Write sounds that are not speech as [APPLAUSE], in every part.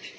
Thank you.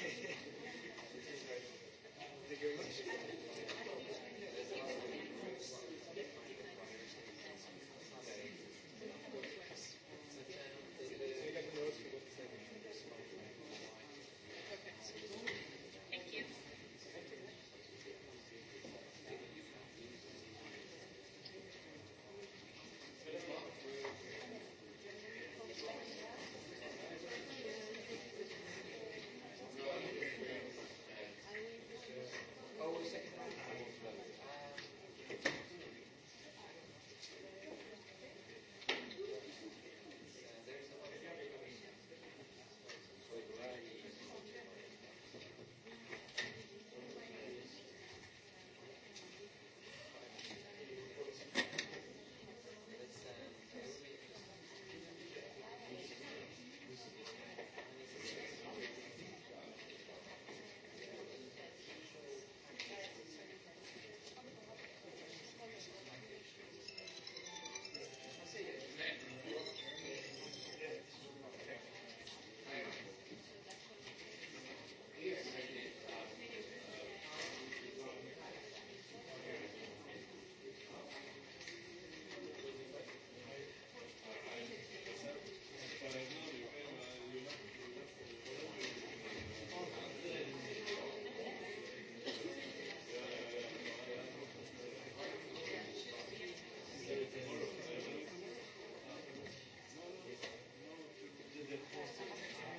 Υπότιτλοι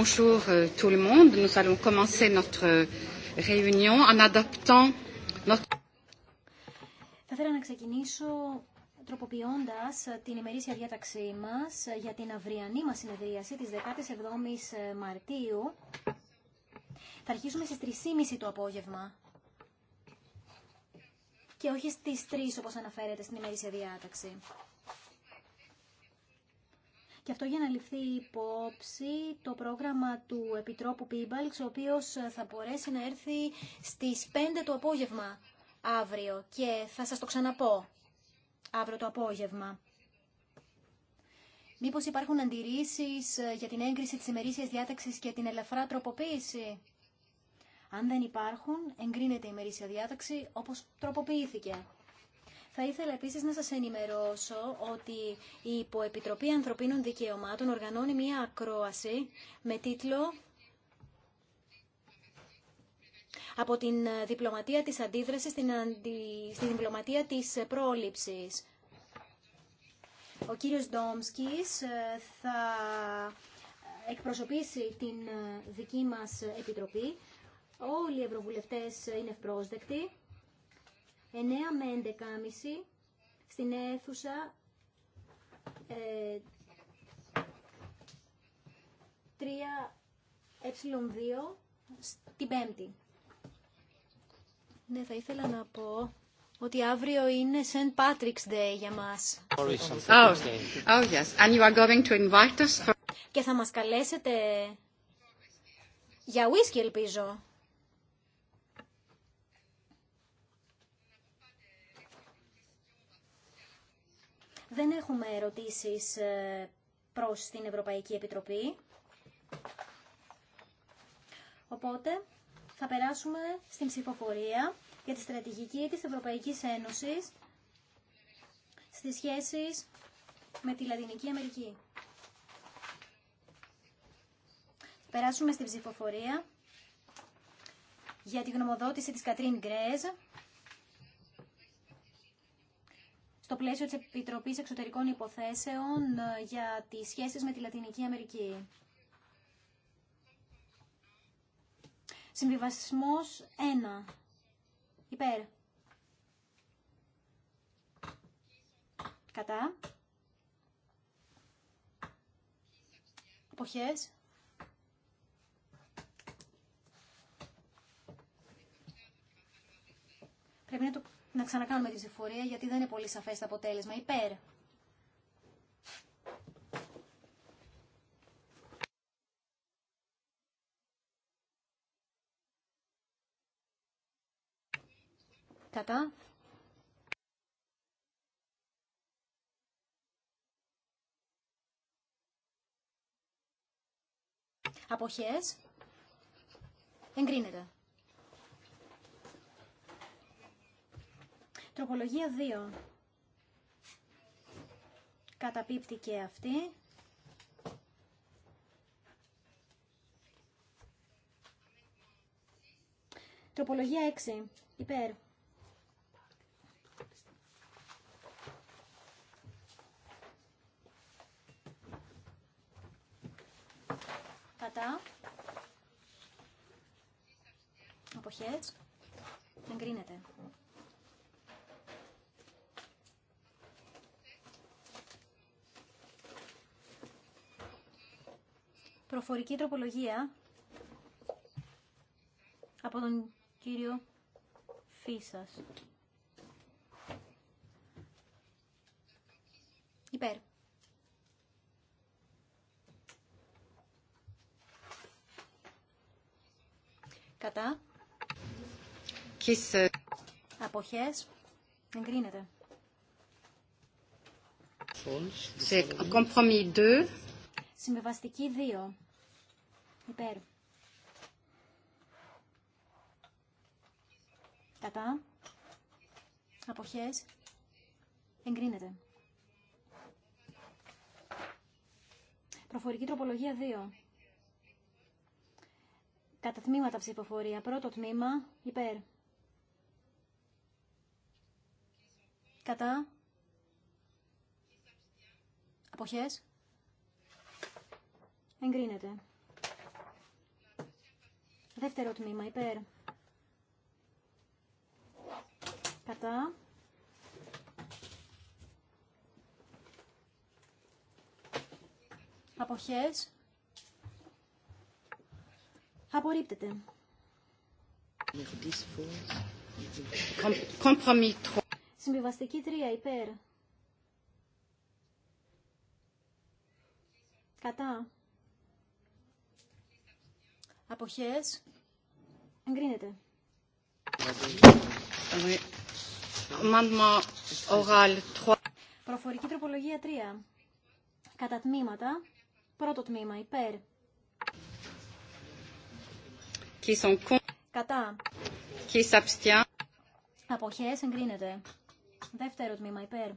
Bonjour euh, tout le monde. Nous allons commencer notre euh, réunion en adaptant notre... Θα ήθελα να ξεκινήσω τροποποιώντας ε, την ημερήσια διάταξή μας ε, για την αυριανή μα συνεδρίαση τη 17 η Μαρτίου. Θα αρχίσουμε στις 3.30 το απόγευμα και όχι στις 3 όπως αναφέρεται στην ημερήσια διάταξη το για να ληφθεί υπόψη το πρόγραμμα του Επιτρόπου Πίμπαλξ, ο οποίος θα μπορέσει να έρθει στις 5 το απόγευμα αύριο και θα σας το ξαναπώ αύριο το απόγευμα. Μήπως υπάρχουν αντιρρήσεις ε, για την έγκριση της ημερήσιας διάταξης και την ελαφρά τροποποίηση. Αν δεν υπάρχουν, εγκρίνεται η ημερήσια διάταξη όπως τροποποιήθηκε. Θα ήθελα επίση να σας ενημερώσω ότι η Υποεπιτροπή Ανθρωπίνων Δικαιωμάτων οργανώνει μία ακρόαση με τίτλο από την διπλωματία της αντίδρασης στην, διπλωματία της πρόληψης. Ο κύριος Ντόμσκης ε, θα εκπροσωπήσει την ε, δική μας επιτροπή. Όλοι οι ευρωβουλευτές είναι ευπρόσδεκτοι. 9 με 11.30 στην αίθουσα ε, 3ε2 στην Πέμπτη. Ναι, θα ήθελα να πω ότι αύριο είναι St. Patrick's Day για μας. Και θα μας καλέσετε για whisky, ελπίζω. Δεν έχουμε ερωτήσεις ε, προς την Ευρωπαϊκή Επιτροπή. Οπότε θα περάσουμε στην ψηφοφορία για τη στρατηγική της Ευρωπαϊκής Ένωσης στις σχέσεις με τη Λατινική Αμερική. Περάσουμε στην ψηφοφορία για τη γνωμοδότηση της Κατρίν Γκρέζ το πλαίσιο της Επιτροπής Εξωτερικών Υποθέσεων ε, για τις σχέσεις με τη Λατινική Αμερική. Συμβιβασμός 1. Υπέρ. Κατά. Εποχές. Πρέπει να το να ξανακάνουμε τη ψηφορία γιατί δεν είναι πολύ σαφές το αποτέλεσμα. Υπέρ. Κατά. Αποχές. Εγκρίνεται. Τροπολογία 2. Καταπίπτει και αυτή. Τροπολογία 6. Υπέρ. Κατά. Αποχές. Εγκρίνεται. Προφορική τροπολογία από τον κύριο Φίσας. Υπέρ. Κατά. Κίσε. Αποχές. Εγκρίνεται. Σε κομπρομί 2. Συμβιβαστική 2. Υπέρ. Κατά. Αποχές. Εγκρίνεται. Προφορική τροπολογία 2. Κατά τμήματα ψηφοφορία. Πρώτο τμήμα. Υπέρ. Κατά. Αποχές. Εγκρίνεται. Δεύτερο τμήμα υπέρ. Κατά. Αποχές. Απορρίπτεται. Συμβιβαστική τρία, υπέρ. Κατά. Αποχές. Εγκρίνεται. Προφορική τροπολογία 3. Κατά τμήματα. Πρώτο τμήμα. Υπέρ. Κατά. Αποχές. Εγκρίνεται. Δεύτερο τμήμα. Υπέρ.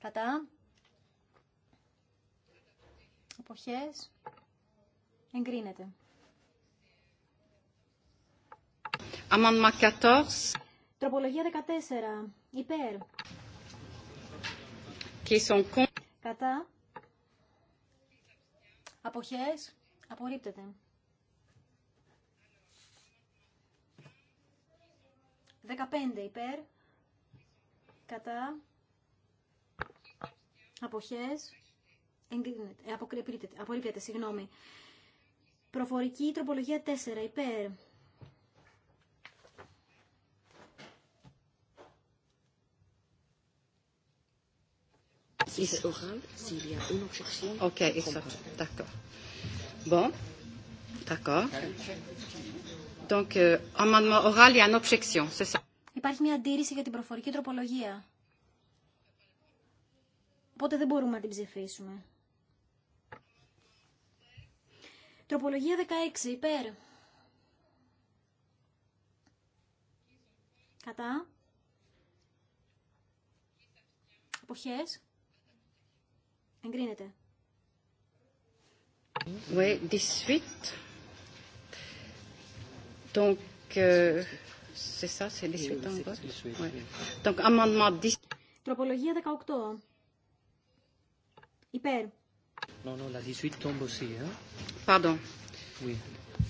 Κατά. Αποχές. Εγκρίνεται. Αμάντμα 14. Τροπολογία 14. Υπέρ. Κατά. Αποχές. Απορρίπτεται. 15 υπέρ. Κατά. Αποχές. Εγκρίνεται. Απορρίπτεται. Συγγνώμη. Προφορική τροπολογία 4 υπέρ. Υπάρχει μια αντίρρηση για την προφορική τροπολογία. Οπότε δεν μπορούμε να την ψηφίσουμε. Τροπολογία 16 υπέρ. Κατά. Αποχές. Εγκρίνεται. Oui, 18. Donc, euh, c'est ça, c'est 18 en vote. Ouais. Donc, amendement 10. Τροπολογία 18. Υπέρ. Non, non, la 18 tombe aussi, hein. Pardon. Oui.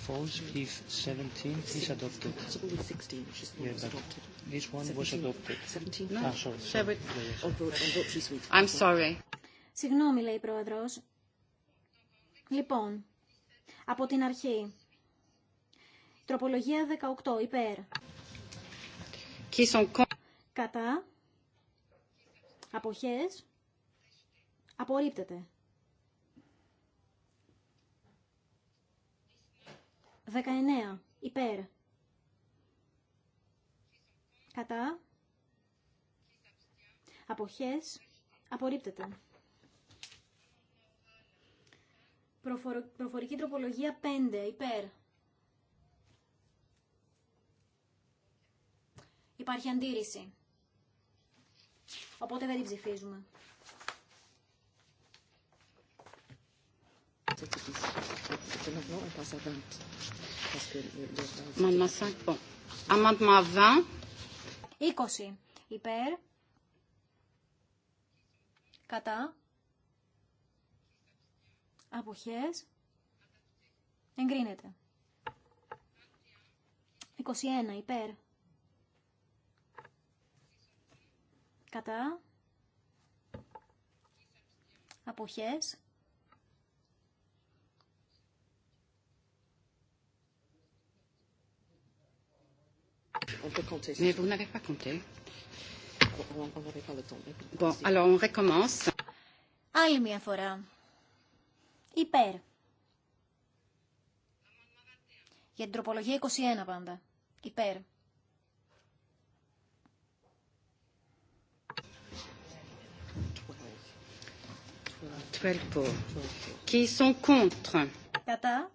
False, if 17 is adopted. It's 16, which is adopted. This one was adopted. 17? No. Ah, sorry. Shall we? I'm sorry. Συγγνώμη, λέει η Πρόεδρος. Λοιπόν, από την αρχή. Τροπολογία 18, υπέρ. Κατά. Αποχές. Απορρίπτεται. 19. Υπέρ. Κατά. Αποχές. Απορρίπτεται. Προφορική τροπολογία 5. Υπέρ. Υπάρχει αντίρρηση. Οπότε δεν την ψηφίζουμε. Υπέρ. Κατά. Αποχές. Εγκρίνεται. 21. Υπέρ. Κατά. Αποχές. On peut compter. Mais vous n'avez pas compté. Bon, alors on recommence. Άλλη μια φορά. Υπέρ. Για την τροπολογία 21 πάντα. Υπέρ. Qui sont contre Κατά.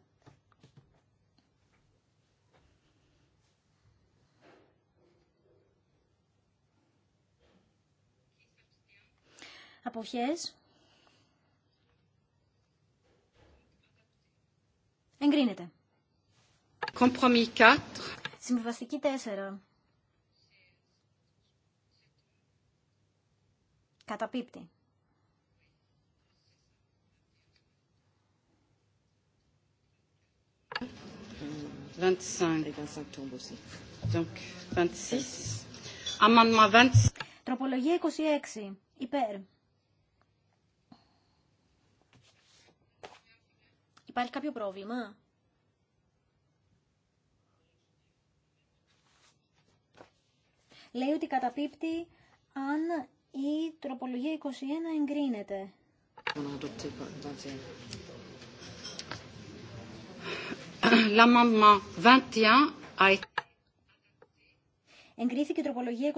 αποχές εγκρίνεται. Συμβιβαστική 4. Καταπίπτει. Τροπολογία 26. Υπέρ. Υπάρχει κάποιο πρόβλημα? Λέει ότι καταπίπτει αν η τροπολογία 21 εγκρίνεται. L'amendement Εγκρίθηκε η τροπολογία 21.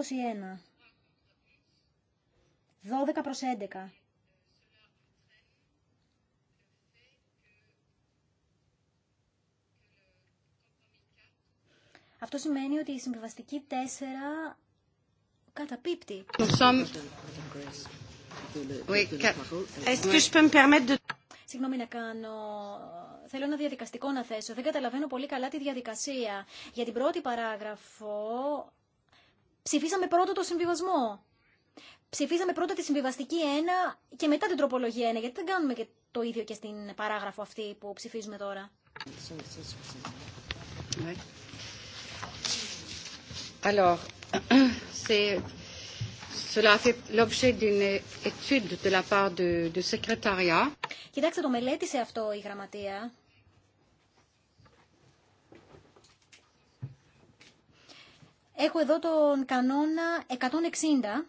12 προς 11. Αυτό σημαίνει ότι η συμβιβαστική 4 καταπίπτει. Συγγνώμη να κάνω. Θέλω ένα διαδικαστικό να θέσω. Δεν καταλαβαίνω πολύ καλά τη διαδικασία. Για την πρώτη παράγραφο ψηφίσαμε πρώτο το συμβιβασμό. Ψηφίσαμε πρώτα τη συμβιβαστική 1 και μετά την τροπολογία 1. Γιατί δεν κάνουμε και το ίδιο και στην παράγραφο αυτή που ψηφίζουμε τώρα. Ναι. Alors, [CLEARS THROAT] cela fait l'objet d'une étude de la part du secrétariat. Κοιτάξτε, το μελέτησε αυτό η γραμματεία. Έχω εδώ τον κανόνα 160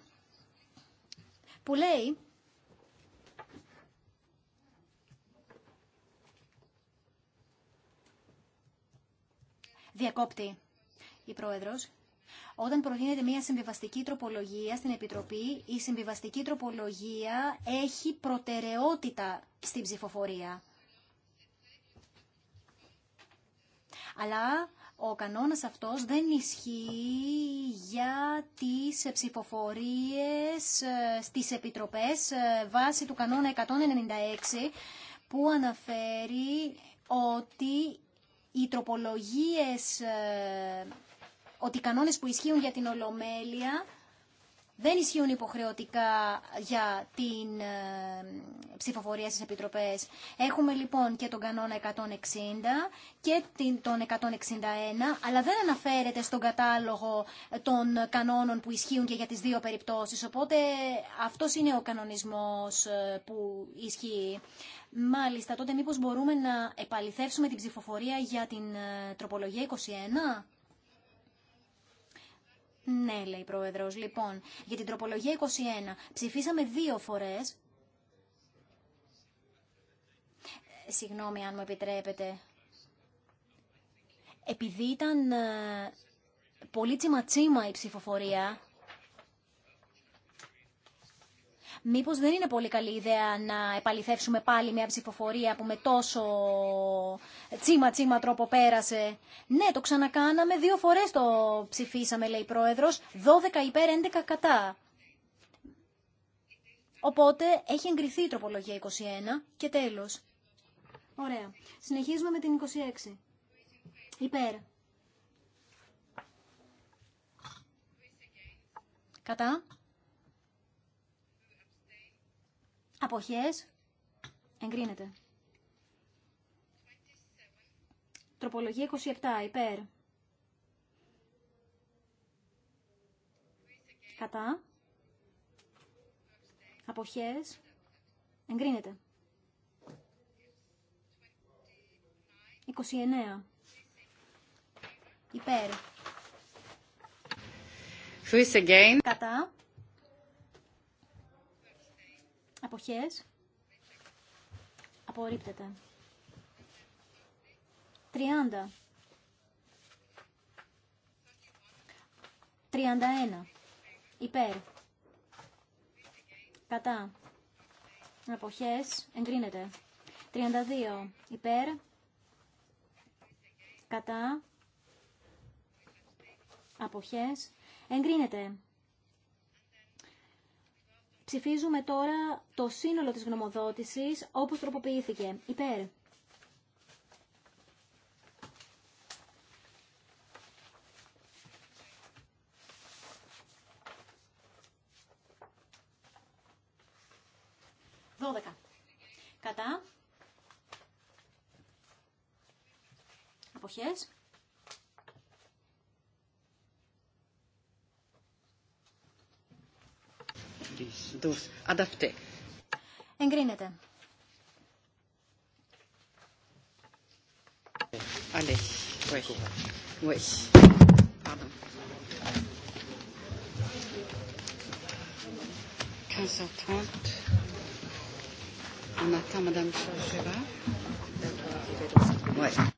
που λέει Διακόπτη η πρόεδρος. Όταν προτείνεται μια συμβιβαστική τροπολογία στην Επιτροπή, η συμβιβαστική τροπολογία έχει προτεραιότητα στην ψηφοφορία. Αλλά ο κανόνας αυτός δεν ισχύει για τις ψηφοφορίες ε, στις επιτροπές ε, βάσει του κανόνα 196 που αναφέρει ότι οι τροπολογίες ε, ότι οι κανόνες που ισχύουν για την Ολομέλεια δεν ισχύουν υποχρεωτικά για την ε, ψηφοφορία στις επιτροπές. Έχουμε λοιπόν και τον κανόνα 160 και τον 161, αλλά δεν αναφέρεται στον κατάλογο ε, των κανόνων που ισχύουν και για τις δύο περιπτώσεις. Οπότε αυτός είναι ο κανονισμός ε, που ισχύει. Μάλιστα, τότε μήπως μπορούμε να επαληθεύσουμε την ψηφοφορία για την τροπολογία 21. Ναι, λέει η Πρόεδρος. Λοιπόν, για την τροπολογία 21 ψηφίσαμε δύο φορές. Ε, συγγνώμη αν μου επιτρέπετε. Επειδή ήταν ε, πολύ τσιματσίμα η ψηφοφορία, μήπως δεν είναι πολύ καλή ιδέα να επαληθεύσουμε πάλι μια ψηφοφορία που με τόσο τσίμα τσίμα τρόπο πέρασε. Ναι, το ξανακάναμε, δύο φορές το ψηφίσαμε λέει η Πρόεδρος, 12 υπέρ 11 κατά. Οπότε έχει εγκριθεί η τροπολογία 21 και τέλος. Ωραία. Συνεχίζουμε με την 26. Υπέρ. Κατά. Αποχές. Εγκρίνεται. Τροπολογία 27. Υπέρ. Κατά. Αποχές. Εγκρίνεται. 29. Υπέρ. Κατά. Αποχές. Απορρίπτεται. 30. 31. Υπέρ. Κατά. Αποχές. Εγκρίνεται. 32. Υπέρ. Κατά. Αποχές. Εγκρίνεται. Ψηφίζουμε τώρα το σύνολο της γνωμοδότησης όπως τροποποιήθηκε. Υπέρ. Δώδεκα. Κατά. Αποχές. 12. Adapté. Εγκρίνεται. Allez. Oui. Oui. Pardon. 15h30. On attend Madame Chaucheva. Ouais.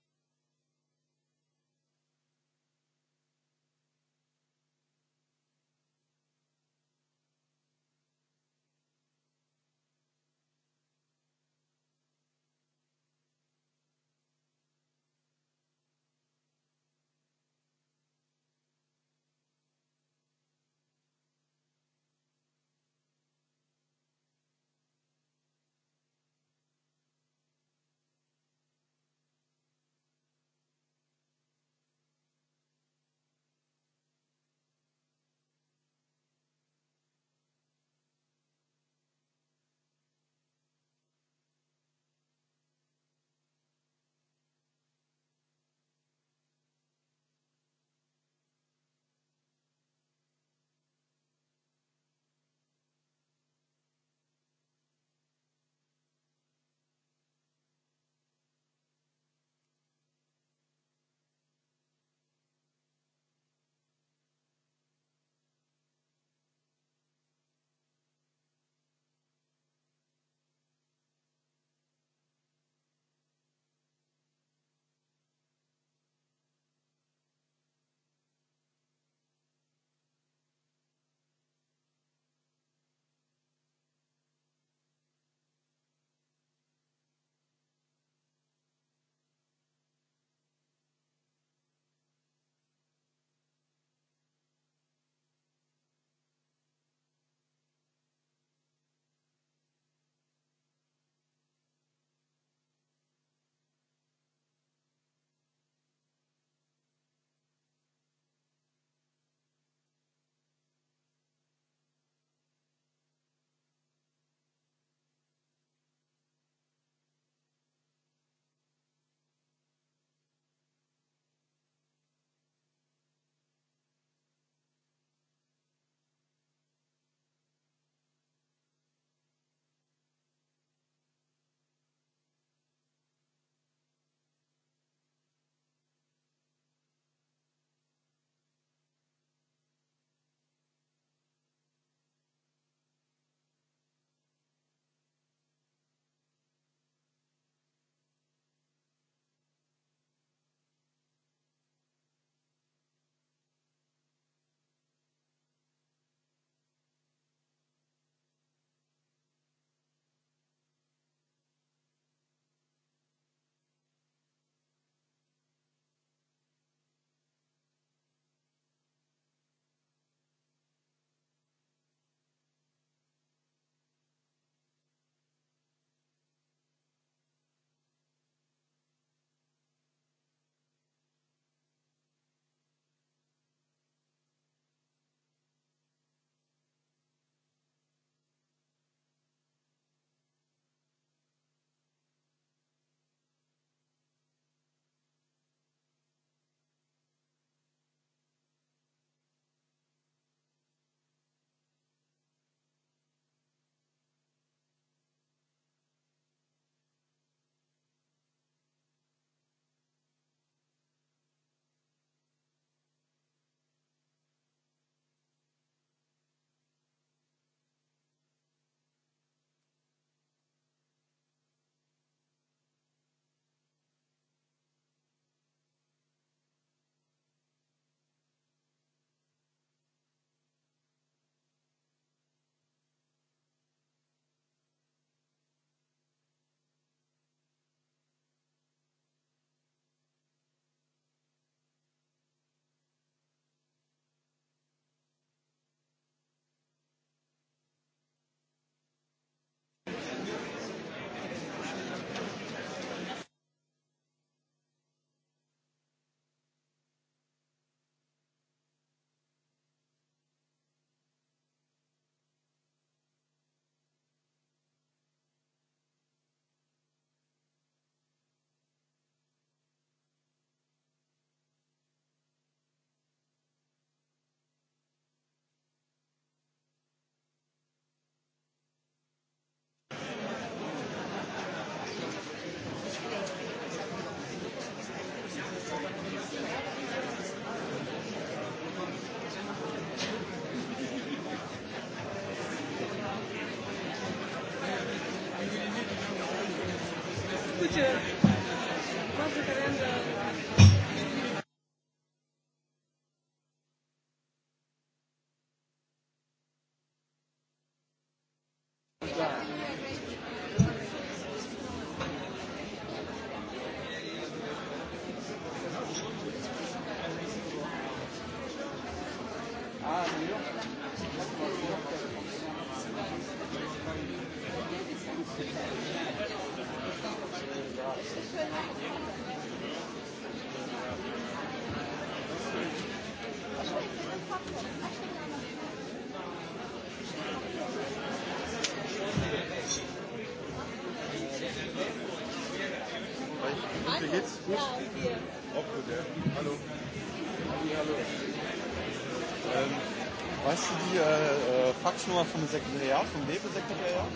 die äh, Faxnummer vom Sekretariat, vom Nebensekretariat?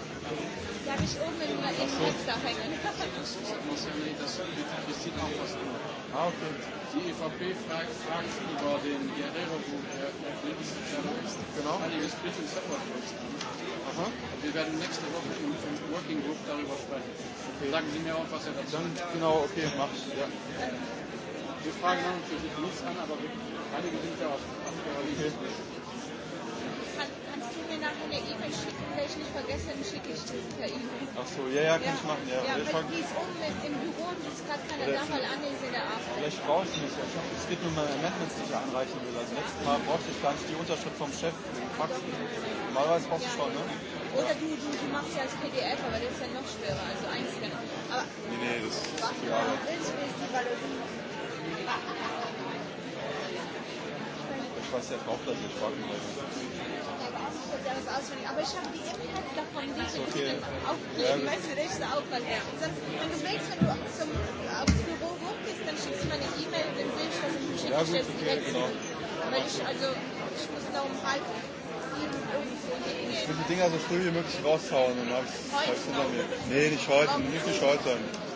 Ja, habe ich oben in der Insta hängen. Ah, okay. Die EVP fragt, fragt über den Guerrero, wo der ist. Genau. Einiges bitte im Aha. Wir werden nächste Woche im, Working Group darüber sprechen. Okay. Sagen Sie mir auch, was er dazu Dann, Genau, okay, mach Ja. Wir fragen natürlich nichts an, aber einige sind ja aus. Okay. gestern schicke ich das per E-Mail. Ach so, ja, ja, kann ich machen. Ja, ja ich die ist oben im Büro und ist gerade keiner da, weil Anne ist in der Arbeit. Vielleicht ich brauche es nicht. Ich hab, es geht nur meine Amendments, die ich anreichen will. Also letztes Mal brauchte ich gar nicht die Unterschrift vom Chef, den Fax. Normalerweise brauchst du schon, ne? Oder du, du, du machst ja als PDF, aber das ist ja noch schwerer, also eins Aber nee, nee, das ist Ja. Ja. Ich weiß ja, braucht das nicht, frage mich nicht. Aber ich habe die davon weißt du, Und wenn du aufs Büro hochgehst, dann schickst du mir eine E-Mail, dann sehe ich, dass ich will die Dinger so früh wie möglich raushauen und Nee, nicht heute,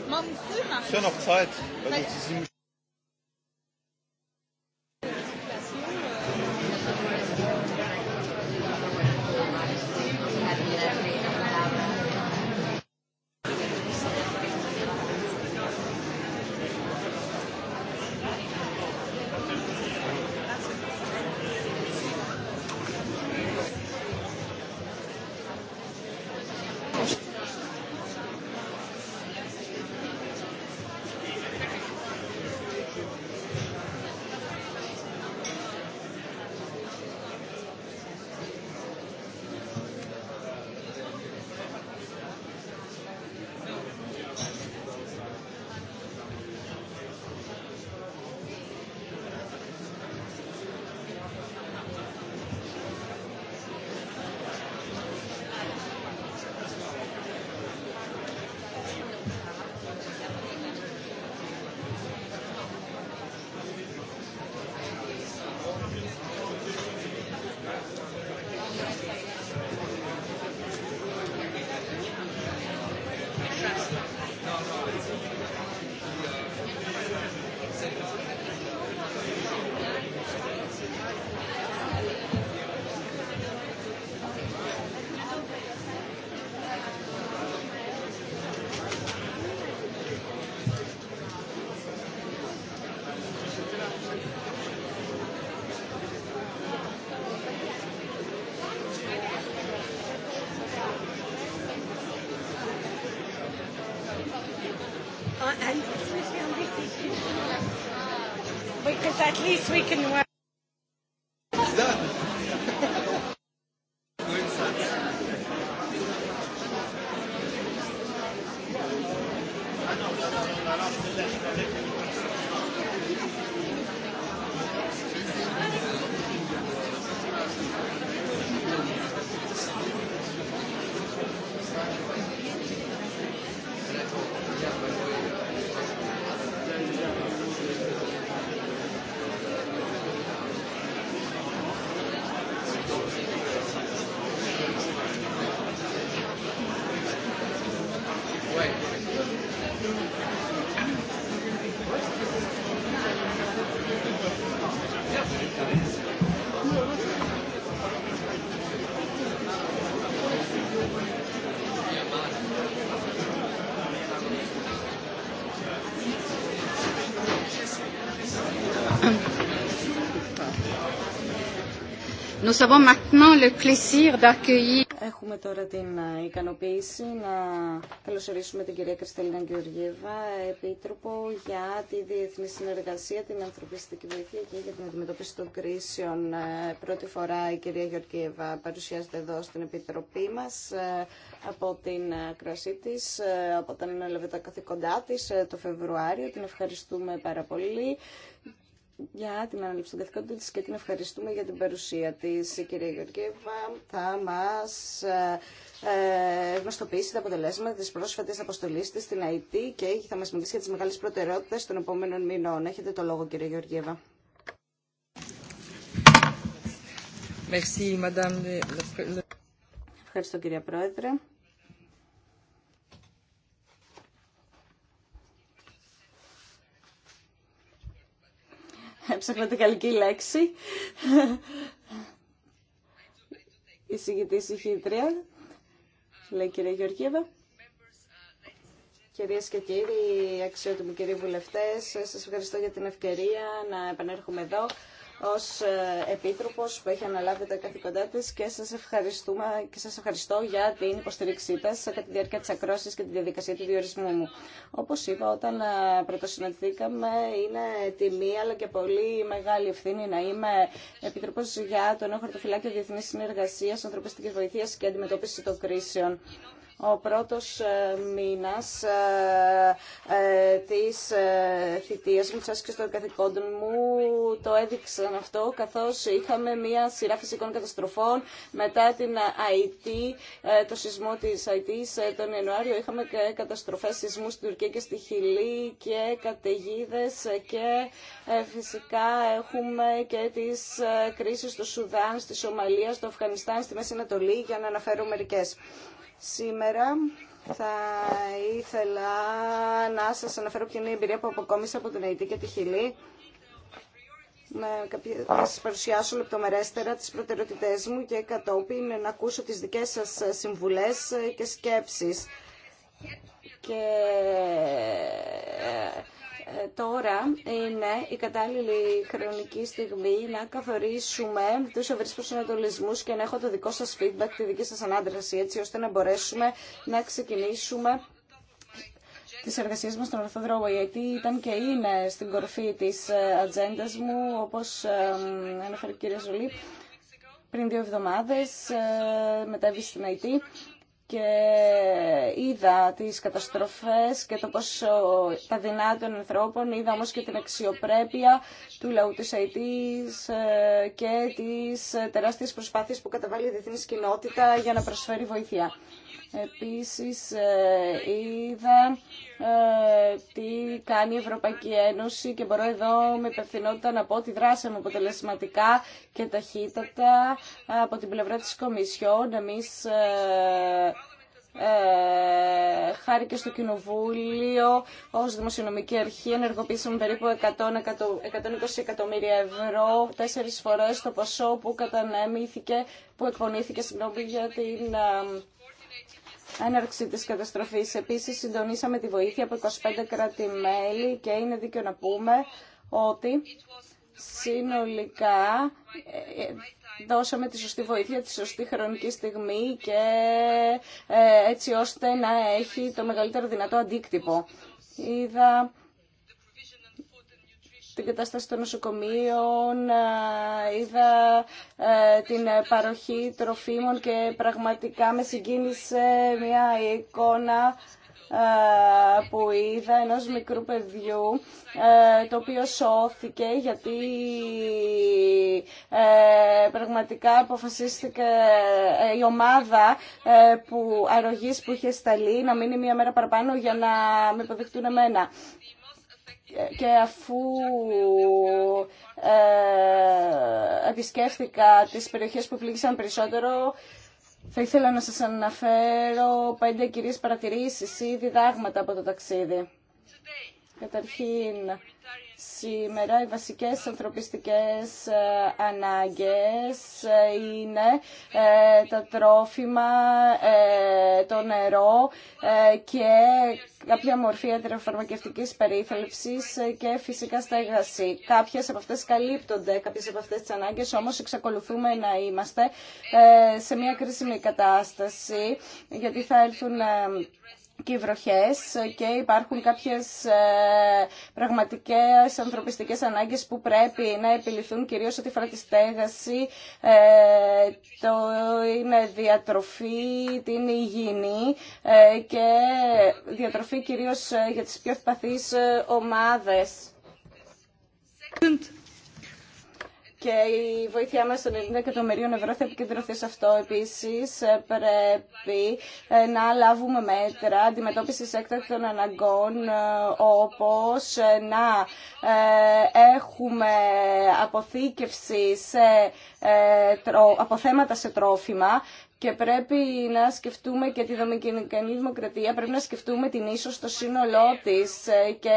Morgen früh machen. Ist ja noch Zeit. Nous maintenant le plaisir d'accueillir. Έχουμε τώρα την ε, ικανοποίηση να καλωσορίσουμε την κυρία Κριστέλινα Γεωργίευα, Επίτροπο για τη Διεθνή Συνεργασία, την Ανθρωπιστική Βοήθεια και για την Αντιμετώπιση των Κρίσεων. Ε, πρώτη φορά η κυρία Γεωργίευα παρουσιάζεται εδώ στην Επιτροπή μας ε, από την κρασί τη, από όταν έλαβε τα καθήκοντά τη το Φεβρουάριο. Την ευχαριστούμε πάρα πολύ για την ανάληψη των καθηκόντων της και την ευχαριστούμε για την παρουσία της. Η κυρία Γεωργίευα θα μας ε, ε, γνωστοποιήσει τα αποτελέσματα της πρόσφατης αποστολής της στην ΑΕΤ και θα μας μιλήσει για τις μεγάλες προτεραιότητες των επόμενων μηνών. Έχετε το λόγο κύριε Γεωργίευα. Ευχαριστώ κυρία Πρόεδρε. Έψαχνα την καλλική λέξη. Η συγκητή συγχύτρια λέει κυρία Γεωργίευα. Κυρίε και κύριοι, αξιότιμοι κύριοι βουλευτέ, σα ευχαριστώ για την ευκαιρία να επανέρχομαι εδώ ως ε, Επίτροπος που έχει αναλάβει τα καθήκοντά της και σας, ευχαριστούμε, και σας ευχαριστώ για την υποστήριξή σας κατά τη διάρκεια της ακρόσης και τη διαδικασία του διορισμού μου. Όπως είπα, όταν ε, πρωτοσυναντηθήκαμε είναι τιμή αλλά και πολύ μεγάλη ευθύνη να είμαι Επίτροπος για τον χαρτοφυλάκιο Διεθνής Συνεργασίας, Ανθρωπιστικής Βοηθείας και Αντιμετώπιση των Κρίσεων ο πρώτος ε, μήνας ε, ε, της θητείας μου, τη και των καθηκόντων μου, το έδειξαν αυτό, καθώς είχαμε μία σειρά φυσικών καταστροφών μετά την ΑΕΤ, το σεισμό της ΑΕΤ τον Ιανουάριο, είχαμε και καταστροφές σεισμού στην Τουρκία και στη Χιλή και καταιγίδε και φυσικά έχουμε και τις κρίσεις στο Σουδάν, στη Σομαλία, στο Αφγανιστάν, στη Μέση Ανατολή, για να αναφέρω μερικές. Σήμερα θα ήθελα να σας αναφέρω ποια είναι η εμπειρία που αποκόμισα από την Αϊτή και τη Χιλή. Να σας παρουσιάσω λεπτομερέστερα τις προτεραιότητές μου και κατόπιν να ακούσω τις δικές σας συμβουλές και σκέψεις. Και ε, ε, τώρα είναι η κατάλληλη χρονική στιγμή να καθορίσουμε τους ευρύς προσανατολισμούς και να έχω το δικό σας feedback, τη δική σας ανάδραση, έτσι ώστε να μπορέσουμε να ξεκινήσουμε τι εργασίε μα στον ορθόδρομο, γιατί ήταν και είναι στην κορφή τη ατζέντα μου, όπω αναφέρει η κυρία Ζολή, πριν δύο εβδομάδε ε, μετέβη στην ΑΕΤ και είδα τις καταστροφές και το πόσο τα δεινά των ανθρώπων, είδα όμως και την αξιοπρέπεια του λαού της Αιτής ε, και τις τεράστιες προσπάθειες που καταβάλει η διεθνή κοινότητα για να προσφέρει βοήθεια. Επίσης ε, είδα ε, τι κάνει η Ευρωπαϊκή Ένωση και μπορώ εδώ με υπευθυνότητα να πω ότι δράσαμε αποτελεσματικά και ταχύτατα από την πλευρά της Κομισιόν. Εμείς ε, ε χάρη και στο Κοινοβούλιο ως Δημοσιονομική Αρχή ενεργοποίησαμε περίπου 100, 120 εκατομμύρια ευρώ τέσσερις φορές το ποσό που κατανέμηθηκε, που εκπονήθηκε συγγνώμη για την ε, έναρξη της καταστροφής. Επίσης, συντονίσαμε τη βοήθεια από 25 κράτη-μέλη και είναι δίκαιο να πούμε ότι συνολικά ε, ε, δώσαμε τη σωστή βοήθεια, τη σωστή χρονική στιγμή και ε, έτσι ώστε να έχει το μεγαλύτερο δυνατό αντίκτυπο. Είδα την κατάσταση των νοσοκομείων, είδα την παροχή τροφίμων και πραγματικά με συγκίνησε μια εικόνα που είδα ενός μικρού παιδιού το οποίο σώθηκε γιατί πραγματικά αποφασίστηκε ε, η ομάδα που αρρωγής που είχε σταλεί να μείνει μία μέρα παραπάνω για να με υποδεχτούν εμένα και αφού ε, επισκέφθηκα τις περιοχές που πλήγησαν περισσότερο, θα ήθελα να σας αναφέρω πέντε κυρίες παρατηρήσεις ή διδάγματα από το ταξίδι. Καταρχήν, Σήμερα οι βασικές ανθρωπιστικές ε, ανάγκες ε, είναι ε, τα τρόφιμα, το νερό και κάποια μορφή ιατροφαρμακευτικής περίθαλψης και φυσικά στέγαση. Κάποιες από αυτές καλύπτονται, κάποιες από αυτές τις ανάγκες, όμως εξακολουθούμε να είμαστε σε μια κρίσιμη κατάσταση, γιατί θα έρθουν και και υπάρχουν κάποιες ε, πραγματικές ανθρωπιστικές ανάγκες που πρέπει να επιληθούν κυρίως ότι φορά τη στέγαση, ε, το είναι διατροφή, την υγιεινή ε, και διατροφή κυρίως για τις πιο ευπαθείς ομάδες και η βοήθειά μας των Ελλήνων και Ευρώ θα επικεντρωθεί σε αυτό. Επίσης, πρέπει ε, να λάβουμε μέτρα αντιμετώπισης έκτακτων αναγκών, ε, όπως ε, να έχουμε αποθήκευση σε θέματα σε τρόφιμα και πρέπει να σκεφτούμε και τη Δομικανή Δημοκρατία, πρέπει να σκεφτούμε την ίσω το σύνολό τη. Ε, και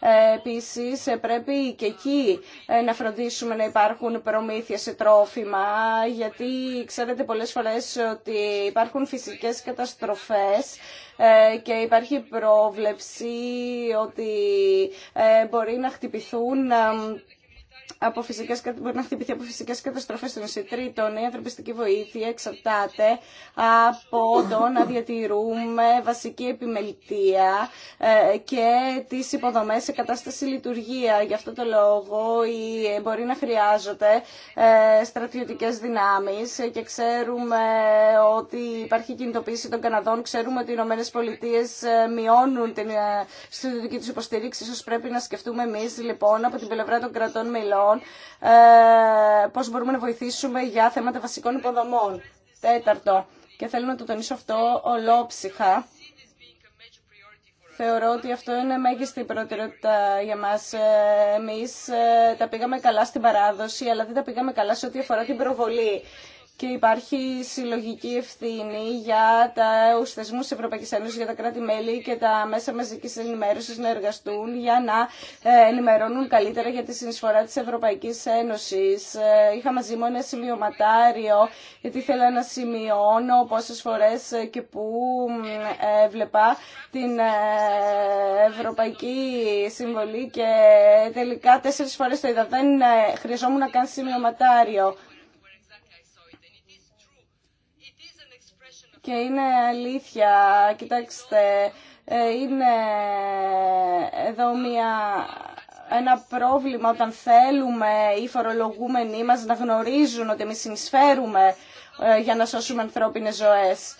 ε, επίση ε, πρέπει και εκεί να φροντίσουμε να υπάρχουν προμήθεια σε τρόφιμα γιατί ξέρετε πολλές φορές ότι υπάρχουν φυσικές καταστροφές και υπάρχει πρόβλεψη ότι μπορεί να χτυπηθούν από φυσικές, μπορεί να χτυπηθεί από φυσικέ καταστροφέ στην Τρίτον, η ανθρωπιστική βοήθεια εξαρτάται από το να διατηρούμε βασική επιμελητία ε, και τι υποδομέ σε κατάσταση λειτουργία. Γι' αυτό το λόγο μπορεί να χρειάζονται ε, στρατιωτικέ δυνάμει ε, και ξέρουμε ότι υπάρχει κινητοποίηση των Καναδών. Ξέρουμε ότι οι Ηνωμένε Πολιτείε μειώνουν την στρατιωτική του υποστήριξη. σω πρέπει να σκεφτούμε εμεί λοιπόν από την πλευρά των κρατών μελών λοιπόν ε, πώς μπορούμε να βοηθήσουμε για θέματα βασικών υποδομών. Τέταρτο, και θέλω να το τονίσω αυτό ολόψυχα, θεωρώ ότι αυτό είναι μέγιστη προτεραιότητα για μας. Ε, εμείς ε, τα πήγαμε καλά στην παράδοση, αλλά δεν τα πήγαμε καλά σε ό,τι αφορά την προβολή και υπάρχει συλλογική ευθύνη για τα θεσμού τη Ευρωπαϊκή Ένωση, για τα κράτη-μέλη και τα μέσα μαζική ενημέρωση να εργαστούν για να ε, ενημερώνουν καλύτερα για τη συνεισφορά τη Ευρωπαϊκή Ένωση. Ε, είχα μαζί μου ένα σημειωματάριο, γιατί ήθελα να σημειώνω πόσε φορέ και πού ε, βλέπα την Ευρωπαϊκή Συμβολή και τελικά τέσσερι φορέ το είδα. Δεν χρειαζόμουν να κάνω σημειωματάριο. και είναι αλήθεια. Κοιτάξτε, ε, είναι εδώ μια ένα πρόβλημα όταν θέλουμε οι φορολογούμενοι μας να γνωρίζουν ότι εμείς συνεισφέρουμε ε, για να σώσουμε ανθρώπινες ζωές.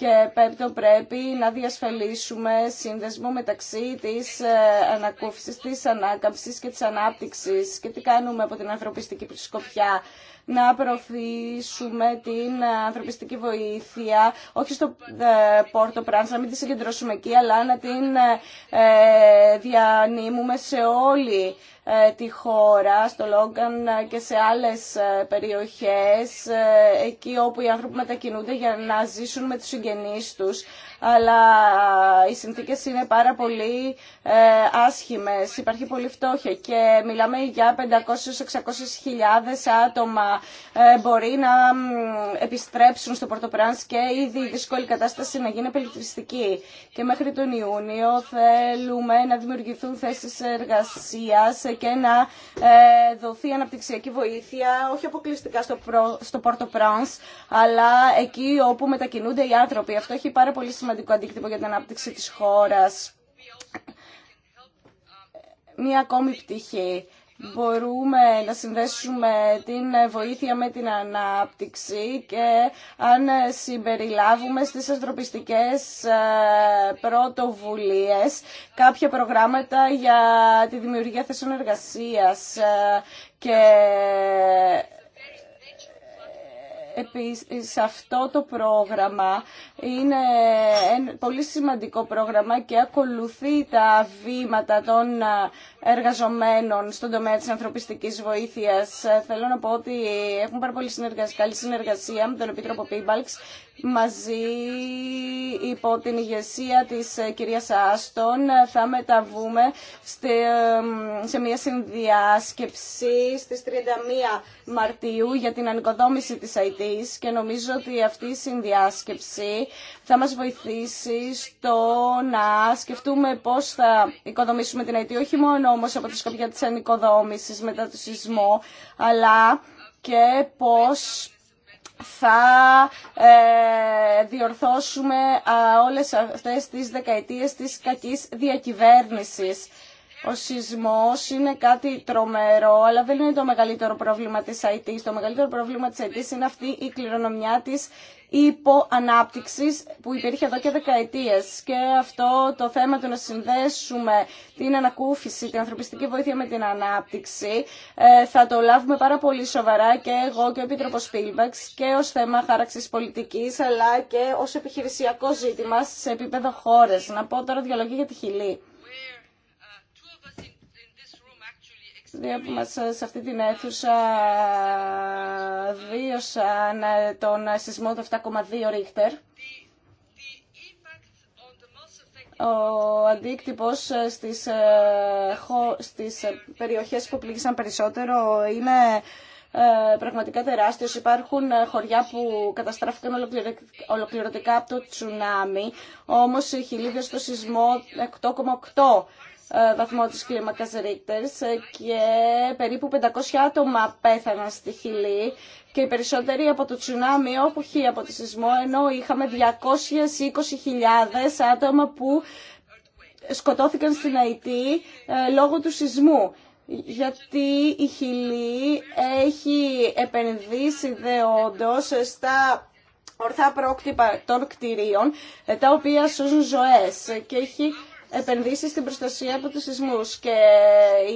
Και πέμπτον, πρέπει να διασφαλίσουμε σύνδεσμο μεταξύ της ε, ανακούφισης, της ανάκαμψης και της ανάπτυξης. Και τι κάνουμε από την ανθρωπιστική προσκοπία, να προωθήσουμε την ανθρωπιστική βοήθεια, όχι στο ε, Πόρτο πράγμα, να μην τη συγκεντρώσουμε εκεί, αλλά να την ε, διανύμουμε σε όλοι. Ε, τη χώρα, στο Λόγκαν και σε άλλες ε, περιοχές, ε, εκεί όπου οι άνθρωποι μετακινούνται για να ζήσουν με τους συγγενείς τους αλλά οι συνθήκε είναι πάρα πολύ ε, άσχημε, Υπάρχει πολύ φτώχεια και μιλάμε για 500-600 χιλιάδες άτομα ε, μπορεί να επιστρέψουν στο Πορτοπράνς και ήδη η δύσκολη κατάσταση να γίνει πελητριστική. Και μέχρι τον Ιούνιο θέλουμε να δημιουργηθούν θέσεις εργασία και να ε, δοθεί αναπτυξιακή βοήθεια, όχι αποκλειστικά στο, αλλά εκεί όπου μετακινούνται οι άνθρωποι. Αυτό έχει πάρα πολύ σημασία σημαντικό αντίκτυπο για την ανάπτυξη της χώρας. Μία ακόμη πτυχή. Μπορούμε να συνδέσουμε την βοήθεια με την ανάπτυξη και αν συμπεριλάβουμε στις ανθρωπιστικές ε, πρωτοβουλίες κάποια προγράμματα για τη δημιουργία θέσεων εργασίας ε, και Επίσης, αυτό το πρόγραμμα είναι ένα πολύ σημαντικό πρόγραμμα και ακολουθεί τα βήματα των εργαζομένων στον τομέα της ανθρωπιστικής βοήθειας. Θέλω να πω ότι έχουμε πάρα πολύ συνεργασία, καλή συνεργασία με τον Επίτροπο Πίμπαλξ μαζί υπό την ηγεσία της κυρίας Άστον θα μεταβούμε σε μια συνδιάσκεψη στις 31 Μαρτίου για την ανοικοδόμηση της Αιτή και νομίζω ότι αυτή η συνδιάσκεψη θα μας βοηθήσει στο να σκεφτούμε πώς θα οικοδομήσουμε την ΑΕΤ, όχι μόνο όμως από τη σκοπιά της ανοικοδόμησης μετά το σεισμό, αλλά και πώς θα ε, διορθώσουμε όλες αυτές τις δεκαετίες της κακής διακυβέρνησης. Ο σεισμός είναι κάτι τρομερό, αλλά δεν είναι το μεγαλύτερο πρόβλημα της IT. Το μεγαλύτερο πρόβλημα της IT είναι αυτή η κληρονομιά της υποανάπτυξης που υπήρχε εδώ και δεκαετίες. Και αυτό το θέμα του να συνδέσουμε την ανακούφιση, την ανθρωπιστική βοήθεια με την ανάπτυξη ε, θα το λάβουμε πάρα πολύ σοβαρά και εγώ και ο Επίτροπος Πίλβαξ και ως θέμα χάραξης πολιτικής αλλά και ως επιχειρησιακό ζήτημα σε επίπεδο χώρες. Να πω τώρα δυο για τη Χιλή. μας ε, σε αυτή την αίθουσα βίωσαν ε, τον σεισμό του 7,2 Ρίχτερ. Ο αντίκτυπος ε, στις, στις περιοχές που πλήγησαν περισσότερο είναι πραγματικά τεράστιος. Υπάρχουν χωριά που καταστράφηκαν ολοκληρωτικά από το τσουνάμι, όμως η χιλίδες στο σεισμό 8,8 ε, βαθμό της κλίμακας Ρίκτερ ε, και περίπου 500 άτομα πέθαναν στη Χιλή και οι περισσότεροι από το τσουνάμι, όχι από το σεισμό, ενώ είχαμε 220.000 άτομα που σκοτώθηκαν στην Αϊτή ε, λόγω του σεισμού. Γιατί η Χιλή έχει επενδύσει δεόντως στα ορθά πρόκτυπα των κτηρίων, τα οποία σώζουν ζωές και έχει επενδύσει στην προστασία από τους σεισμού και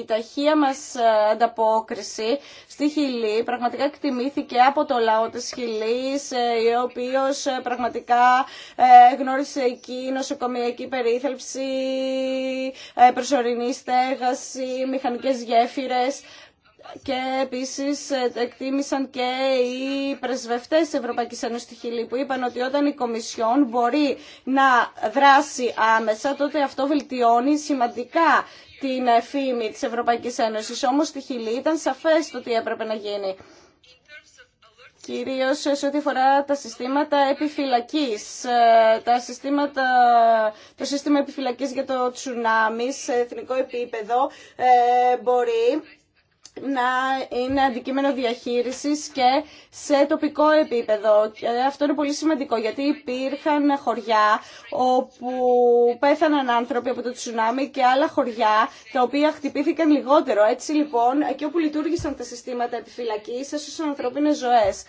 η ταχεία μα ε, ανταπόκριση στη Χιλή πραγματικά εκτιμήθηκε από το λαό τη Χιλής ο ε, οποίος ε, πραγματικά γνώρισε εκεί νοσοκομιακή περίθαλψη, προσωρινή στέγαση, μηχανικές γέφυρες και επίσης ε, εκτίμησαν και οι πρεσβευτές τη Ευρωπαϊκής Ένωσης στη Χιλή που είπαν ότι όταν η Κομισιόν μπορεί να δράσει άμεσα τότε αυτό βελτιώνει σημαντικά την φήμη της Ευρωπαϊκής Ένωσης. Όμω στη Χιλή ήταν σαφές το τι έπρεπε να γίνει. Κυρίω σε ό,τι αφορά τα συστήματα επιφυλακής. Ε, τα το σύστημα επιφυλακή για το τσουνάμι σε εθνικό επίπεδο ε, μπορεί να είναι αντικείμενο διαχείρισης και σε τοπικό επίπεδο. αυτό είναι πολύ σημαντικό γιατί υπήρχαν χωριά όπου πέθαναν άνθρωποι από το τσουνάμι και άλλα χωριά τα οποία χτυπήθηκαν λιγότερο. Έτσι λοιπόν, εκεί όπου λειτουργήσαν τα συστήματα επιφυλακής, έσωσαν ανθρώπινες ζωές.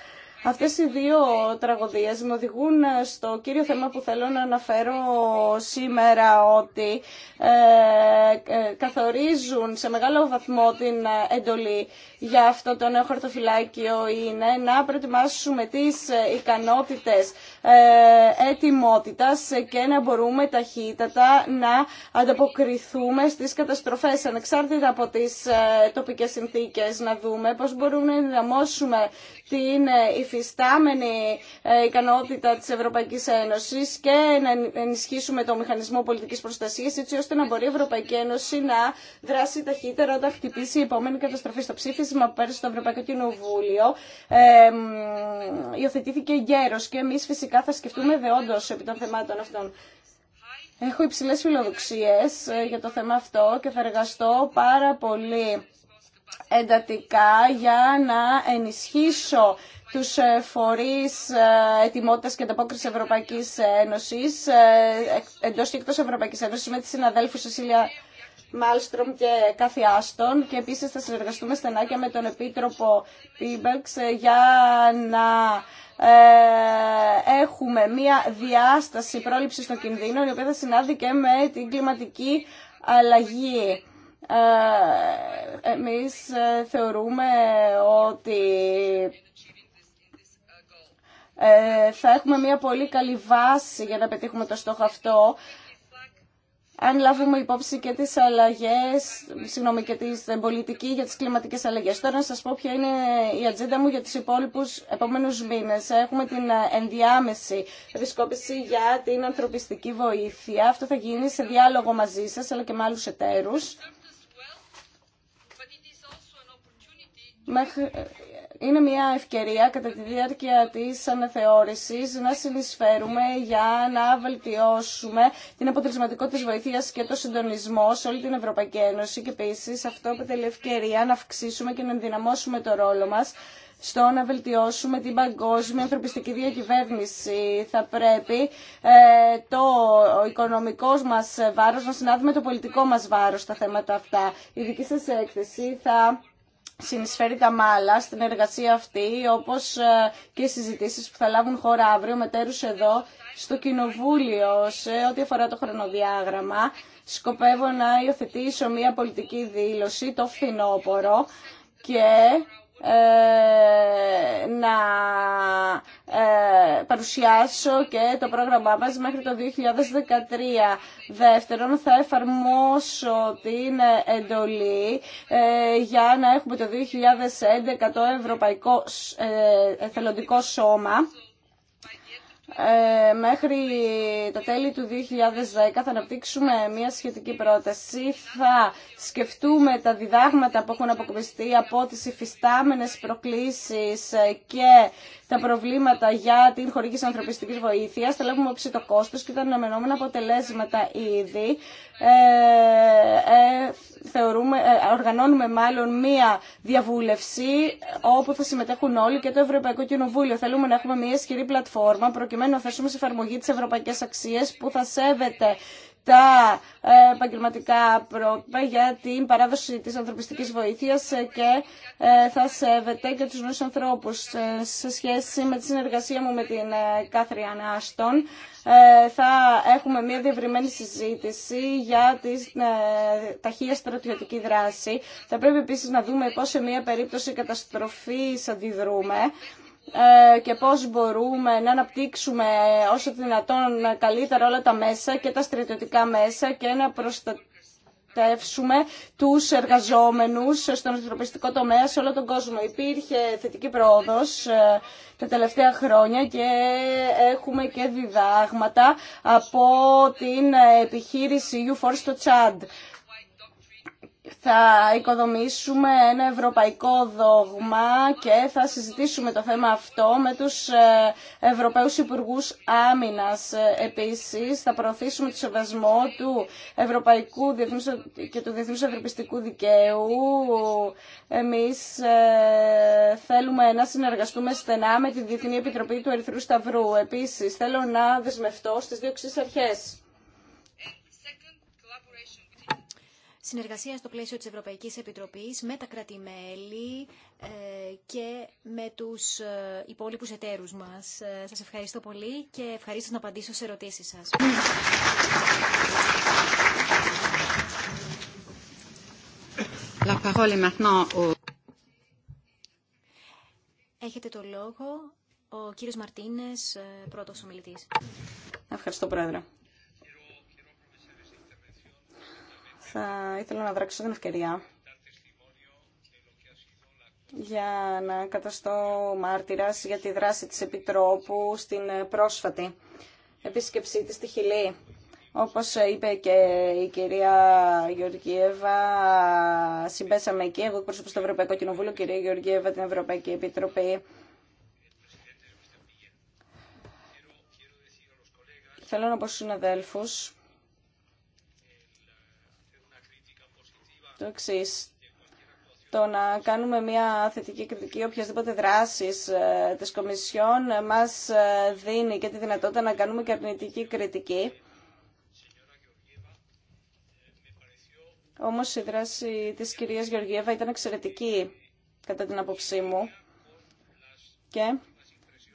Αυτέ οι δύο τραγωδίες με οδηγούν στο κύριο θέμα που θέλω να αναφέρω σήμερα ότι ε, ε, καθορίζουν σε μεγάλο βαθμό την εντολή για αυτό το νέο χαρτοφυλάκιο είναι να προετοιμάσουμε τις ικανότητες ε, ετοιμότητας και να μπορούμε ταχύτατα να ανταποκριθούμε στις καταστροφές ανεξάρτητα από τις ε, τοπικές συνθήκες να δούμε πώς μπορούμε να ενδυναμώσουμε την ε, υφιστάμενη ικανότητα της Ευρωπαϊκής Ένωσης και να ενισχύσουμε το μηχανισμό πολιτικής προστασίας έτσι ώστε να μπορεί η Ευρωπαϊκή Ένωση να δράσει ταχύτερα όταν χτυπήσει η επόμενη καταστροφή στο ψήφισμα που πέρασε στο Ευρωπαϊκό Κοινοβούλιο. Ε, υιοθετήθηκε γέρο και εμείς φυσικά θα σκεφτούμε δεόντως επί των θεμάτων αυτών. Έχω υψηλές φιλοδοξίες ε, για το θέμα αυτό και θα εργαστώ πάρα πολύ εντατικά για να ενισχύσω τους ε, φορείς ε, ετοιμότητας και ανταπόκριση Ευρωπαϊκής Ένωσης εντός και εκτός Ευρωπαϊκής Ένωσης με τη συναδέλφου Σεσίλια Μάλστρομ και Κάθι Άστον και επίσης θα συνεργαστούμε στενά και με τον Επίτροπο Πίμπερξ για να ε, έχουμε μία διάσταση πρόληψης των κινδύνων η οποία θα συνάδει και με την κλιματική αλλαγή. Ε, εμείς ε, θεωρούμε ότι θα έχουμε μια πολύ καλή βάση για να πετύχουμε το στόχο αυτό αν λάβουμε υπόψη και τις αλλαγές, συγγνώμη, και τις πολιτική για τις κλιματικές αλλαγές. Τώρα να σας πω ποια είναι η ατζέντα μου για τις υπόλοιπους επόμενους μήνες. Έχουμε την ενδιάμεση επισκόπηση για την ανθρωπιστική βοήθεια. Αυτό θα γίνει σε διάλογο μαζί σας, αλλά και με άλλους εταίρους. Μέχρι είναι μια ευκαιρία κατά τη διάρκεια της αναθεώρηση να συνεισφέρουμε για να βελτιώσουμε την αποτελεσματικότητα της βοήθειας και το συντονισμό σε όλη την Ευρωπαϊκή Ένωση και επίση αυτό αποτελεί ευκαιρία να αυξήσουμε και να ενδυναμώσουμε το ρόλο μας στο να βελτιώσουμε την παγκόσμια ανθρωπιστική διακυβέρνηση. Θα πρέπει ε, το οικονομικό μας βάρος να συνάδει με το πολιτικό μας βάρος στα θέματα αυτά. Η δική σας έκθεση θα συνεισφέρει τα μάλα στην εργασία αυτή, όπως ε, και οι συζητήσεις που θα λάβουν χώρα αύριο μετέρους εδώ στο Κοινοβούλιο σε ό,τι αφορά το χρονοδιάγραμμα. Σκοπεύω να υιοθετήσω μια πολιτική δήλωση το φθινόπωρο και ε, να ε, παρουσιάσω και το πρόγραμμά μας μέχρι το 2013. Δεύτερον, θα εφαρμόσω την εντολή ε, για να έχουμε το 2011 το Ευρωπαϊκό Εθελοντικό Σώμα ε, μέχρι το τέλη του 2010 θα αναπτύξουμε μια σχετική πρόταση. Θα σκεφτούμε τα διδάγματα που έχουν αποκομιστεί από τις υφιστάμενες προκλήσεις ε, και τα προβλήματα για την χορήγηση ανθρωπιστικής βοήθειας. Θα λάβουμε όψη το κόστος και τα αναμενόμενα αποτελέσματα ήδη. Ε, ε θεωρούμε, οργανώνουμε μάλλον μία διαβούλευση όπου θα συμμετέχουν όλοι και το Ευρωπαϊκό Κοινοβούλιο. Θέλουμε να έχουμε μία ισχυρή πλατφόρμα προκειμένου να θέσουμε σε εφαρμογή ευρωπαϊκές αξίες που θα σέβεται τα ε, επαγγελματικά πρότυπα για την παράδοση της ανθρωπιστικής βοήθειας και ε, θα σέβεται και τους νέους ανθρώπους. Ε, σε σχέση με τη συνεργασία μου με την Κάθριαν Άστον, θα έχουμε μια διευρυμένη συζήτηση για τη ταχεία στρατιωτική δράση. Θα πρέπει επίσης να δούμε πώς σε μια περίπτωση καταστροφής αντιδρούμε ε, και πώς μπορούμε να αναπτύξουμε όσο δυνατόν καλύτερα όλα τα μέσα και τα στρατιωτικά μέσα και να προστατεύσουμε τους εργαζόμενους στον ανθρωπιστικό τομέα σε όλο τον κόσμο. Υπήρχε θετική πρόοδος ε, τα τελευταία χρόνια και έχουμε και διδάγματα από την επιχείρηση U4 στο Τσάντ θα οικοδομήσουμε ένα ευρωπαϊκό δόγμα και θα συζητήσουμε το θέμα αυτό με τους ε, Ευρωπαίους Υπουργούς Άμυνας. Επίσης, θα προωθήσουμε το σεβασμό του Ευρωπαϊκού και του Διεθνούς Ευρωπιστικού Δικαίου. Εμείς ε, θέλουμε να συνεργαστούμε στενά με τη Διεθνή Επιτροπή του Ερυθρού Σταυρού. Επίσης, θέλω να δεσμευτώ στις δύο αρχές. συνεργασία στο πλαίσιο της Ευρωπαϊκής Επιτροπής με τα κράτη-μέλη ε, και με τους ε, υπόλοιπους εταίρους μας. Ε, σας ευχαριστώ πολύ και ευχαρίστω να απαντήσω σε ερωτήσεις σας. Έχετε το λόγο ο κύριος Μαρτίνες, πρώτος ομιλητής. Ευχαριστώ, Πρόεδρε. Θα ήθελα να δράξω την ευκαιρία για να καταστώ μάρτυρας για τη δράση της Επιτρόπου στην πρόσφατη επίσκεψή της στη Χιλή. Όπως είπε και η κυρία Γεωργίευα, συμπέσαμε εκεί, εγώ εκπροσωπώ στο Ευρωπαϊκό Κοινοβούλιο, κυρία Γεωργίευα, την Ευρωπαϊκή Επιτροπή. Θέλω να πω στους συναδέλφους το εξή. Το να κάνουμε μια θετική κριτική οποιασδήποτε δράση ε, της Κομισιόν ε, μας ε, δίνει και τη δυνατότητα να κάνουμε και κριτική. Όμως η δράση της κυρίας Γεωργίευα ήταν εξαιρετική κατά την άποψή μου και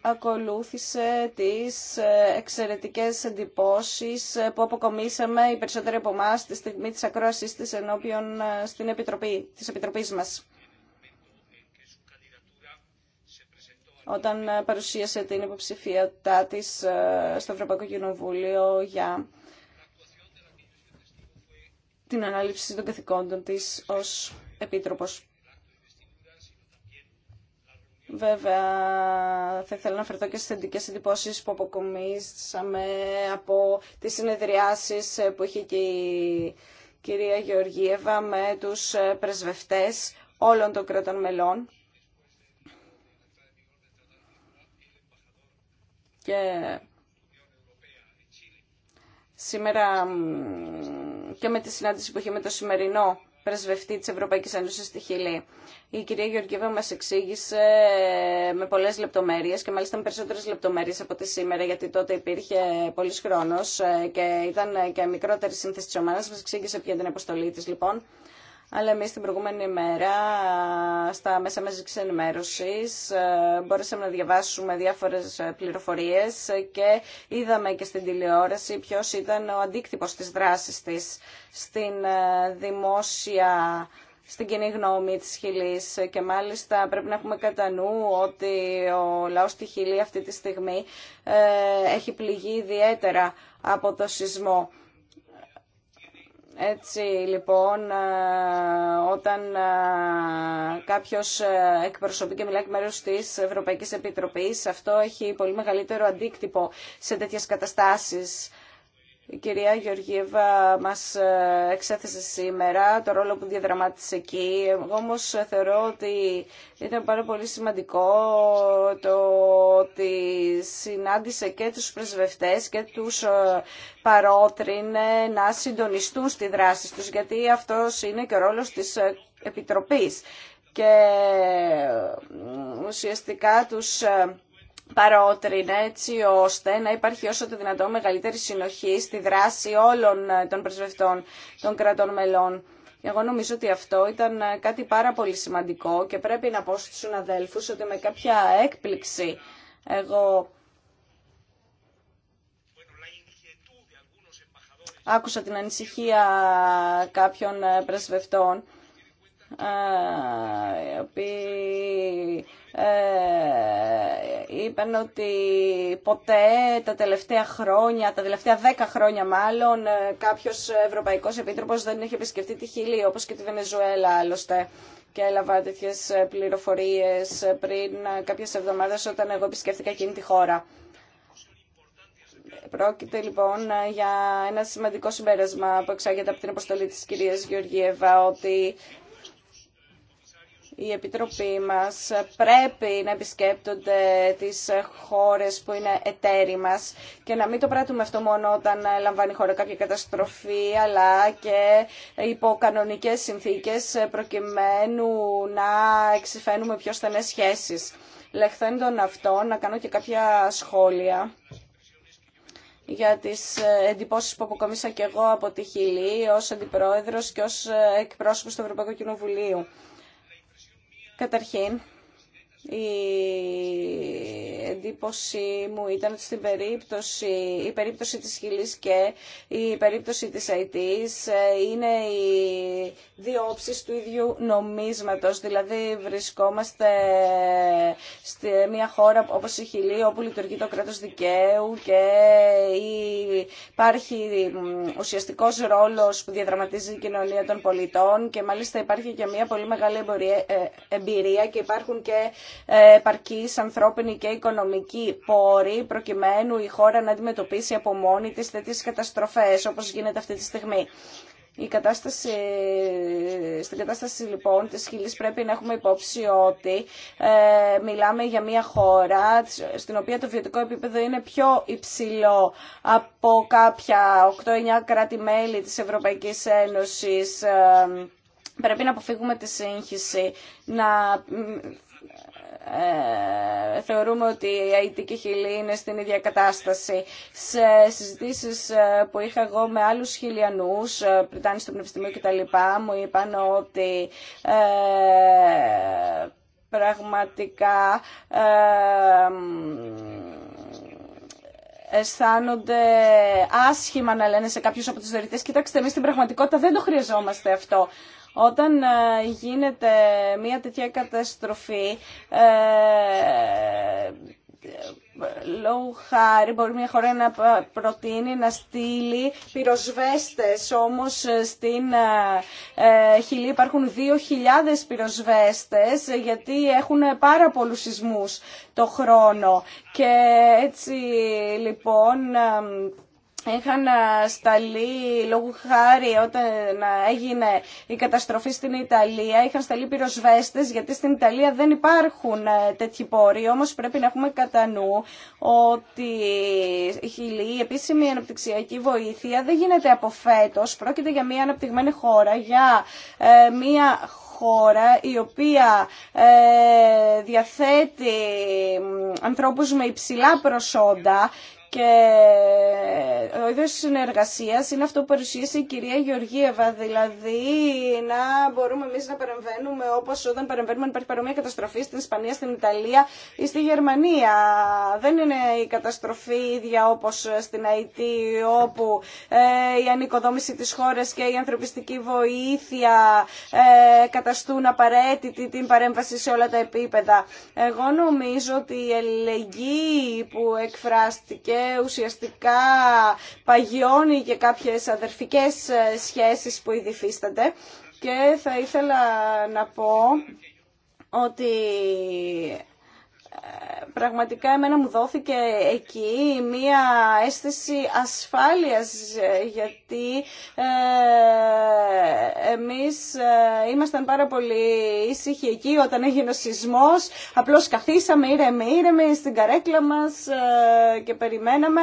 ακολούθησε τις ε, εξαιρετικές εντυπώσεις ε, που αποκομίσαμε οι περισσότεροι από εμά τη στιγμή της ακρόασης της ενώπιον ε, στην Επιτροπή, της Επιτροπής μας. Όταν παρουσίασε την υποψηφιότητά της στο Ευρωπαϊκό Κοινοβούλιο για την ανάληψη των καθηκόντων της ως Επίτροπος. Βέβαια, θα ήθελα να φερθώ και στι θετικέ εντυπώσει που αποκομίσαμε από τι συνεδριάσεις που είχε και η κυρία Γεωργίευα με του πρεσβευτέ όλων των κρατών μελών. Και σήμερα και με τη συνάντηση που είχε με το σημερινό πρεσβευτή της Ευρωπαϊκής Ένωσης στη Χιλή. Η κυρία Γεωργίβα μας εξήγησε με πολλές λεπτομέρειες και μάλιστα με περισσότερες λεπτομέρειες από τη σήμερα γιατί τότε υπήρχε πολλής χρόνος ε, και ήταν και μικρότερη σύνθεση της ομάδας. Μας εξήγησε ποια είναι την αποστολή της λοιπόν αλλά εμείς την προηγούμενη μέρα στα μέσα μαζικής ενημέρωσης ε, μπορέσαμε να διαβάσουμε διάφορες ε, πληροφορίες και είδαμε και στην τηλεόραση ποιος ήταν ο αντίκτυπος της δράσης της στην ε, δημόσια στην κοινή γνώμη της Χιλής και μάλιστα πρέπει να έχουμε κατά νου ότι ο λαός στη Χιλή αυτή τη στιγμή έχει πληγεί ιδιαίτερα από το σεισμό. Έτσι λοιπόν ε, όταν ε, κάποιος ε, εκπροσωπεί και μιλάει εκ μέρους της Ευρωπαϊκής Επιτροπής αυτό έχει πολύ μεγαλύτερο αντίκτυπο σε τέτοιες καταστάσεις η κυρία Γεωργίευα μας ε, εξέθεσε σήμερα το ρόλο που διαδραμάτισε εκεί. Εγώ όμως θεωρώ ότι ήταν πάρα πολύ σημαντικό το ότι συνάντησε και τους πρεσβευτές και τους ε, παρότρινε να συντονιστούν στη δράση τους, γιατί αυτός είναι και ο ρόλος της ε, Επιτροπής. Και ουσιαστικά τους παρότρινε έτσι ώστε να υπάρχει όσο το δυνατόν μεγαλύτερη συνοχή στη δράση όλων ε, των πρεσβευτών των κρατών μελών. Εγώ νομίζω ότι αυτό ήταν ε, κάτι πάρα πολύ σημαντικό και πρέπει να πω στους συναδέλφους ότι με κάποια έκπληξη εγώ άκουσα την ανησυχία κάποιων ε, πρεσβευτών οι οποίοι ε, είπαν ότι ποτέ τα τελευταία χρόνια, τα τελευταία δέκα χρόνια μάλλον, ε, κάποιος Ευρωπαϊκός Επίτροπος δεν έχει επισκεφτεί τη Χιλή, όπως και τη Βενεζουέλα άλλωστε. Και έλαβα τέτοιε πληροφορίες πριν κάποιες εβδομάδες όταν εγώ επισκέφτηκα εκείνη τη χώρα. Πρόκειται λοιπόν για ένα σημαντικό συμπέρασμα που εξάγεται από την αποστολή της κυρίας Γεωργίευα ότι η Επιτροπή μας πρέπει να επισκέπτονται τις χώρες που είναι εταίροι μας και να μην το πράττουμε αυτό μόνο όταν λαμβάνει η χώρα κάποια καταστροφή αλλά και υπό κανονικές συνθήκες προκειμένου να εξηφαίνουμε πιο στενές σχέσεις. Λεχθέντων αυτό να κάνω και κάποια σχόλια για τις εντυπώσεις που αποκομίσα και εγώ από τη Χιλή ως αντιπρόεδρος και ως εκπρόσωπος του Ευρωπαϊκού Κοινοβουλίου. Καταρχήν, η εντύπωση μου ήταν ότι στην περίπτωση, η περίπτωση της Χιλής και η περίπτωση της ΑΙΤΙΣ ε, είναι οι δύο όψεις του ίδιου νομίσματος. Δηλαδή βρισκόμαστε σε μια χώρα όπως η Χιλή όπου λειτουργεί το κράτος δικαίου και υπάρχει ουσιαστικός ρόλος που διαδραματίζει η κοινωνία των πολιτών και μάλιστα υπάρχει και μια πολύ μεγάλη ε, εμπειρία και υπάρχουν και ε, Παρκή ανθρώπινη και οικονομική πόρη προκειμένου η χώρα να αντιμετωπίσει από μόνη της τέτοιες καταστροφές όπως γίνεται αυτή τη στιγμή. Η κατάσταση, στην κατάσταση λοιπόν της Χιλής πρέπει να έχουμε υπόψη ότι ε, μιλάμε για μια χώρα στην οποία το βιωτικό επίπεδο είναι πιο υψηλό από κάποια 8-9 κράτη-μέλη της Ευρωπαϊκής Ένωσης. Ε, πρέπει να αποφύγουμε τη σύγχυση, να ε, θεωρούμε ότι η ΑΕΤ και η Χιλή είναι στην ίδια κατάσταση. Σε συζητήσεις ε, που είχα εγώ με άλλους χιλιανούς, ε, Πριτάνη στο Πνευστημίο κτλ, μου είπαν ότι ε, πραγματικά ε, αισθάνονται άσχημα να λένε σε κάποιους από τους δωρητές «Κοιτάξτε, εμείς στην πραγματικότητα δεν το χρειαζόμαστε αυτό». Όταν ε, γίνεται μια τέτοια καταστροφή, ε, λόγου χάρη μπορεί μια χώρα να προτείνει να στείλει πυροσβέστες όμως ε, στην ε, Χιλή υπάρχουν 2.000 πυροσβέστες γιατί έχουν πάρα πολλούς σεισμούς το χρόνο και έτσι λοιπόν είχαν ε, σταλεί λόγου χάρη όταν ε, έγινε η καταστροφή στην Ιταλία, είχαν σταλεί πυροσβέστες γιατί στην Ιταλία δεν υπάρχουν ε, τέτοιοι πόροι, όμως πρέπει να έχουμε κατά νου ότι η επίσημη αναπτυξιακή βοήθεια δεν γίνεται από φέτος, πρόκειται για μια αναπτυγμένη χώρα, για μια χώρα η οποία διαθέτει ανθρώπους με υψηλά προσόντα και ο ίδιο συνεργασία είναι αυτό που παρουσίασε η κυρία Γεωργίευα, δηλαδή να μπορούμε εμεί να παρεμβαίνουμε όπω όταν παρεμβαίνουμε αν υπάρχει παρόμοια καταστροφή στην Ισπανία, στην Ιταλία ή στη Γερμανία. Δεν είναι η καταστροφή ίδια όπω στην ΑΕΤ, όπου ε, η ανοικοδόμηση τη χώρα και η ανθρωπιστική βοήθεια ε, καταστούν απαραίτητη την παρέμβαση σε όλα τα επίπεδα. Εγώ νομίζω ότι η ελεγγύη που εκφράστηκε ουσιαστικά παγιώνει και κάποιες αδερφικές ε, σχέσεις που ήδη Και θα ήθελα να πω ότι πραγματικά εμένα μου δόθηκε εκεί μία αίσθηση ασφάλειας γιατί ε, εμείς ε, ήμασταν πάρα πολύ ήσυχοι εκεί όταν έγινε ο σεισμός απλώς καθίσαμε ήρεμοι ήρεμοι στην καρέκλα μας ε, και περιμέναμε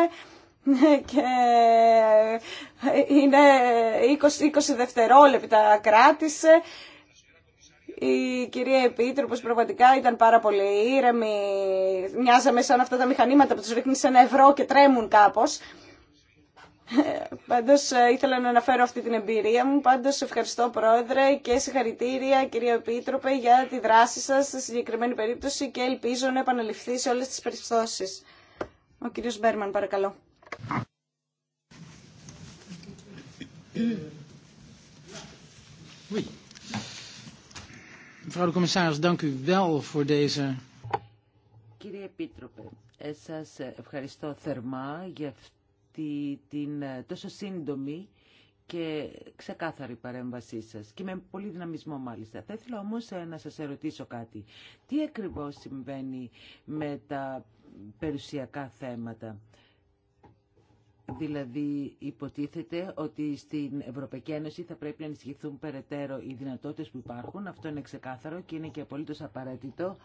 [LAUGHS] και είναι 20, 20 δευτερόλεπτα κράτησε η κυρία Επίτροπος πραγματικά ήταν πάρα πολύ ήρεμη. Μοιάζαμε σαν αυτά τα μηχανήματα που τους ρίχνει σε ένα ευρώ και τρέμουν κάπως. Ε, Πάντω ε, ήθελα να αναφέρω αυτή την εμπειρία μου. Πάντω ευχαριστώ Πρόεδρε και συγχαρητήρια κυρία Επίτροπε για τη δράση σα στη συγκεκριμένη περίπτωση και ελπίζω να επαναληφθεί σε όλε τι περιπτώσει. Ο κύριο Μπέρμαν παρακαλώ. Oui. Mevrouw de commissaris, dank u Κύριε Επίτροπε, ε, σας ε, ευχαριστώ θερμά για αυτή την ε, τόσο σύντομη και ξεκάθαρη παρέμβασή σας και με πολύ δυναμισμό μάλιστα. Θα ήθελα όμως να σας ερωτήσω κάτι. Τι ακριβώς συμβαίνει με τα περιουσιακά θέματα. Δηλαδή υποτίθεται ότι στην Ευρωπαϊκή Ένωση θα πρέπει να ενισχυθούν περαιτέρω οι δυνατότητες που υπάρχουν. Αυτό είναι ξεκάθαρο και είναι και απολύτως απαραίτητο.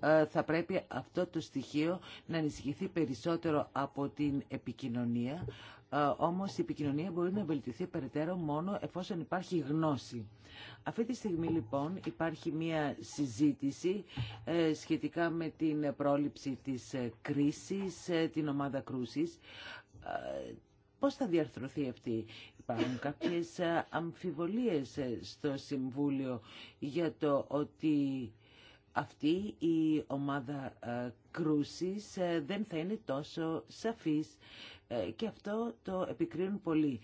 Ε, θα πρέπει αυτό το στοιχείο να ενισχυθεί περισσότερο από την επικοινωνία. Ε, όμως η επικοινωνία μπορεί να βελτιωθεί περαιτέρω μόνο εφόσον υπάρχει γνώση. Αυτή τη στιγμή λοιπόν υπάρχει μία συζήτηση ε, σχετικά με την πρόληψη της κρίσης, την ομάδα κρούσης. Ε, πώς θα διαρθρωθεί αυτή. Υπάρχουν κάποιες ε, αμφιβολίες ε, στο Συμβούλιο για το ότι αυτή η ομάδα κρούσης δεν θα είναι τόσο σαφής και αυτό το επικρίνουν πολλοί.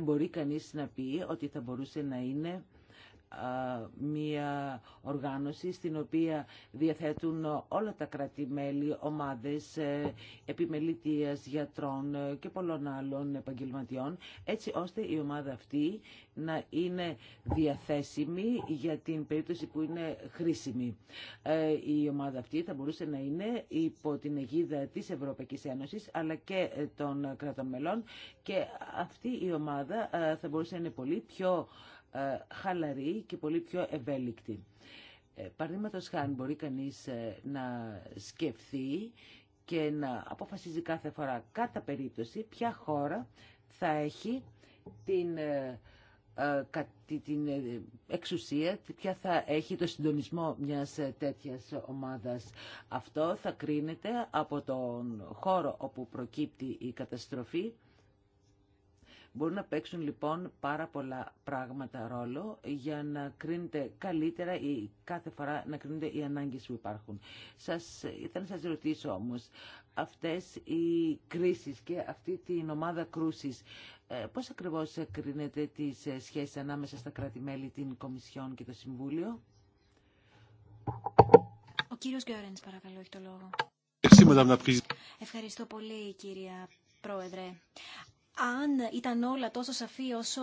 Μπορεί κανείς να πει ότι θα μπορούσε να είναι μια οργάνωση στην οποία διαθέτουν όλα τα κρατη ομάδες ε, επιμελητίας, γιατρών ε, και πολλών άλλων επαγγελματιών, έτσι ώστε η ομάδα αυτή να είναι διαθέσιμη για την περίπτωση που είναι χρήσιμη. Ε, η ομάδα αυτή θα μπορούσε να είναι υπό την αιγίδα της Ευρωπαϊκής Ένωσης αλλά και των κρατών και αυτή η ομάδα θα μπορούσε να είναι πολύ πιο ε, χαλαρή και πολύ πιο ευέλικτη. Ε, Παραδείγματο χάρη μπορεί κανείς ε, να σκεφτεί και να αποφασίζει κάθε φορά κατά περίπτωση ποια χώρα θα έχει την, την εξουσία, ποια θα έχει το συντονισμό μιας τέτοιας ομάδας. Αυτό θα κρίνεται από τον χώρο όπου προκύπτει η καταστροφή Μπορούν να παίξουν λοιπόν πάρα πολλά πράγματα ρόλο για να κρίνετε καλύτερα ή κάθε φορά να κρίνετε οι ανάγκες που υπάρχουν. Σας, ήθελα να σας ρωτήσω όμως, αυτές οι κρίσεις και αυτή την ομάδα κρούσης, ε, πώς ακριβώς κρίνετε τις ε, σχέσεις ανάμεσα στα κράτη-μέλη, την Κομισιόν και το Συμβούλιο. Ο κύριος παρακαλώ το λόγο. Ευχαριστώ πολύ κυρία Πρόεδρε αν ήταν όλα τόσο σαφή όσο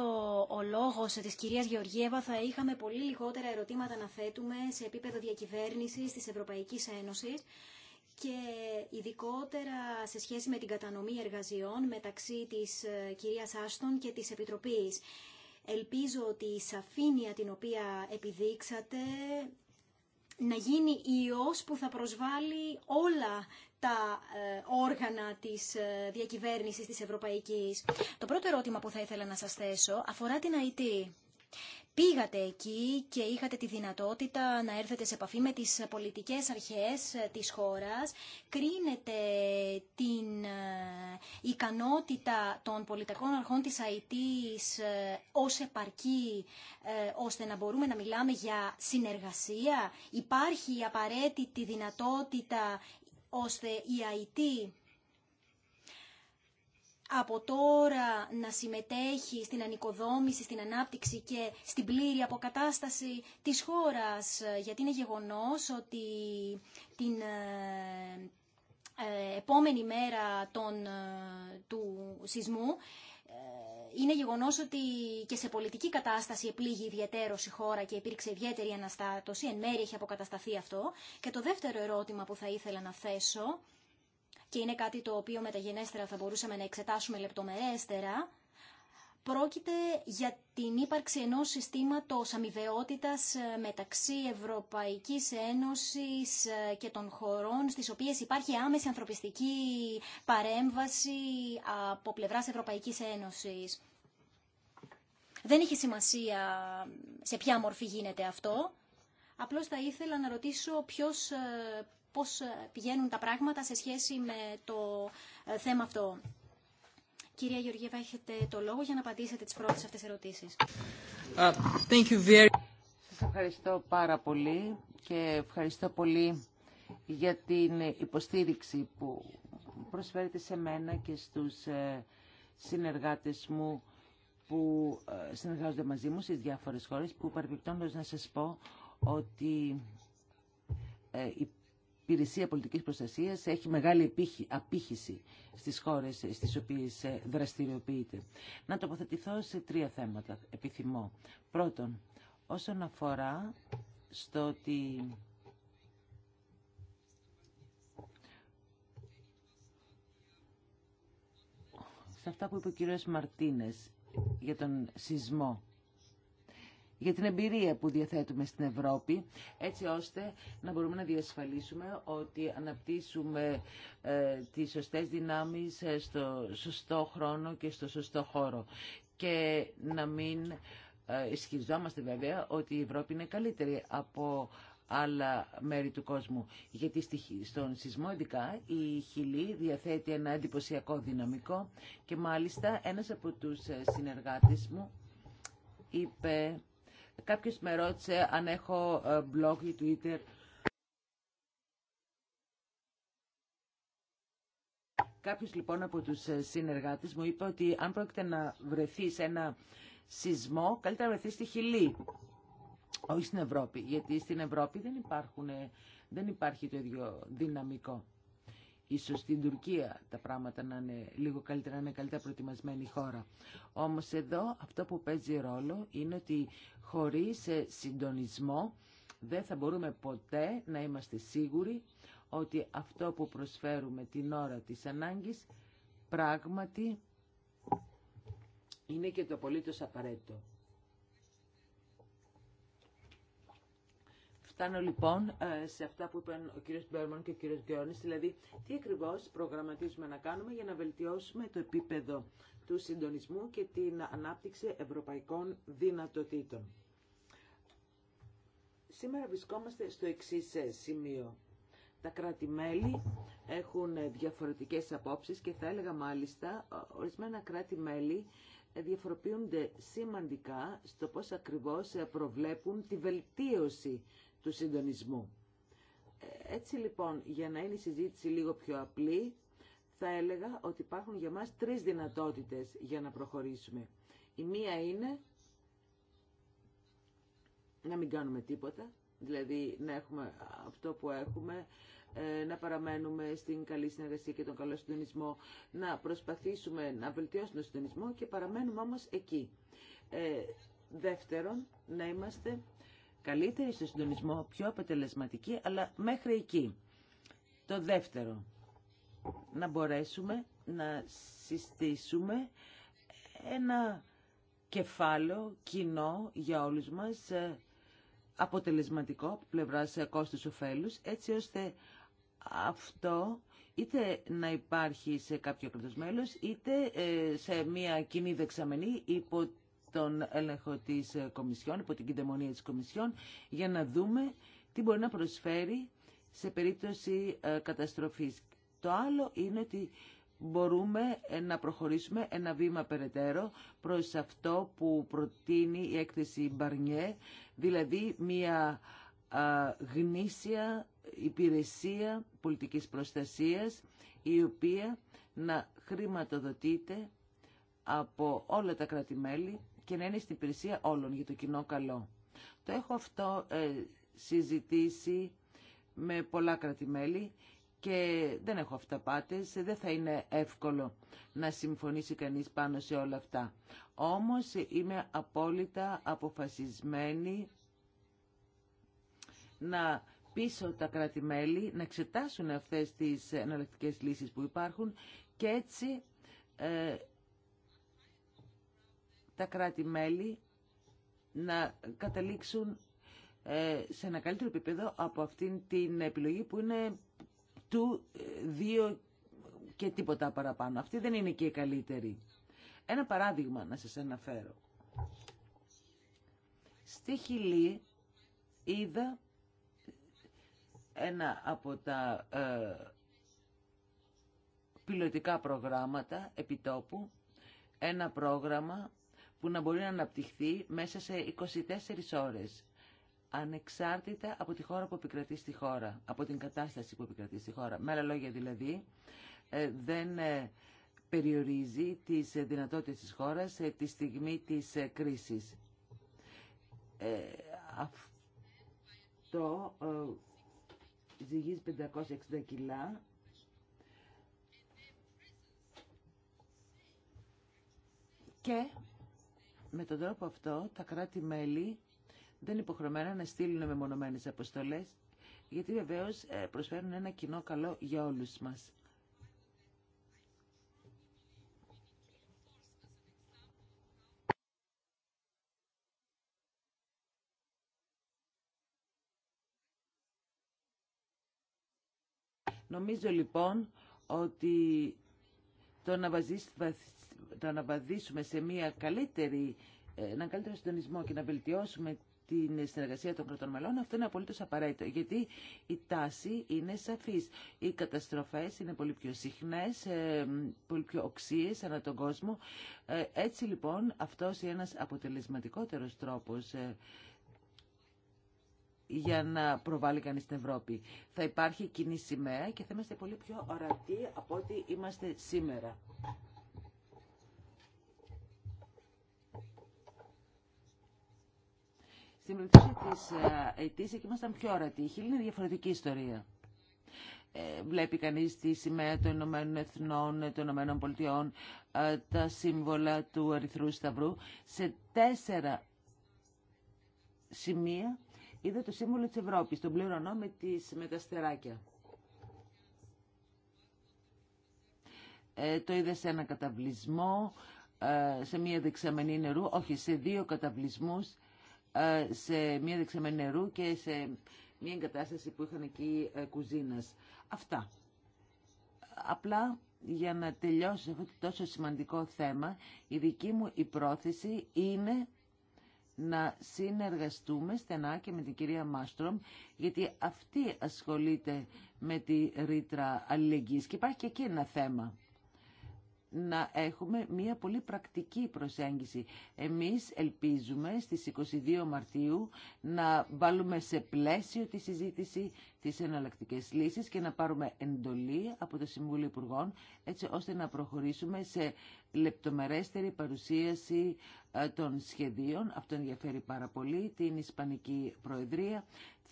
ο λόγος της κυρίας Γεωργίευα θα είχαμε πολύ λιγότερα ερωτήματα να θέτουμε σε επίπεδο διακυβέρνησης της Ευρωπαϊκής Ένωσης και ειδικότερα σε σχέση με την κατανομή εργαζιών μεταξύ της ε, κυρίας Άστον και της Επιτροπής. Ελπίζω ότι η σαφήνεια την οποία επιδείξατε να γίνει ιός που θα προσβάλλει όλα τα ε, όργανα της ε, διακυβέρνησης της Ευρωπαϊκής. Το πρώτο ερώτημα που θα ήθελα να σας θέσω αφορά την ΑΕΤ. Πήγατε εκεί και είχατε τη δυνατότητα να έρθετε σε επαφή με τις πολιτικές αρχές ε, της χώρας. Κρίνετε την ικανότητα των πολιτικών αρχών της ΑΕΤ ως επαρκή, ώστε να μπορούμε να μιλάμε για συνεργασία. Υπάρχει η απαραίτητη δυνατότητα ώστε η ΑΙΤΗ από τώρα να συμμετέχει στην ανοικοδόμηση, στην ανάπτυξη και στην πλήρη αποκατάσταση της χώρας. Γιατί είναι γεγονός ότι την ε, ε, επόμενη μέρα των, ε, του σεισμού ε, είναι γεγονός ότι και σε πολιτική κατάσταση επλήγει ιδιαίτερο η χώρα και υπήρξε ιδιαίτερη αναστάτωση, εν μέρει έχει αποκατασταθεί αυτό. Και το δεύτερο ερώτημα που θα ήθελα να θέσω, και είναι κάτι το οποίο μεταγενέστερα θα μπορούσαμε να εξετάσουμε λεπτομερέστερα, Πρόκειται για την ύπαρξη ενός συστήματος αμοιβαιότητας ε, μεταξύ Ευρωπαϊκής Ένωσης ε, και των χωρών στις οποίες υπάρχει άμεση ανθρωπιστική παρέμβαση από πλευράς Ευρωπαϊκής Ένωσης. Δεν έχει σημασία ε, σε ποια μορφή γίνεται αυτό. Απλώς θα ήθελα να ρωτήσω ποιος, πώς πηγαίνουν τα πράγματα σε σχέση με το θέμα αυτό. Κυρία Γεωργίευα, έχετε το λόγο για να απαντήσετε τις πρώτες αυτές τις ερωτήσεις. Uh, thank you very... Σας ευχαριστώ πάρα πολύ και ευχαριστώ πολύ για την υποστήριξη που προσφέρετε σε μένα και στους ε, συνεργάτες μου που ε, συνεργάζονται μαζί μου στις διάφορες χώρες που παρεμπιπτόντως να σας πω ότι ε, υπηρεσία πολιτικής προστασίας έχει μεγάλη απήχηση στις χώρες στις οποίες ε, δραστηριοποιείται. Να τοποθετηθώ σε τρία θέματα επιθυμώ. Πρώτον, όσον αφορά στο ότι σε αυτά που είπε ο κύριος Μαρτίνες για τον σεισμό για την εμπειρία που διαθέτουμε στην Ευρώπη, έτσι ώστε να μπορούμε να διασφαλίσουμε ότι αναπτύσσουμε ε, τις σωστές δυνάμεις ε, στο σωστό χρόνο και στο σωστό χώρο και να μην ε, ισχυριζόμαστε βέβαια ότι η Ευρώπη είναι καλύτερη από άλλα μέρη του κόσμου. Γιατί στον σεισμό ειδικά η Χιλή διαθέτει ένα εντυπωσιακό δυναμικό και μάλιστα ένας από τους ε, συνεργάτες μου είπε Κάποιος με ρώτησε αν έχω ε, blog ή Twitter. Κάποιος λοιπόν από τους ε, συνεργάτες μου είπε ότι αν πρόκειται να βρεθεί σε ένα σεισμό, καλύτερα βρεθεί στη Χιλή, όχι στην Ευρώπη. Γιατί στην Ευρώπη δεν, υπάρχουν, ε, δεν υπάρχει το ίδιο δυναμικό. Ίσως στην Τουρκία τα πράγματα να είναι λίγο καλύτερα, να είναι καλύτερα προετοιμασμένη χώρα. Όμως εδώ αυτό που παίζει ρόλο είναι ότι χωρίς ε, συντονισμό δεν θα μπορούμε ποτέ να είμαστε σίγουροι ότι αυτό που προσφέρουμε την ώρα της ανάγκης πράγματι είναι και το απολύτως απαραίτητο. Φτάνω λοιπόν ε, σε αυτά που είπαν ο κύριος Μπέρμαν και ο κύριος Γκιόνης, δηλαδή τι ακριβώς προγραμματίζουμε να κάνουμε για να βελτιώσουμε το επίπεδο του συντονισμού και την ανάπτυξη ευρωπαϊκών δυνατοτήτων. Σήμερα βρισκόμαστε στο εξής ε, σημείο. Τα κράτη-μέλη έχουν ε, διαφορετικές απόψεις και θα έλεγα μάλιστα ορισμένα κράτη-μέλη διαφοροποιούνται σημαντικά στο πώς ακριβώς προβλέπουν τη βελτίωση του συντονισμού. Ε, έτσι λοιπόν, για να είναι η συζήτηση λίγο πιο απλή, θα έλεγα ότι υπάρχουν για μας τρεις δυνατότητες για να προχωρήσουμε. Η μία είναι να μην κάνουμε τίποτα, δηλαδή να έχουμε αυτό που έχουμε, ε, να παραμένουμε στην καλή συνεργασία και τον καλό συντονισμό, να προσπαθήσουμε να βελτιώσουμε τον συντονισμό και παραμένουμε όμως εκεί. Ε, δεύτερον, να είμαστε καλύτερη στο συντονισμό, πιο αποτελεσματική, αλλά μέχρι εκεί. Το δεύτερο, να μπορέσουμε να συστήσουμε ένα κεφάλαιο κοινό για όλους μας, ε, αποτελεσματικό από σε κόστος ωφέλους, έτσι ώστε αυτό είτε να υπάρχει σε κάποιο κράτος μέλος, είτε ε, σε μια κοινή δεξαμενή υπό τον έλεγχο της Κομισιόν, υπό την κυδαιμονία της Κομισιόν, για να δούμε τι μπορεί να προσφέρει σε περίπτωση ε, καταστροφής. Το άλλο είναι ότι μπορούμε ε, να προχωρήσουμε ένα βήμα περαιτέρω προς αυτό που προτείνει η έκθεση Μπαρνιέ, δηλαδή μια γνήσια υπηρεσία πολιτικής προστασίας η οποία να χρηματοδοτείται από όλα τα κράτη-μέλη και να είναι στην υπηρεσία όλων για το κοινό καλό. Το έχω αυτό ε, συζητήσει με πολλά κρατημέλη και δεν έχω αυταπάτες, ε, δεν θα είναι εύκολο να συμφωνήσει κανείς πάνω σε όλα αυτά. Όμως ε, είμαι απόλυτα αποφασισμένη να πίσω τα κρατημέλη, να εξετάσουν αυτές τις εναλλακτικές λύσεις που υπάρχουν και έτσι τα κράτη-μέλη να καταλήξουν ε, σε ένα καλύτερο επίπεδο από αυτήν την επιλογή που είναι του ε, δύο και τίποτα παραπάνω. Αυτή δεν είναι και η καλύτερη. Ένα παράδειγμα να σας αναφέρω. Στη Χιλή είδα ένα από τα ε, πιλωτικά προγράμματα επιτόπου, ένα πρόγραμμα που να μπορεί να αναπτυχθεί μέσα σε 24 ώρες ανεξάρτητα από τη χώρα που επικρατεί στη χώρα, από την κατάσταση που επικρατεί στη χώρα. Με άλλα λόγια δηλαδή, ε, δεν ε, περιορίζει τις δυνατότητες της χώρας τη στιγμή της ε, κρίσης. Αυτό ζυγίζει 560 κιλά και με τον τρόπο αυτό τα κράτη-μέλη δεν είναι υποχρεωμένα να στείλουν μεμονωμένες αποστολές γιατί βεβαίως ε, προσφέρουν ένα κοινό καλό για όλους μας. Νομίζω λοιπόν ότι το να το να σε μια καλύτερη, ε, έναν καλύτερο συντονισμό και να βελτιώσουμε την συνεργασία των κρατών μελών, αυτό είναι απολύτω απαραίτητο. Γιατί η τάση είναι σαφή. Οι καταστροφέ είναι πολύ πιο συχνέ, ε, πολύ πιο οξύε ανά τον κόσμο. Ε, έτσι λοιπόν, αυτό είναι ένα αποτελεσματικότερο τρόπο για να προβάλλει κανεί την Ευρώπη. Θα υπάρχει κοινή σημαία και θα είμαστε πολύ πιο ορατοί από ό,τι είμαστε σήμερα. Στην περίπτωση τη ΕΤΗΣ εκεί ήμασταν πιο ορατοί. Η Χίλη είναι διαφορετική ιστορία. Ε, βλέπει κανείς τη σημαία των Ηνωμένων Εθνών, ε, των Ηνωμένων Πολιτειών, ε, τα σύμβολα του Ερυθρού Σταυρού. Σε τέσσερα σημεία είδα το σύμβολο της Ευρώπης, τον πληρωνό με, τις, με τα στεράκια. Ε, το είδα σε ένα καταβλισμό, ε, σε μία δεξαμενή νερού, όχι σε δύο καταβλισμούς ε, σε μία δεξαμενή νερού και σε μία εγκατάσταση που είχαν εκεί ε, κουζίνας. Αυτά. Απλά για να τελειώσω αυτό το τόσο σημαντικό θέμα, η δική μου η πρόθεση είναι να συνεργαστούμε στενά και με την κυρία Μάστρομ, γιατί αυτή ασχολείται με τη ρήτρα αλληλεγγύης και υπάρχει και εκεί ένα θέμα να έχουμε μια πολύ πρακτική προσέγγιση. Εμείς ελπίζουμε στις 22 Μαρτίου να βάλουμε σε πλαίσιο τη συζήτηση τις εναλλακτικές λύσεις και να πάρουμε εντολή από το Συμβούλιο Υπουργών έτσι ώστε να προχωρήσουμε σε λεπτομερέστερη παρουσίαση ε, των σχεδίων. Αυτό ενδιαφέρει πάρα πολύ την Ισπανική Προεδρία.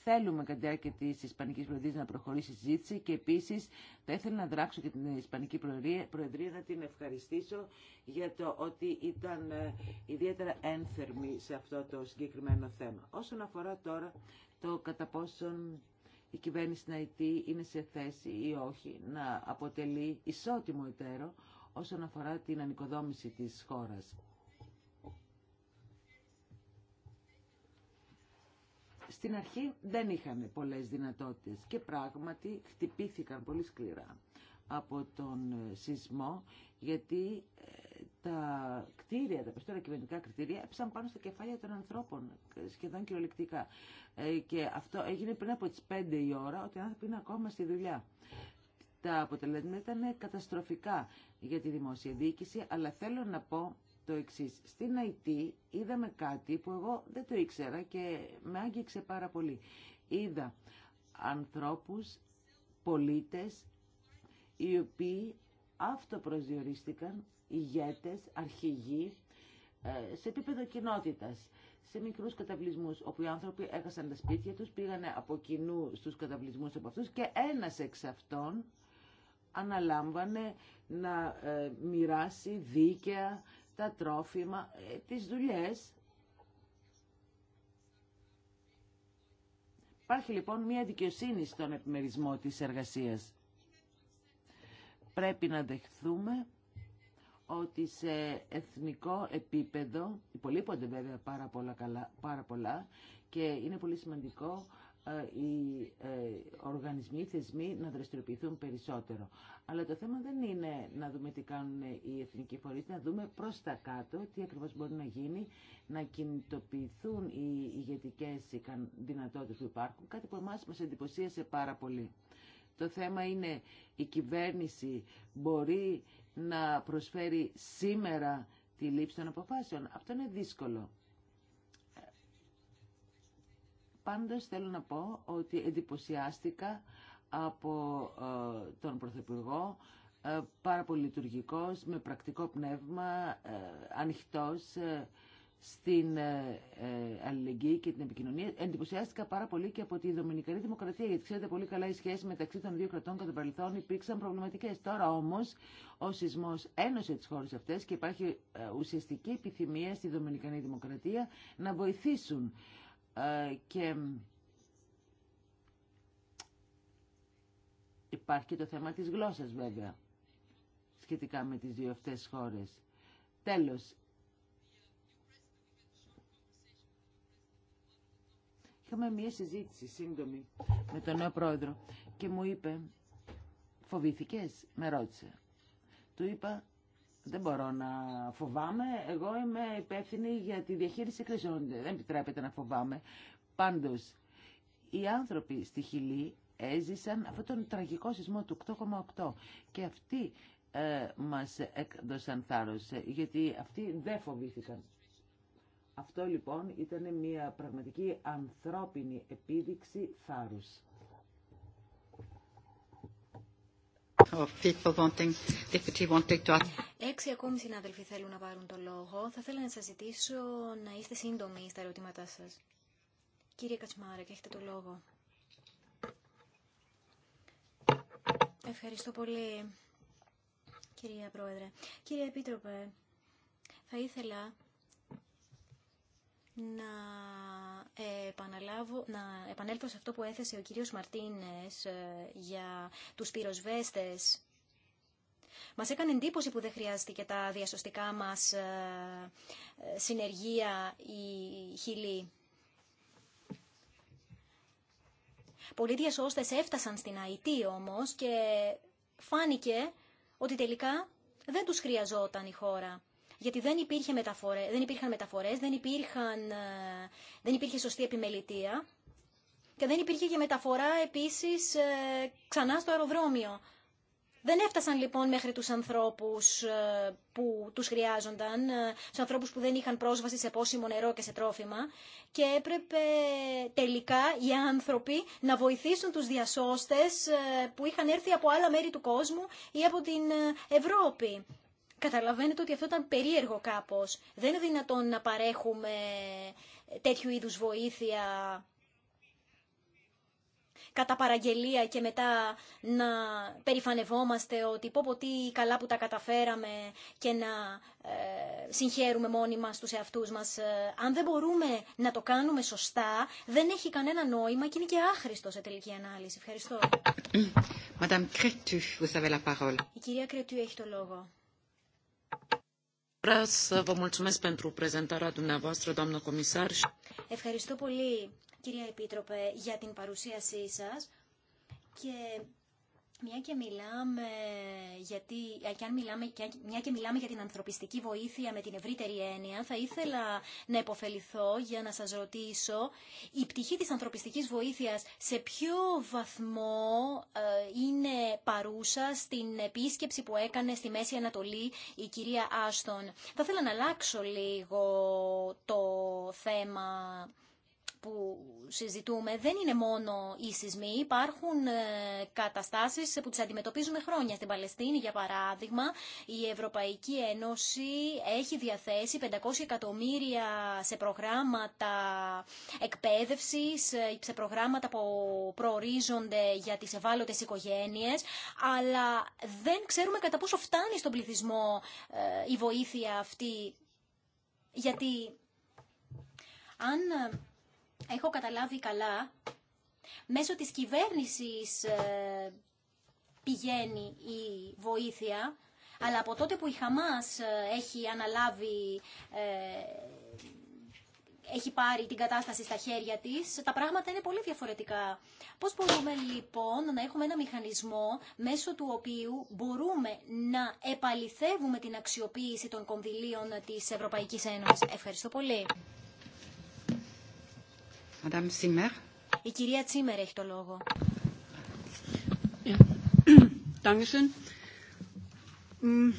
Θέλουμε κατά τη διάρκεια τη Ισπανική Προεδρία να προχωρήσει η συζήτηση και επίση θα ήθελα να δράξω και την Ισπανική Προεδρία, Προεδρία να την ευχαριστήσω για το ότι ήταν ε, ιδιαίτερα ένθερμη σε αυτό το συγκεκριμένο θέμα. Όσον αφορά τώρα το κατά πόσον η κυβέρνηση να είναι σε θέση ή όχι να αποτελεί ισότιμο εταίρο όσον αφορά την ανοικοδόμηση της χώρας. Στην αρχή δεν είχαμε πολλές δυνατότητες και πράγματι χτυπήθηκαν πολύ σκληρά από τον σεισμό γιατί ε, τα κτίρια, τα περισσότερα κυβερνητικά κριτήρια έψαν πάνω στα κεφάλια των ανθρώπων, σχεδόν κυριολεκτικά. Ε, και αυτό έγινε πριν από τι 5 η ώρα, ότι οι άνθρωποι είναι ακόμα στη δουλειά. Τα αποτελέσματα ήταν καταστροφικά για τη δημόσια διοίκηση, αλλά θέλω να πω το εξή. Στην IT είδαμε κάτι που εγώ δεν το ήξερα και με άγγιξε πάρα πολύ. Είδα ανθρώπους, πολίτες, οι οποίοι αυτοπροσδιορίστηκαν ηγέτες, αρχηγοί, ε, σε επίπεδο κοινότητας, σε μικρούς καταβλισμούς, όπου οι άνθρωποι έχασαν τα σπίτια τους, πήγανε από κοινού στους καταβλισμούς από αυτού και ένας εξ αυτών αναλάμβανε να ε, μοιράσει δίκαια τα τρόφιμα, ε, τις δουλειές. Υπάρχει λοιπόν μια δικαιοσύνη στον επιμερισμό της εργασίας. Πρέπει να δεχθούμε ότι σε εθνικό επίπεδο υπολείπονται βέβαια πάρα πολλά, καλά, πάρα και είναι πολύ σημαντικό ε, οι ε, οργανισμοί, οι θεσμοί να δραστηριοποιηθούν περισσότερο. Αλλά το θέμα δεν είναι να δούμε τι κάνουν οι εθνικοί φορείς, να δούμε προς τα κάτω τι ακριβώς μπορεί να γίνει, να κινητοποιηθούν οι ηγετικέ δυνατότητες που υπάρχουν, κάτι που εμάς μας εντυπωσίασε πάρα πολύ. Το θέμα είναι η κυβέρνηση μπορεί να προσφέρει σήμερα τη λήψη των αποφάσεων. Αυτό είναι δύσκολο. Πάντως θέλω να πω ότι εντυπωσιάστηκα από ε, τον Πρωθυπουργό, ε, πάρα πολύ λειτουργικός, με πρακτικό πνεύμα, ε, ε στην ε, ε, αλληλεγγύη και την επικοινωνία. Εντυπωσιάστηκα πάρα πολύ και από τη Δομινικανή Δημοκρατία, γιατί ξέρετε πολύ καλά οι σχέσει μεταξύ των δύο κρατών κατά παρελθόν υπήρξαν προβληματικέ. Τώρα όμω ο σεισμό ένωσε τι χώρε αυτέ και υπάρχει ε, ουσιαστική επιθυμία στη Δομινικανή Δημοκρατία να βοηθήσουν. Και υπάρχει το θέμα της γλώσσας βέβαια σχετικά με τις δύο αυτές χώρες. Τέλος, Είχαμε μία συζήτηση σύντομη με τον νέο πρόεδρο και μου είπε «Φοβήθηκες» με ρώτησε. Του είπα δεν μπορώ να φοβάμαι. Εγώ είμαι υπεύθυνη για τη διαχείριση κρίσεων. Δεν επιτρέπεται να φοβάμαι. Πάντως, οι άνθρωποι στη Χιλή έζησαν αυτόν τον τραγικό σεισμό του 8,8 και αυτοί ε, μας έκδοσαν θάρρος, γιατί αυτοί δεν φοβήθηκαν. Αυτό λοιπόν ήταν μια πραγματική ανθρώπινη επίδειξη θάρρους. Έξι ακόμη συνάδελφοι θέλουν να πάρουν το λόγο. Θα ήθελα να σας ζητήσω να είστε σύντομοι στα ερωτήματά σας. Κύριε και έχετε το λόγο. Ευχαριστώ πολύ, κυρία Πρόεδρε. Κύριε Επίτροπε, θα ήθελα να, να επανέλθω σε αυτό που έθεσε ο κύριος Μαρτίνες ε, για τους πυροσβέστες. Μας έκανε εντύπωση που δεν χρειάστηκε τα διασωστικά μας ε, ε, συνεργεία η χιλή. Πολλοί διασώστες έφτασαν στην Αϊτή όμως και φάνηκε ότι τελικά δεν τους χρειαζόταν η χώρα γιατί δεν, υπήρχε μεταφορέ, δεν υπήρχαν μεταφορές, δεν, υπήρχαν, ε, δεν υπήρχε σωστή επιμελητεία και δεν υπήρχε και μεταφορά επίσης ε, ξανά στο αεροδρόμιο. Δεν έφτασαν λοιπόν μέχρι τους ανθρώπους ε, που τους χρειάζονταν, τους ανθρώπους που δεν είχαν πρόσβαση σε πόσιμο νερό και σε τρόφιμα και έπρεπε τελικά οι άνθρωποι να βοηθήσουν τους διασώστες που είχαν έρθει από άλλα μέρη του κόσμου ή από την Ευρώπη. Καταλαβαίνετε ότι αυτό ήταν περίεργο κάπως. Δεν είναι δυνατόν να παρέχουμε τέτοιου είδους βοήθεια κατά παραγγελία και μετά να περηφανευόμαστε ότι πω πω τι καλά που τα καταφέραμε και να ε, συγχαίρουμε μόνοι μας τους εαυτούς μας. Ε, αν δεν μπορούμε να το κάνουμε σωστά, δεν έχει κανένα νόημα και είναι και άχρηστο σε τελική ανάλυση. Ευχαριστώ. Η κυρία Κρετού έχει το λόγο. Vreau să vă mulțumesc pentru prezentarea dumneavoastră, doamnă comisar. Ευχαριστώ πολύ, κυρία Επίτροπε, για την παρουσίασή σας και μια και μιλάμε, γιατί, ε, και αν μιλάμε, μια και μιλάμε για την ανθρωπιστική βοήθεια με την ευρύτερη έννοια, θα ήθελα να υποφεληθώ για να σας ρωτήσω η πτυχή της ανθρωπιστικής βοήθειας σε ποιο βαθμό ε, είναι παρούσα στην επίσκεψη που έκανε στη Μέση Ανατολή η κυρία Άστον. Θα ήθελα να αλλάξω λίγο το θέμα που συζητούμε δεν είναι μόνο οι σεισμοί. Υπάρχουν ε, καταστάσεις που τις αντιμετωπίζουμε χρόνια. Στην Παλαιστίνη, για παράδειγμα, η Ευρωπαϊκή Ένωση έχει διαθέσει 500 εκατομμύρια σε προγράμματα εκπαίδευσης, ε, σε προγράμματα που προορίζονται για τις ευάλωτες οικογένειες, αλλά δεν ξέρουμε κατά πόσο φτάνει στον πληθυσμό ε, η βοήθεια αυτή. Γιατί αν έχω καταλάβει καλά, μέσω της κυβέρνησης ε, πηγαίνει η βοήθεια, αλλά από τότε που η Χαμάς ε, έχει αναλάβει, ε, έχει πάρει την κατάσταση στα χέρια της, τα πράγματα είναι πολύ διαφορετικά. Πώς μπορούμε λοιπόν να έχουμε ένα μηχανισμό μέσω του οποίου μπορούμε να επαληθεύουμε την αξιοποίηση των κονδυλίων της Ευρωπαϊκής Ένωσης. Ευχαριστώ πολύ. Η κυρία Τσίμερ έχει το λόγο. [CLEARS THROAT] Mm,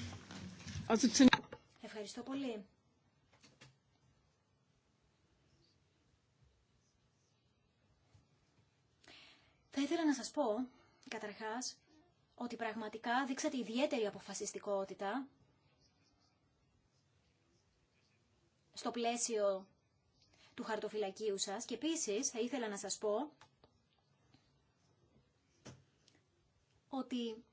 Ευχαριστώ πολύ. Θα ήθελα να σας πω, καταρχάς, ότι πραγματικά δείξατε ιδιαίτερη αποφασιστικότητα στο πλαίσιο του χαρτοφυλακίου σας. Και επίσης θα ήθελα να σας πω ότι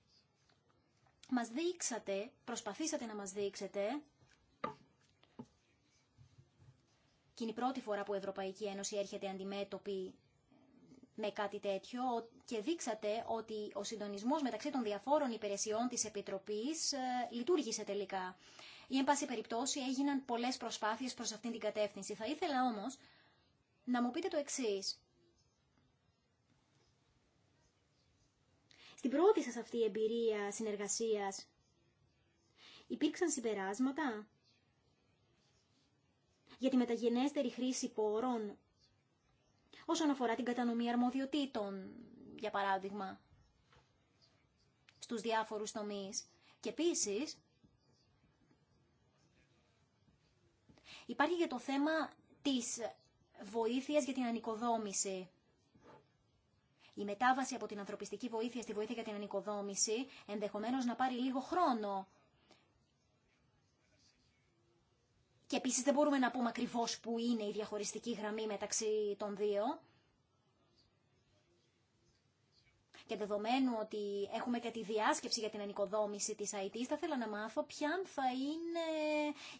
μας δείξατε, προσπαθήσατε να μας δείξετε και είναι η πρώτη φορά που η Ευρωπαϊκή Ένωση έρχεται αντιμέτωπη με κάτι τέτοιο και δείξατε ότι ο συντονισμός μεταξύ των διαφόρων υπηρεσιών της Επιτροπής ε, λειτουργήσε τελικά ή εν πάση περιπτώσει έγιναν πολλέ προσπάθειες προς αυτήν την κατεύθυνση. Θα ήθελα όμως να μου πείτε το εξή. Στην πρώτη σας αυτή η εμπειρία συνεργασίας υπήρξαν συμπεράσματα για τη μεταγενέστερη χρήση πόρων όσον αφορά την κατανομή αρμοδιοτήτων, για παράδειγμα, στους διάφορους τομείς. Και επίσης, Υπάρχει για το θέμα της βοήθειας για την ανοικοδόμηση. Η μετάβαση από την ανθρωπιστική βοήθεια στη βοήθεια για την ανοικοδόμηση ενδεχομένως να πάρει λίγο χρόνο. Και επίσης δεν μπορούμε να πούμε ακριβώς που είναι η διαχωριστική γραμμή μεταξύ των δύο. και δεδομένου ότι έχουμε και τη διάσκεψη για την ανοικοδόμηση της IT... θα ήθελα να μάθω ποια θα είναι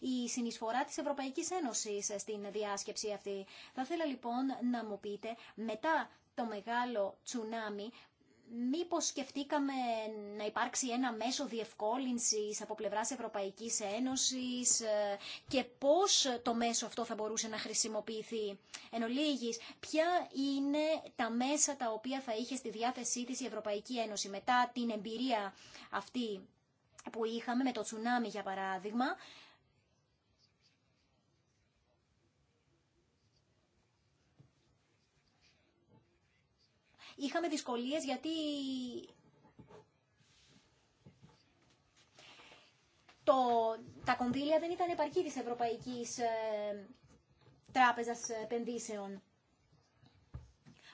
η συνεισφορά της Ευρωπαϊκής Ένωσης στην διάσκεψη αυτή. Θα ήθελα λοιπόν να μου πείτε μετά το μεγάλο τσουνάμι Μήπως σκεφτήκαμε να υπάρξει ένα μέσο διευκόλυνσης από πλευράς Ευρωπαϊκής Ένωσης ε, και πώς το μέσο αυτό θα μπορούσε να χρησιμοποιηθεί. Εν ολίγης, ποια είναι τα μέσα τα οποία θα είχε στη διάθεσή της η Ευρωπαϊκή Ένωση μετά την εμπειρία αυτή που είχαμε με το τσουνάμι για παράδειγμα είχαμε δυσκολίες γιατί το, τα κονδύλια δεν ήταν επαρκή της Ευρωπαϊκής ε, Τράπεζας Επενδύσεων.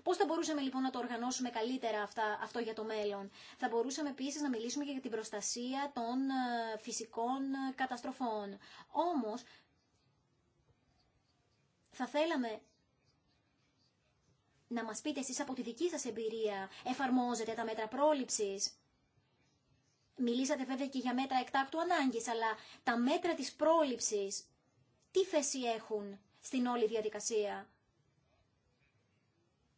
Πώς θα μπορούσαμε λοιπόν να το οργανώσουμε καλύτερα αυτό για το μέλλον. Θα μπορούσαμε επίσης να μιλήσουμε και για την προστασία των ε, φυσικών ε, καταστροφών. Όμως, θα θέλαμε να μας πείτε εσείς από τη δική σας εμπειρία εφαρμόζετε τα μέτρα πρόληψης. Μιλήσατε βέβαια και για μέτρα εκτάκτου ανάγκης, αλλά τα μέτρα της πρόληψης τι θέση έχουν στην όλη διαδικασία.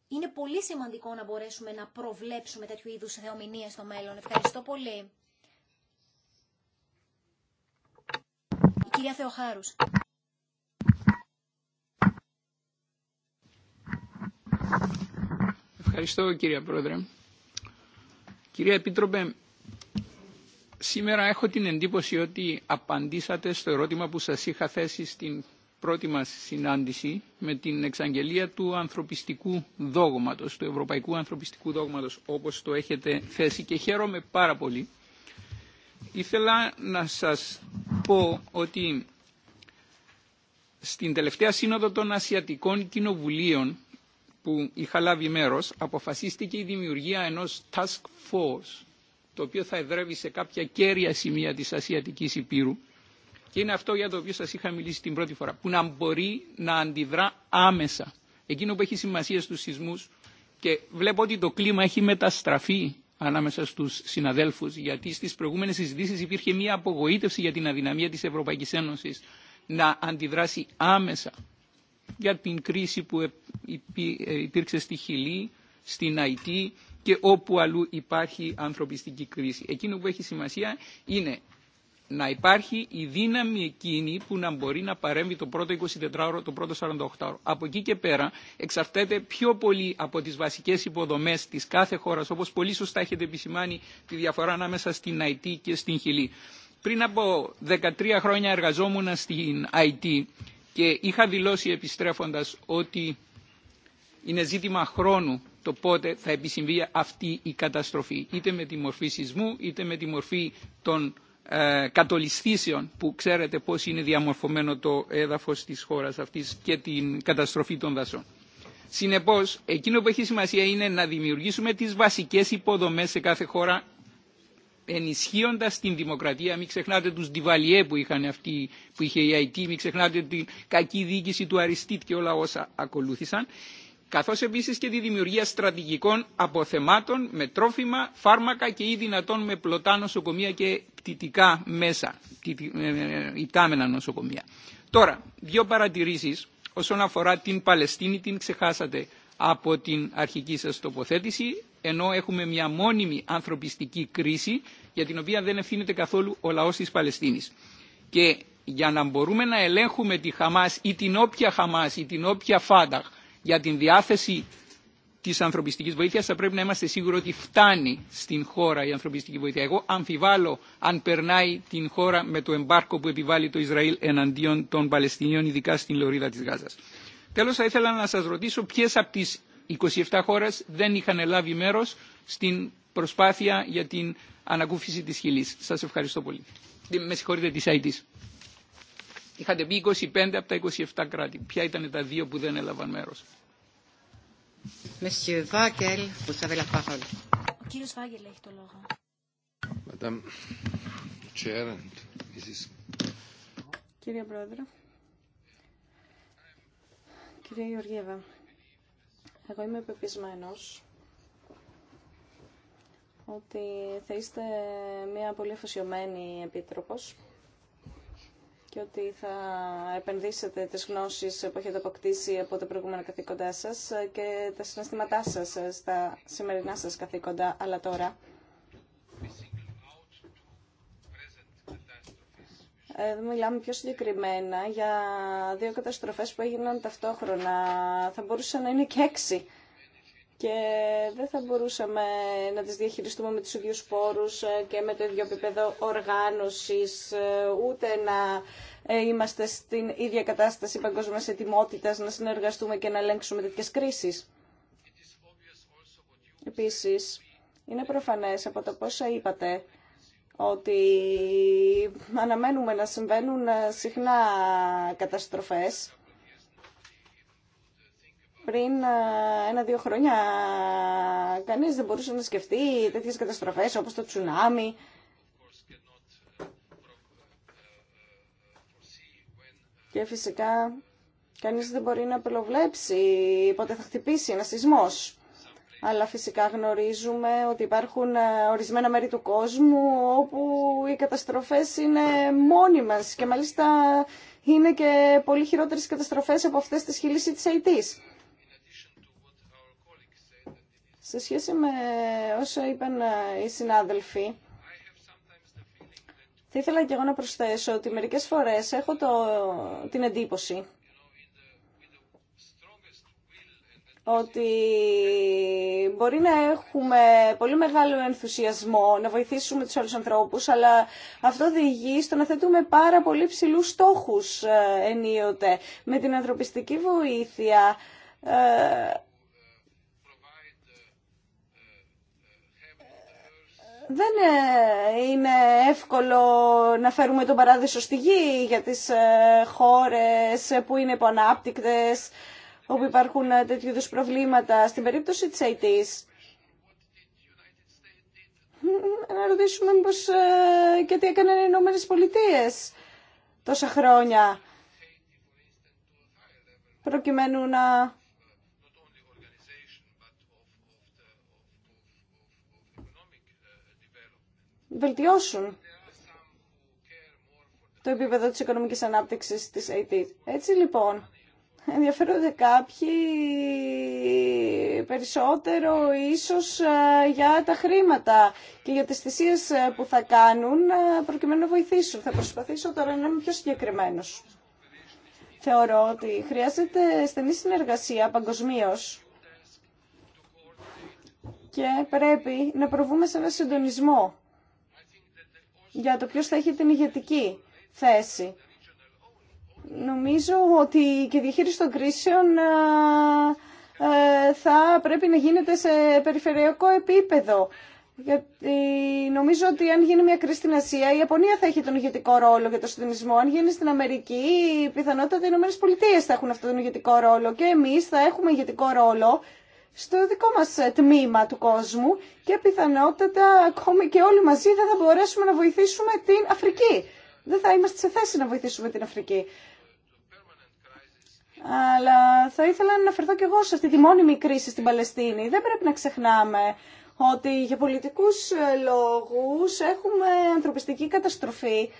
Είναι πολύ σημαντικό να μπορέσουμε να προβλέψουμε τέτοιου είδους θεομηνίες στο μέλλον. Ευχαριστώ πολύ. κυρία Θεοχάρους. Ευχαριστώ κύριε Πρόεδρε. Κυρία Επίτροπε, σήμερα έχω την εντύπωση ότι απαντήσατε στο ερώτημα που σας είχα θέσει στην πρώτη μας συνάντηση με την εξαγγελία του ανθρωπιστικού δόγματος, του ευρωπαϊκού ανθρωπιστικού δόγματος όπως το έχετε θέσει και χαίρομαι πάρα πολύ. Ήθελα να σας πω ότι στην τελευταία σύνοδο των Ασιατικών Κοινοβουλίων που είχα λάβει μέρος αποφασίστηκε η δημιουργία ενός task force το οποίο θα εδρεύει σε κάποια κέρια σημεία της Ασιατικής Υπήρου και είναι αυτό για το οποίο σας είχα μιλήσει την πρώτη φορά που να μπορεί να αντιδρά άμεσα εκείνο που έχει σημασία στους σεισμούς και βλέπω ότι το κλίμα έχει μεταστραφεί ανάμεσα στους συναδέλφους γιατί στις προηγούμενες συζητήσεις υπήρχε μια απογοήτευση για την αδυναμία της Ευρωπαϊκής Ένωσης να αντιδράσει άμεσα για την κρίση που ε, υπήρξε στη Χιλή, στην Αϊτή και όπου αλλού υπάρχει ανθρωπιστική κρίση. Εκείνο που έχει σημασία είναι να υπάρχει η δύναμη εκείνη που να μπορεί να παρέμβει το πρώτο 24ωρο, το πρώτο 48ωρο. Από εκεί και πέρα εξαρτάται πιο πολύ από τις βασικές υποδομές της κάθε χώρας, όπως πολύ σωστά έχετε επισημάνει τη διαφορά ανάμεσα στην ΑΙΤΗ και στην Χιλή. Πριν από 13 χρόνια εργαζόμουν στην ΑΙΤΗ και είχα δηλώσει επιστρέφοντας ότι είναι ζήτημα χρόνου το πότε θα επισυμβεί αυτή η καταστροφή είτε με τη μορφή σεισμού είτε με τη μορφή των ε, κατολιστήσεων που ξέρετε πώς είναι διαμορφωμένο το έδαφος της χώρας αυτής και την καταστροφή των δασών. Συνεπώς, εκείνο που έχει σημασία είναι να δημιουργήσουμε τις βασικές υποδομές σε κάθε χώρα Ενισχύοντα την δημοκρατία. Μην ξεχνάτε του Ντιβαλιέ που, είχαν αυτοί, που είχε η IT, μην ξεχνάτε την κακή διοίκηση του Αριστίτ και όλα όσα ακολούθησαν. Καθώ επίση και τη δημιουργία στρατηγικών αποθεμάτων με τρόφιμα, φάρμακα και ή δυνατόν με πλωτά νοσοκομεία και πτυτικά μέσα, ιτάμενα ε, ε, νοσοκομεία. Τώρα, δύο παρατηρήσει όσον αφορά την Παλαιστίνη, την ξεχάσατε από την αρχική σας τοποθέτηση ενώ έχουμε μια μόνιμη ανθρωπιστική κρίση για την οποία δεν ευθύνεται καθόλου ο λαός της Παλαιστίνης. Και για να μπορούμε να ελέγχουμε τη Χαμάς ή την όποια Χαμάς ή την όποια Φάνταχ για την διάθεση της ανθρωπιστικής βοήθειας θα πρέπει να είμαστε σίγουροι ότι φτάνει στην χώρα η ανθρωπιστική βοήθεια. Εγώ αμφιβάλλω αν περνάει την χώρα με το εμπάρκο που επιβάλλει το Ισραήλ εναντίον των Παλαιστινίων, ειδικά στην Λωρίδα της Γάζας. Τέλος θα ήθελα να σας ρωτήσω ποιες από τις 27 χώρες δεν είχαν λάβει μέρος στην προσπάθεια για την ανακούφιση της χιλής. Σας ευχαριστώ πολύ. Ε, με συγχωρείτε της ΑΕΤΙΣ. Είχατε πει 25 από τα 27 κράτη. Ποια ήταν τα δύο που δεν έλαβαν μέρος. Κύριε Πρόεδρε, κύριε Γεωργίευα, εγώ είμαι πεπισμένος ότι θα είστε μια πολύ αφοσιωμένη επίτροπος και ότι θα επενδύσετε τις γνώσεις που έχετε αποκτήσει από τα προηγούμενα καθήκοντά σας και τα συναισθήματά σας στα σημερινά σας καθήκοντα, αλλά τώρα Εδώ μιλάμε πιο συγκεκριμένα για δύο καταστροφές που έγιναν ταυτόχρονα. Θα μπορούσαν να είναι και έξι και δεν θα μπορούσαμε να τις διαχειριστούμε με τους ίδιους πόρους ε, και με το ίδιο επίπεδο οργάνωσης, ε, ούτε να ε, είμαστε στην ίδια κατάσταση παγκόσμιας ετοιμότητας, να συνεργαστούμε και να ελέγξουμε τέτοιες κρίσεις. Επίσης, είναι προφανές από το πόσα είπατε ότι αναμένουμε να συμβαίνουν ε, συχνά καταστροφές. Πριν ε, ένα-δύο χρόνια κανείς δεν μπορούσε να σκεφτεί τέτοιες καταστροφές όπως το τσουνάμι. Και φυσικά κανείς δεν μπορεί να προβλέψει πότε θα χτυπήσει ένα σεισμός αλλά φυσικά γνωρίζουμε ότι υπάρχουν ε, ορισμένα μέρη του κόσμου όπου οι καταστροφές είναι μόνιμες και μάλιστα είναι και πολύ χειρότερες καταστροφές από αυτές της χιλής της Αιτής. Σε σχέση με όσα είπαν ε, οι συνάδελφοι, θα ήθελα και εγώ να προσθέσω ότι μερικές φορές έχω το, την εντύπωση ότι μπορεί να έχουμε πολύ μεγάλο ενθουσιασμό, να βοηθήσουμε τους άλλους ανθρώπους, αλλά αυτό οδηγεί στο να θέτουμε πάρα πολύ ψηλούς στόχους ε, ενίοτε. Με την ανθρωπιστική βοήθεια ε, δεν ε, είναι εύκολο να φέρουμε τον παράδεισο στη γη για τις χώρες που είναι υποανάπτυκτες, όπου υπάρχουν ε, τέτοιου είδου προβλήματα. Στην περίπτωση τη IT, να ρωτήσουμε ε, και τι έκαναν οι Ηνωμένε Πολιτείες τόσα χρόνια προκειμένου να βελτιώσουν το επίπεδο της οικονομικής ανάπτυξης της ΑΕΤ. Έτσι λοιπόν, ενδιαφέρονται κάποιοι περισσότερο ίσως για τα χρήματα και για τις θυσίε που θα κάνουν προκειμένου να βοηθήσουν. Θα προσπαθήσω τώρα να είμαι πιο συγκεκριμένο. Θεωρώ ότι χρειάζεται στενή συνεργασία παγκοσμίω και πρέπει να προβούμε σε ένα συντονισμό για το ποιος θα έχει την ηγετική θέση Νομίζω ότι και η διαχείριση των κρίσεων θα πρέπει να γίνεται σε περιφερειακό επίπεδο. Γιατί νομίζω ότι αν γίνει μια κρίση στην Ασία, η Ιαπωνία θα έχει τον ηγετικό ρόλο για το συντονισμό. Αν γίνει στην Αμερική, πιθανότατα οι Ηνωμένε Πολιτείε θα έχουν αυτόν τον ηγετικό ρόλο και εμεί θα έχουμε ηγετικό ρόλο στο δικό μα ε, τμήμα του κόσμου και πιθανότατα ακόμη και όλοι μαζί δεν θα μπορέσουμε να βοηθήσουμε την Αφρική. Δεν θα είμαστε σε θέση να βοηθήσουμε την Αφρική. Αλλά θα ήθελα να αναφερθώ και εγώ σε αυτή τη μόνιμη κρίση στην Παλαιστίνη. Δεν πρέπει να ξεχνάμε ότι για πολιτικούς ε, λόγους έχουμε ανθρωπιστική καταστροφή.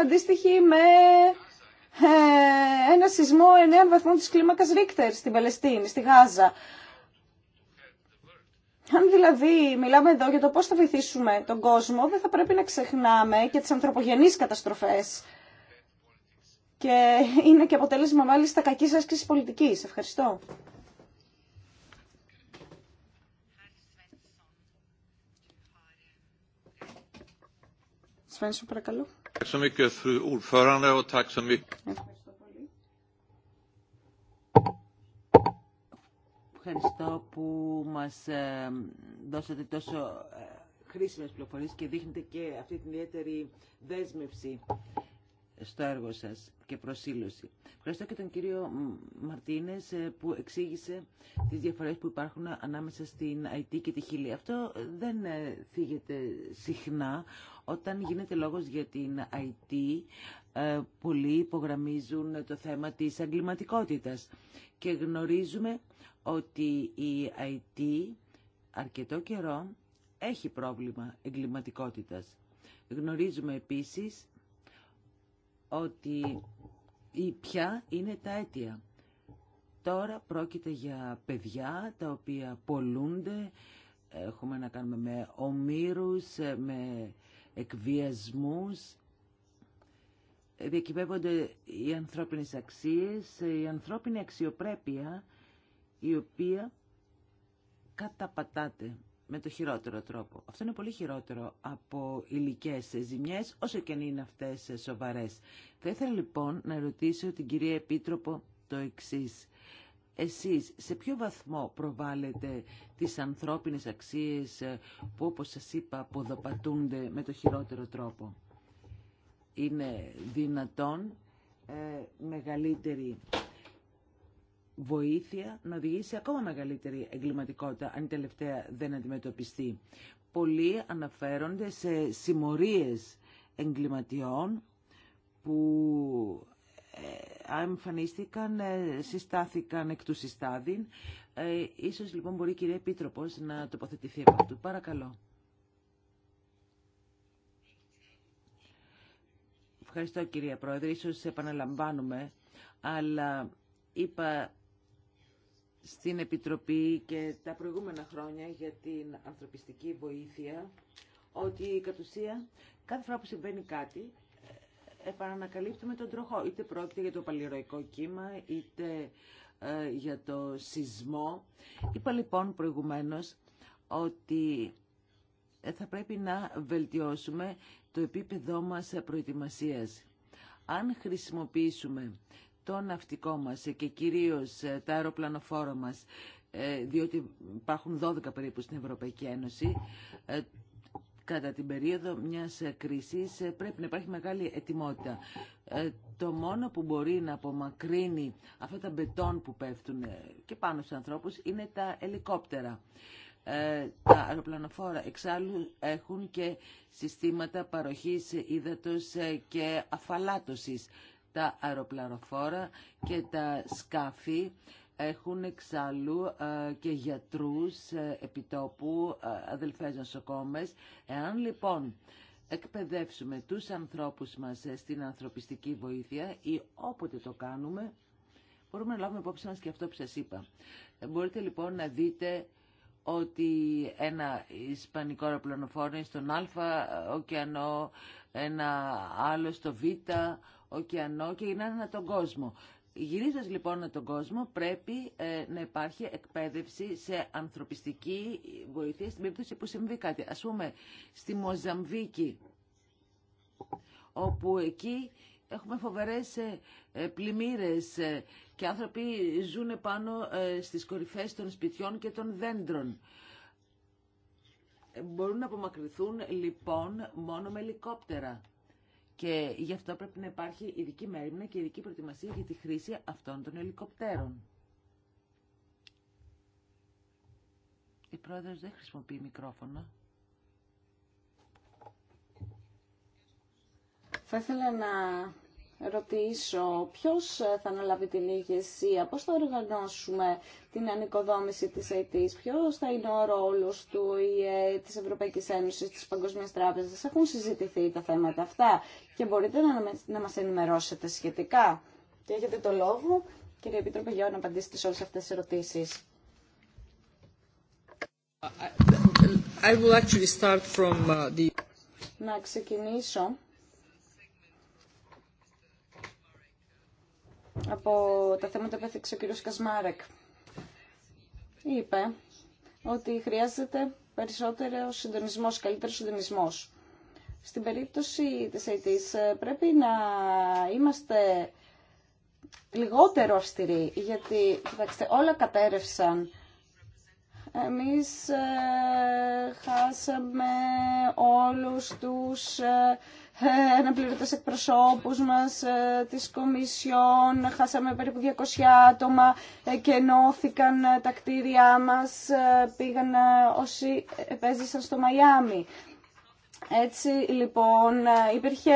Αντίστοιχη με ε, ένα σεισμό 9 βαθμών της κλίμακας Ρίκτερ στην Παλαιστίνη, στη Γάζα. Αν δηλαδή μιλάμε εδώ για το πώς θα βοηθήσουμε τον κόσμο, δεν θα πρέπει να ξεχνάμε και τις ανθρωπογενείς καταστροφές. Και είναι και αποτέλεσμα μάλιστα κακής άσκησης πολιτικής. Ευχαριστώ. παρακαλώ. Ευχαριστώ ευχαριστώ που μας ε, δώσατε τόσο ε, χρήσιμες πληροφορίες και δείχνετε και αυτή την ιδιαίτερη δέσμευση στο έργο σας και προσήλωση. Ευχαριστώ και τον κύριο Μαρτίνες ε, που εξήγησε τις διαφορές που υπάρχουν ανάμεσα στην IT και τη χιλή. Αυτό δεν θίγεται συχνά. Όταν γίνεται λόγος για την IT, πολλοί υπογραμμίζουν το θέμα της αγκληματικότητας και γνωρίζουμε ότι η IT αρκετό καιρό έχει πρόβλημα εγκληματικότητας. Γνωρίζουμε επίσης ότι ποια είναι τα αίτια. Τώρα πρόκειται για παιδιά τα οποία πολλούνται, έχουμε να κάνουμε με ομήρους, με εκβιασμούς, διακυβεύονται οι ανθρώπινες αξίες, η ανθρώπινη αξιοπρέπεια η οποία καταπατάται με το χειρότερο τρόπο. Αυτό είναι πολύ χειρότερο από υλικέ ζημιές, όσο και αν είναι αυτές σοβαρές. Θα ήθελα λοιπόν να ρωτήσω την κυρία Επίτροπο το εξής. Εσείς σε ποιο βαθμό προβάλλετε τις ανθρώπινες αξίες που όπως σας είπα αποδοπατούνται με το χειρότερο τρόπο. Είναι δυνατόν ε, μεγαλύτερη βοήθεια να οδηγήσει σε ακόμα μεγαλύτερη εγκληματικότητα αν η τελευταία δεν αντιμετωπιστεί. Πολλοί αναφέρονται σε συμμορίες εγκληματιών που ε, εμφανίστηκαν, ε, συστάθηκαν εκ του συστάδιν. Ε, ίσως λοιπόν μπορεί η κυρία Επίτροπος να τοποθετηθεί από αυτού. Παρακαλώ. Ευχαριστώ κυρία Πρόεδρε. Ίσως επαναλαμβάνουμε, αλλά είπα στην Επιτροπή και τα προηγούμενα χρόνια για την ανθρωπιστική βοήθεια ότι κατ' ουσία κάθε φορά που συμβαίνει κάτι ε, επανακαλύπτουμε τον τροχό. Είτε πρόκειται για το παλιροϊκό κύμα, είτε ε, για το σεισμό. Είπα λοιπόν προηγουμένως ότι ε, θα πρέπει να βελτιώσουμε το επίπεδό μας προετοιμασίας. Αν χρησιμοποιήσουμε το ναυτικό μας και κυρίως ε, τα αεροπλανοφόρα μας, ε, διότι υπάρχουν 12 περίπου στην Ευρωπαϊκή Ένωση, ε, κατά την περίοδο μιας κρίσης πρέπει να υπάρχει μεγάλη ετοιμότητα. Το μόνο που μπορεί να απομακρύνει αυτά τα μπετόν που πέφτουν και πάνω στους ανθρώπους είναι τα ελικόπτερα. Τα αεροπλανοφόρα εξάλλου έχουν και συστήματα παροχής ύδατος και αφαλάτωσης τα αεροπλανοφόρα και τα σκάφη έχουν εξάλλου ε, και γιατρούς ε, επιτόπου, ε, αδελφές νοσοκόμες. Εάν λοιπόν εκπαιδεύσουμε τους ανθρώπους μας στην ανθρωπιστική βοήθεια ή όποτε το κάνουμε, μπορούμε να λάβουμε υπόψη μας και αυτό που σας είπα. Μπορείτε λοιπόν να δείτε ότι ένα ισπανικό αεροπλανοφόρο είναι στον Α ωκεανό, ένα άλλο στο Β ωκεανό και γυρνάνε τον κόσμο. Γυρίζοντας λοιπόν τον κόσμο πρέπει ε, να υπάρχει εκπαίδευση σε ανθρωπιστική βοήθεια στην περίπτωση που συμβεί κάτι. Ας πούμε στη Μοζαμβίκη όπου εκεί έχουμε φοβερές ε, ε πλημμύρες ε, και άνθρωποι ζουν πάνω στις κορυφές των σπιτιών και των δέντρων. Μπορούν να απομακρυνθούν λοιπόν μόνο με ελικόπτερα. Και γι' αυτό πρέπει να υπάρχει ειδική μέρημνα και ειδική προετοιμασία για τη χρήση αυτών των ελικοπτέρων. Η πρόεδρος δεν χρησιμοποιεί μικρόφωνο. Θα ήθελα να ρωτήσω ποιος θα αναλάβει την ηγεσία, πώς θα οργανώσουμε την ανοικοδόμηση της ΑΕΤ, ποιος θα είναι ο ρόλος του ΙΕ, της Ευρωπαϊκής Ένωσης, της Παγκοσμίας Τράπεζας. Έχουν συζητηθεί τα θέματα αυτά και μπορείτε να μας ενημερώσετε σχετικά. Και έχετε το λόγο, κύριε Επίτροπε, για να απαντήσετε σε όλες αυτές τις ερωτήσεις. I will actually start from uh, the... Να ξεκινήσω από τα θέματα που έθεξε ο κ. Κασμάρεκ. Είπε ότι χρειάζεται περισσότερο συντονισμός, καλύτερο συντονισμός. Στην περίπτωση της ΑΕΤΙΣ πρέπει να είμαστε λιγότερο αυστηροί, γιατί κοιτάξτε, όλα κατέρευσαν. Εμείς ε, χάσαμε όλους τους ε, ε, αναπληρωτές εκπροσώπους μας ε, της Κομισιόν, χάσαμε περίπου 200 άτομα, ε, κενώθηκαν τα κτίρια μας, πήγαν όσοι επέζησαν στο Μαϊάμι. Έτσι λοιπόν υπήρχε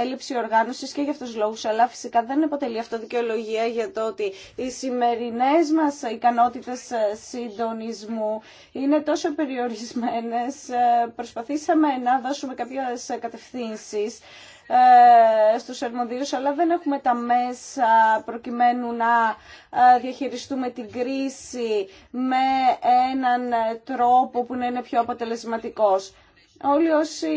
έλλειψη οργάνωσης και για αυτού του λόγους, αλλά φυσικά δεν αποτελεί αυτό δικαιολογία για το ότι οι σημερινές μας ικανότητες ε, συντονισμού είναι τόσο περιορισμένες. Ε, προσπαθήσαμε να δώσουμε κάποιες κατευθύνσεις ε, στους αρμοδίους, αλλά δεν έχουμε τα μέσα προκειμένου να διαχειριστούμε την κρίση με έναν τρόπο που να είναι πιο αποτελεσματικός όλοι όσοι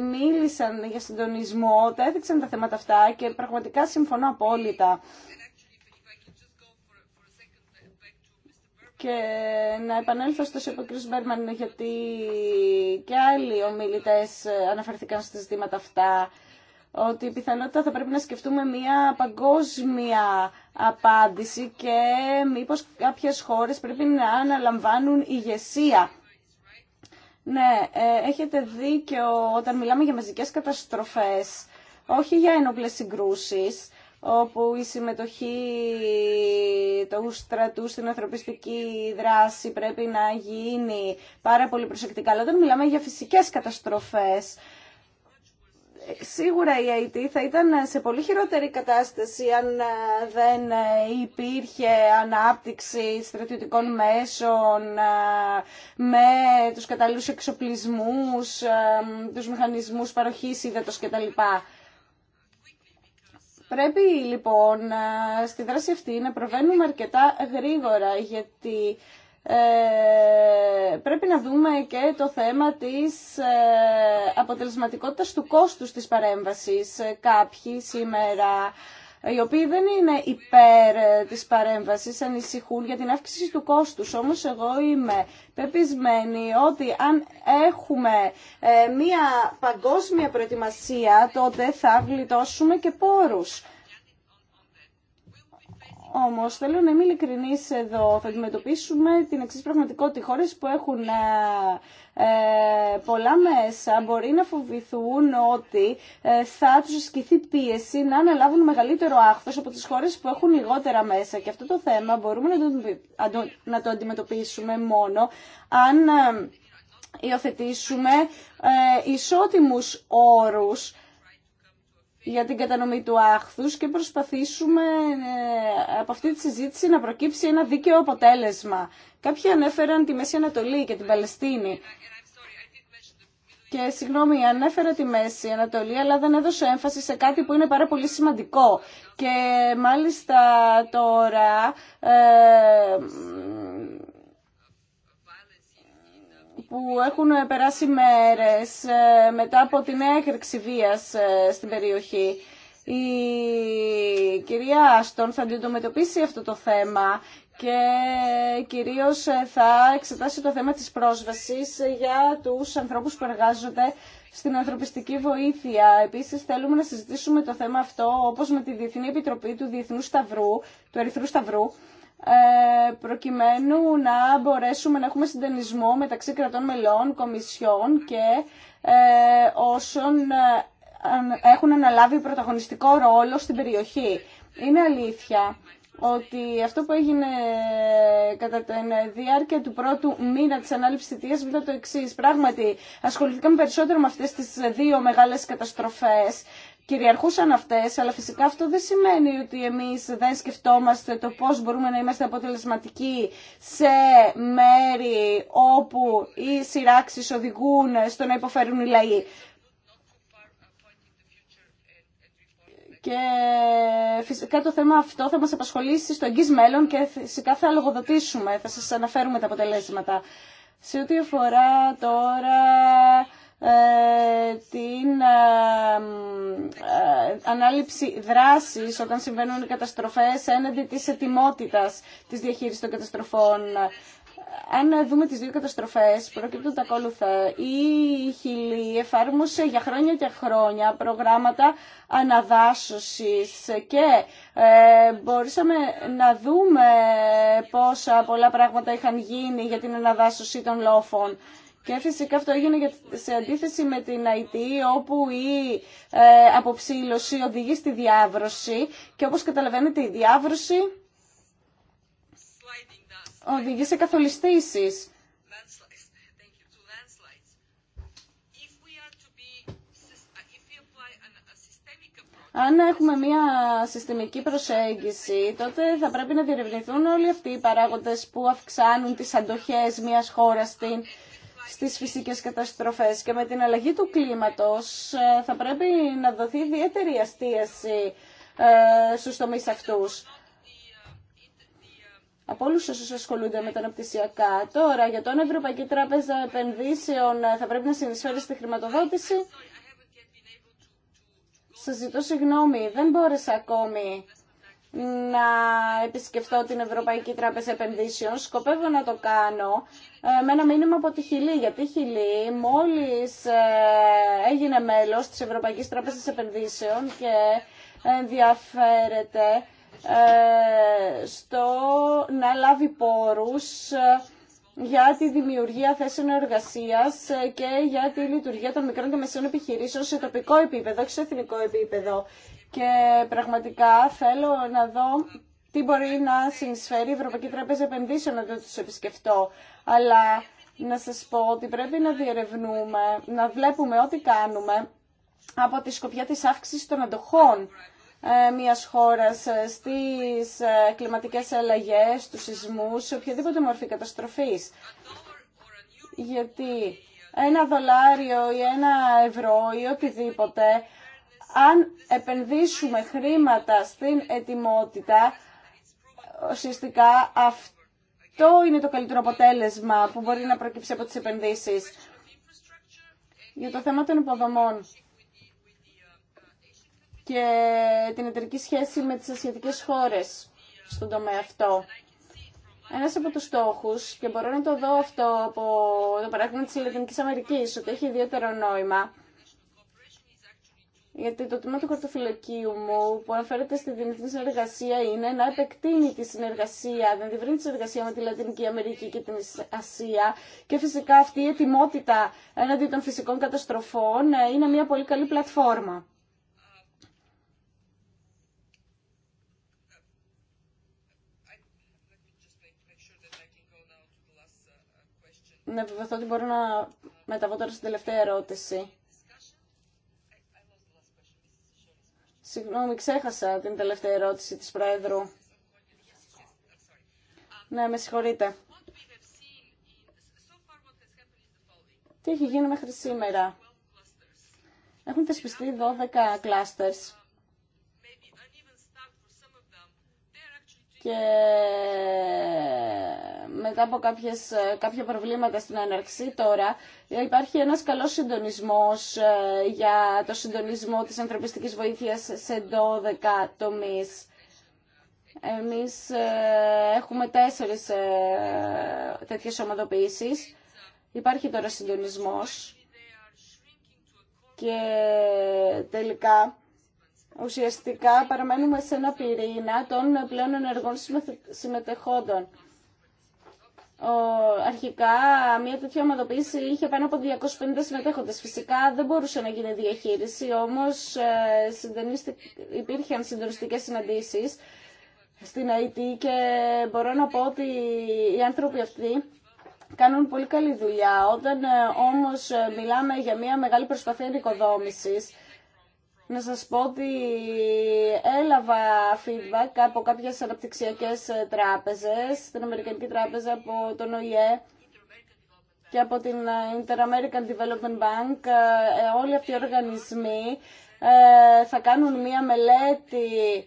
μίλησαν για συντονισμό τα έδειξαν τα θέματα αυτά και πραγματικά συμφωνώ απόλυτα. Και να επανέλθω στο ΣΥΠΟ κ. Μπέρμαν, γιατί και άλλοι ομιλητές αναφερθήκαν στις ζητήματα αυτά, ότι η πιθανότητα θα πρέπει να σκεφτούμε μια παγκόσμια απάντηση και μήπως κάποιες χώρες πρέπει να αναλαμβάνουν ηγεσία ναι, ε, έχετε δίκιο όταν μιλάμε για μαζικές καταστροφές, όχι για ενόπλες συγκρούσεις, όπου η συμμετοχή του στρατού στην ανθρωπιστική δράση πρέπει να γίνει πάρα πολύ προσεκτικά. Αλλά όταν μιλάμε για φυσικές καταστροφές, Σίγουρα η ΑΕΤ θα ήταν σε πολύ χειρότερη κατάσταση αν ε, δεν ε, υπήρχε ανάπτυξη στρατιωτικών μέσων ε, με τους κατάλληλους εξοπλισμούς, τους μηχανισμούς παροχής ύδατος κτλ. Πρέπει λοιπόν στη δράση αυτή να προβαίνουμε αρκετά γρήγορα γιατί ε, πρέπει να δούμε και το θέμα της ε, αποτελεσματικότητας του κόστους της παρέμβασης. Ε, κάποιοι σήμερα οι οποίοι δεν είναι υπέρ της παρέμβασης, ανησυχούν για την αύξηση του κόστους. Όμως εγώ είμαι πεπισμένη ότι αν έχουμε μία παγκόσμια προετοιμασία, τότε θα γλιτώσουμε και πόρους. Όμω, θέλω να είμαι ειλικρινή εδώ, θα αντιμετωπίσουμε την εξή πραγματικότητα. Οι Χώρε που έχουν ε, ε, πολλά μέσα μπορεί να φοβηθούν ότι ε, θα του ασκηθεί πίεση να αναλάβουν μεγαλύτερο άχθος από τις χώρες που έχουν λιγότερα μέσα. Και αυτό το θέμα μπορούμε να το, να το αντιμετωπίσουμε μόνο αν ε, υιοθετήσουμε ε, ισότιμους όρους για την κατανομή του άχθους και προσπαθήσουμε ε, από αυτή τη συζήτηση να προκύψει ένα δίκαιο αποτέλεσμα. Κάποιοι ανέφεραν τη Μέση Ανατολή και την Παλαιστίνη. Και συγγνώμη, ανέφερα τη Μέση Ανατολή, αλλά δεν έδωσε έμφαση σε κάτι που είναι πάρα πολύ σημαντικό. Και μάλιστα τώρα ε, που έχουν περάσει μέρες ε, μετά από την έκρηξη βίας ε, στην περιοχή. Η κυρία Άστον θα αντιμετωπίσει αυτό το θέμα και κυρίως ε, θα εξετάσει το θέμα της πρόσβασης για τους ανθρώπους που εργάζονται στην ανθρωπιστική βοήθεια. Επίσης θέλουμε να συζητήσουμε το θέμα αυτό όπως με τη Διεθνή Επιτροπή του Διεθνού Σταυρού, του Ερυθρού Σταυρού ε, προκειμένου να μπορέσουμε να έχουμε συντενισμό μεταξύ κρατών μελών, κομισιών και ε, όσων ε, έχουν αναλάβει πρωταγωνιστικό ρόλο στην περιοχή. Είναι αλήθεια ότι αυτό που έγινε κατά την διάρκεια του πρώτου μήνα της ανάληψης θητείας ήταν το εξή. Πράγματι, ασχοληθήκαμε περισσότερο με αυτές τις δύο μεγάλες καταστροφές κυριαρχούσαν αυτές, αλλά φυσικά αυτό δεν σημαίνει ότι εμείς δεν σκεφτόμαστε το πώς μπορούμε να είμαστε αποτελεσματικοί σε μέρη όπου οι σειράξει οδηγούν στο να υποφέρουν οι λαοί. Και φυσικά το θέμα αυτό θα μας απασχολήσει στο εγγύς μέλλον και φυσικά θα λογοδοτήσουμε, θα σας αναφέρουμε τα αποτελέσματα. Σε ό,τι αφορά τώρα ε, την ε, ε, ανάληψη δράσης όταν συμβαίνουν οι καταστροφές έναντι της ετοιμότητας της διαχείρισης των καταστροφών. Αν δούμε τις δύο καταστροφές, προκύπτουν τα ακόλουθα. Η Χιλή εφάρμοσε για χρόνια και χρόνια προγράμματα αναδάσωσης και ε, μπορούσαμε να δούμε πόσα πολλά πράγματα είχαν γίνει για την αναδάσωση των λόφων. Και φυσικά αυτό έγινε σε αντίθεση με την IT όπου η ε, αποψήλωση οδηγεί στη διάβρωση και όπως καταλαβαίνετε η διάβρωση οδηγεί σε καθολιστήσεις. Αν έχουμε μια συστημική προσέγγιση, τότε θα πρέπει να διερευνηθούν όλοι αυτοί οι παράγοντες που αυξάνουν τις αντοχές μιας χώρας στην στις φυσικές καταστροφές και με την αλλαγή του κλίματος ε, θα πρέπει να δοθεί ιδιαίτερη αστίαση ε, στους τομείς αυτούς. Από όλου όσου ασχολούνται με τα αναπτυσσιακά. Τώρα, για τον Ευρωπαϊκή Τράπεζα Επενδύσεων ε, θα πρέπει να συνεισφέρει στη χρηματοδότηση. Σας ζητώ συγγνώμη, δεν μπόρεσα ακόμη να επισκεφτώ την Ευρωπαϊκή Τράπεζα Επενδύσεων. Σκοπεύω να το κάνω ε, με ένα μήνυμα από τη Χιλή, γιατί η Χιλή μόλις ε, έγινε μέλος της Ευρωπαϊκής Τράπεζας Επενδύσεων και ενδιαφέρεται ε, στο να λάβει πόρους για τη δημιουργία θέσεων εργασία και για τη λειτουργία των μικρών και μεσαίων επιχειρήσεων σε τοπικό επίπεδο και σε εθνικό επίπεδο και πραγματικά θέλω να δω τι μπορεί να συνεισφέρει η Ευρωπαϊκή Τράπεζα Επενδύσεων να το τους επισκεφτώ. Αλλά να σας πω ότι πρέπει να διερευνούμε, να βλέπουμε ό,τι κάνουμε από τη σκοπιά της αύξησης των αντοχών ε, μιας χώρας ε, στις ε, κλιματικές αλλαγές, του σεισμούς, σε οποιαδήποτε μορφή καταστροφής. Γιατί ένα δολάριο ή ένα ευρώ ή οτιδήποτε αν επενδύσουμε χρήματα στην ετοιμότητα, ουσιαστικά αυτό είναι το καλύτερο αποτέλεσμα που μπορεί να προκύψει από τις επενδύσεις. Για το θέμα των υποδομών και την εταιρική σχέση με τις ασιατικές χώρες στον τομέα αυτό. Ένας από τους στόχους, και μπορώ να το δω αυτό από το παράδειγμα της Λατινικής Αμερικής, ότι έχει ιδιαίτερο νόημα, γιατί το τμήμα του χαρτοφυλακίου μου που αναφέρεται στη διεθνή συνεργασία είναι να επεκτείνει τη συνεργασία, να διευρύνει τη συνεργασία με τη Λατινική Αμερική και την Ασία. Και φυσικά αυτή η ετοιμότητα έναντι των φυσικών καταστροφών ε, είναι μια πολύ καλή πλατφόρμα. Να επιβεβαιωθώ ότι μπορώ να μεταβώ τώρα στην τελευταία ερώτηση. Συγγνώμη, ξέχασα την τελευταία ερώτηση της Πρόεδρου. Ναι, με συγχωρείτε. Τι έχει γίνει μέχρι σήμερα. Έχουν θεσπιστεί 12 κλάστερς. Και μετά από κάποιες, ε, κάποια προβλήματα στην έναρξη τώρα υπάρχει ένας καλός συντονισμός ε, για το συντονισμό της ανθρωπιστικής βοήθειας σε 12 τομείς. Εμείς ε, έχουμε τέσσερις τέτοιες ομαδοποιήσεις. Υπάρχει τώρα συντονισμός και τελικά ουσιαστικά παραμένουμε σε ένα πυρήνα των πλέον ενεργών συμμετεχόντων αρχικά μια τέτοια ομαδοποίηση είχε πάνω από 250 συμμετέχοντες. Φυσικά δεν μπορούσε να γίνει διαχείριση, όμως ε, υπήρχαν συντονιστικέ συναντήσεις στην ΑΕΤ και μπορώ να πω ότι οι άνθρωποι αυτοί κάνουν πολύ καλή δουλειά. Όταν ε, όμως ε, μιλάμε για μια μεγάλη προσπαθία νοικοδόμησης, να σας πω ότι έλαβα feedback από κάποιες αναπτυξιακές τράπεζες, την Αμερικανική Τράπεζα από τον ΟΗΕ και από την Inter-American Development Bank. Ε, όλοι αυτοί οι οργανισμοί ε, θα κάνουν μία μελέτη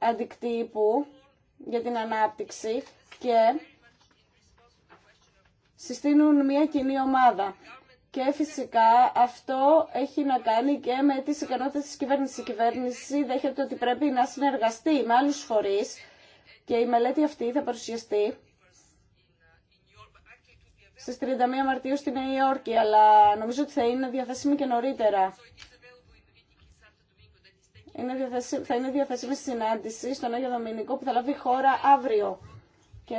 αντικτύπου για την ανάπτυξη και συστήνουν μία κοινή ομάδα και φυσικά αυτό έχει να κάνει και με τις ικανότητες τη κυβέρνηση Η κυβέρνηση δέχεται ότι πρέπει να συνεργαστεί με άλλου φορεί και η μελέτη αυτή θα παρουσιαστεί στις 31 Μαρτίου στη Νέα Υόρκη, αλλά νομίζω ότι θα είναι διαθέσιμη και νωρίτερα. Είναι θα είναι διαθέσιμη συνάντηση στον Άγιο Δομηνικό που θα λάβει χώρα αύριο. Και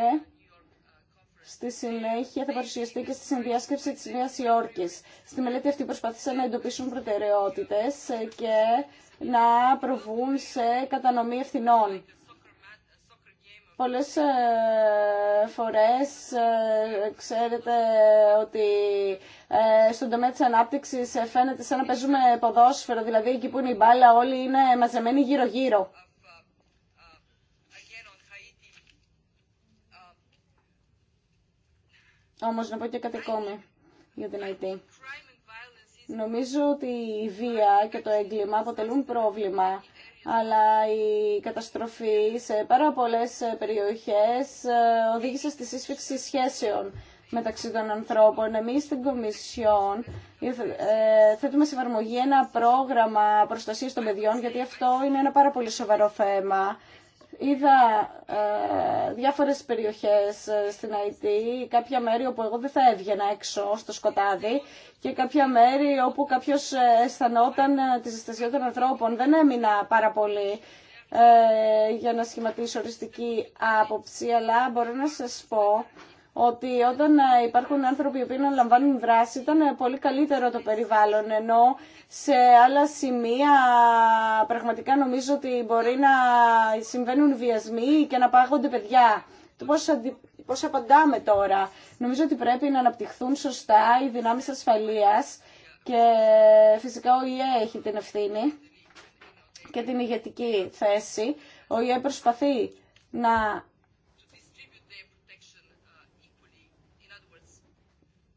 Στη συνέχεια θα παρουσιαστεί και στη συνδιάσκεψη της Νέας Υόρκης. Στη μελέτη αυτή προσπάθησαν να εντοπίσουν προτεραιότητες και να προβούν σε κατανομή ευθυνών. Πολλές ε, φορές ε, ξέρετε ότι ε, στον τομέα της ανάπτυξης φαίνεται σαν να παίζουμε ποδόσφαιρο, δηλαδή εκεί που είναι η μπάλα όλοι είναι μαζεμένοι γύρω-γύρω. Όμως να πω και κάτι ακόμη για την IT. Νομίζω ότι η βία και το έγκλημα αποτελούν πρόβλημα, αλλά η καταστροφή σε πάρα πολλές περιοχές ε, οδήγησε στη σύσφυξη σχέσεων μεταξύ των ανθρώπων. Εμείς στην Κομισιόν ε, θέτουμε σε εφαρμογή ένα πρόγραμμα προστασίας των παιδιών, γιατί αυτό είναι ένα πάρα πολύ σοβαρό θέμα Είδα ε, διάφορες περιοχές ε, στην ΑΕΤ, κάποια μέρη όπου εγώ δεν θα έβγαινα έξω στο σκοτάδι και κάποια μέρη όπου κάποιος ε, αισθανόταν ε, τη ζεστασιά των ανθρώπων. Δεν έμεινα πάρα πολύ για να σχηματίσω οριστική άποψη, αλλά μπορώ να σας πω ότι όταν ε, υπάρχουν άνθρωποι που οποίοι λαμβάνουν δράση ήταν ε, πολύ καλύτερο το περιβάλλον ενώ σε άλλα σημεία πραγματικά νομίζω ότι μπορεί να συμβαίνουν βιασμοί και να πάγονται παιδιά. Το πώς, πώς απαντάμε τώρα. Νομίζω ότι πρέπει να αναπτυχθούν σωστά οι δυνάμεις ασφαλείας και φυσικά ο ΙΕ έχει την ευθύνη και την ηγετική θέση. Ο ΙΕ προσπαθεί να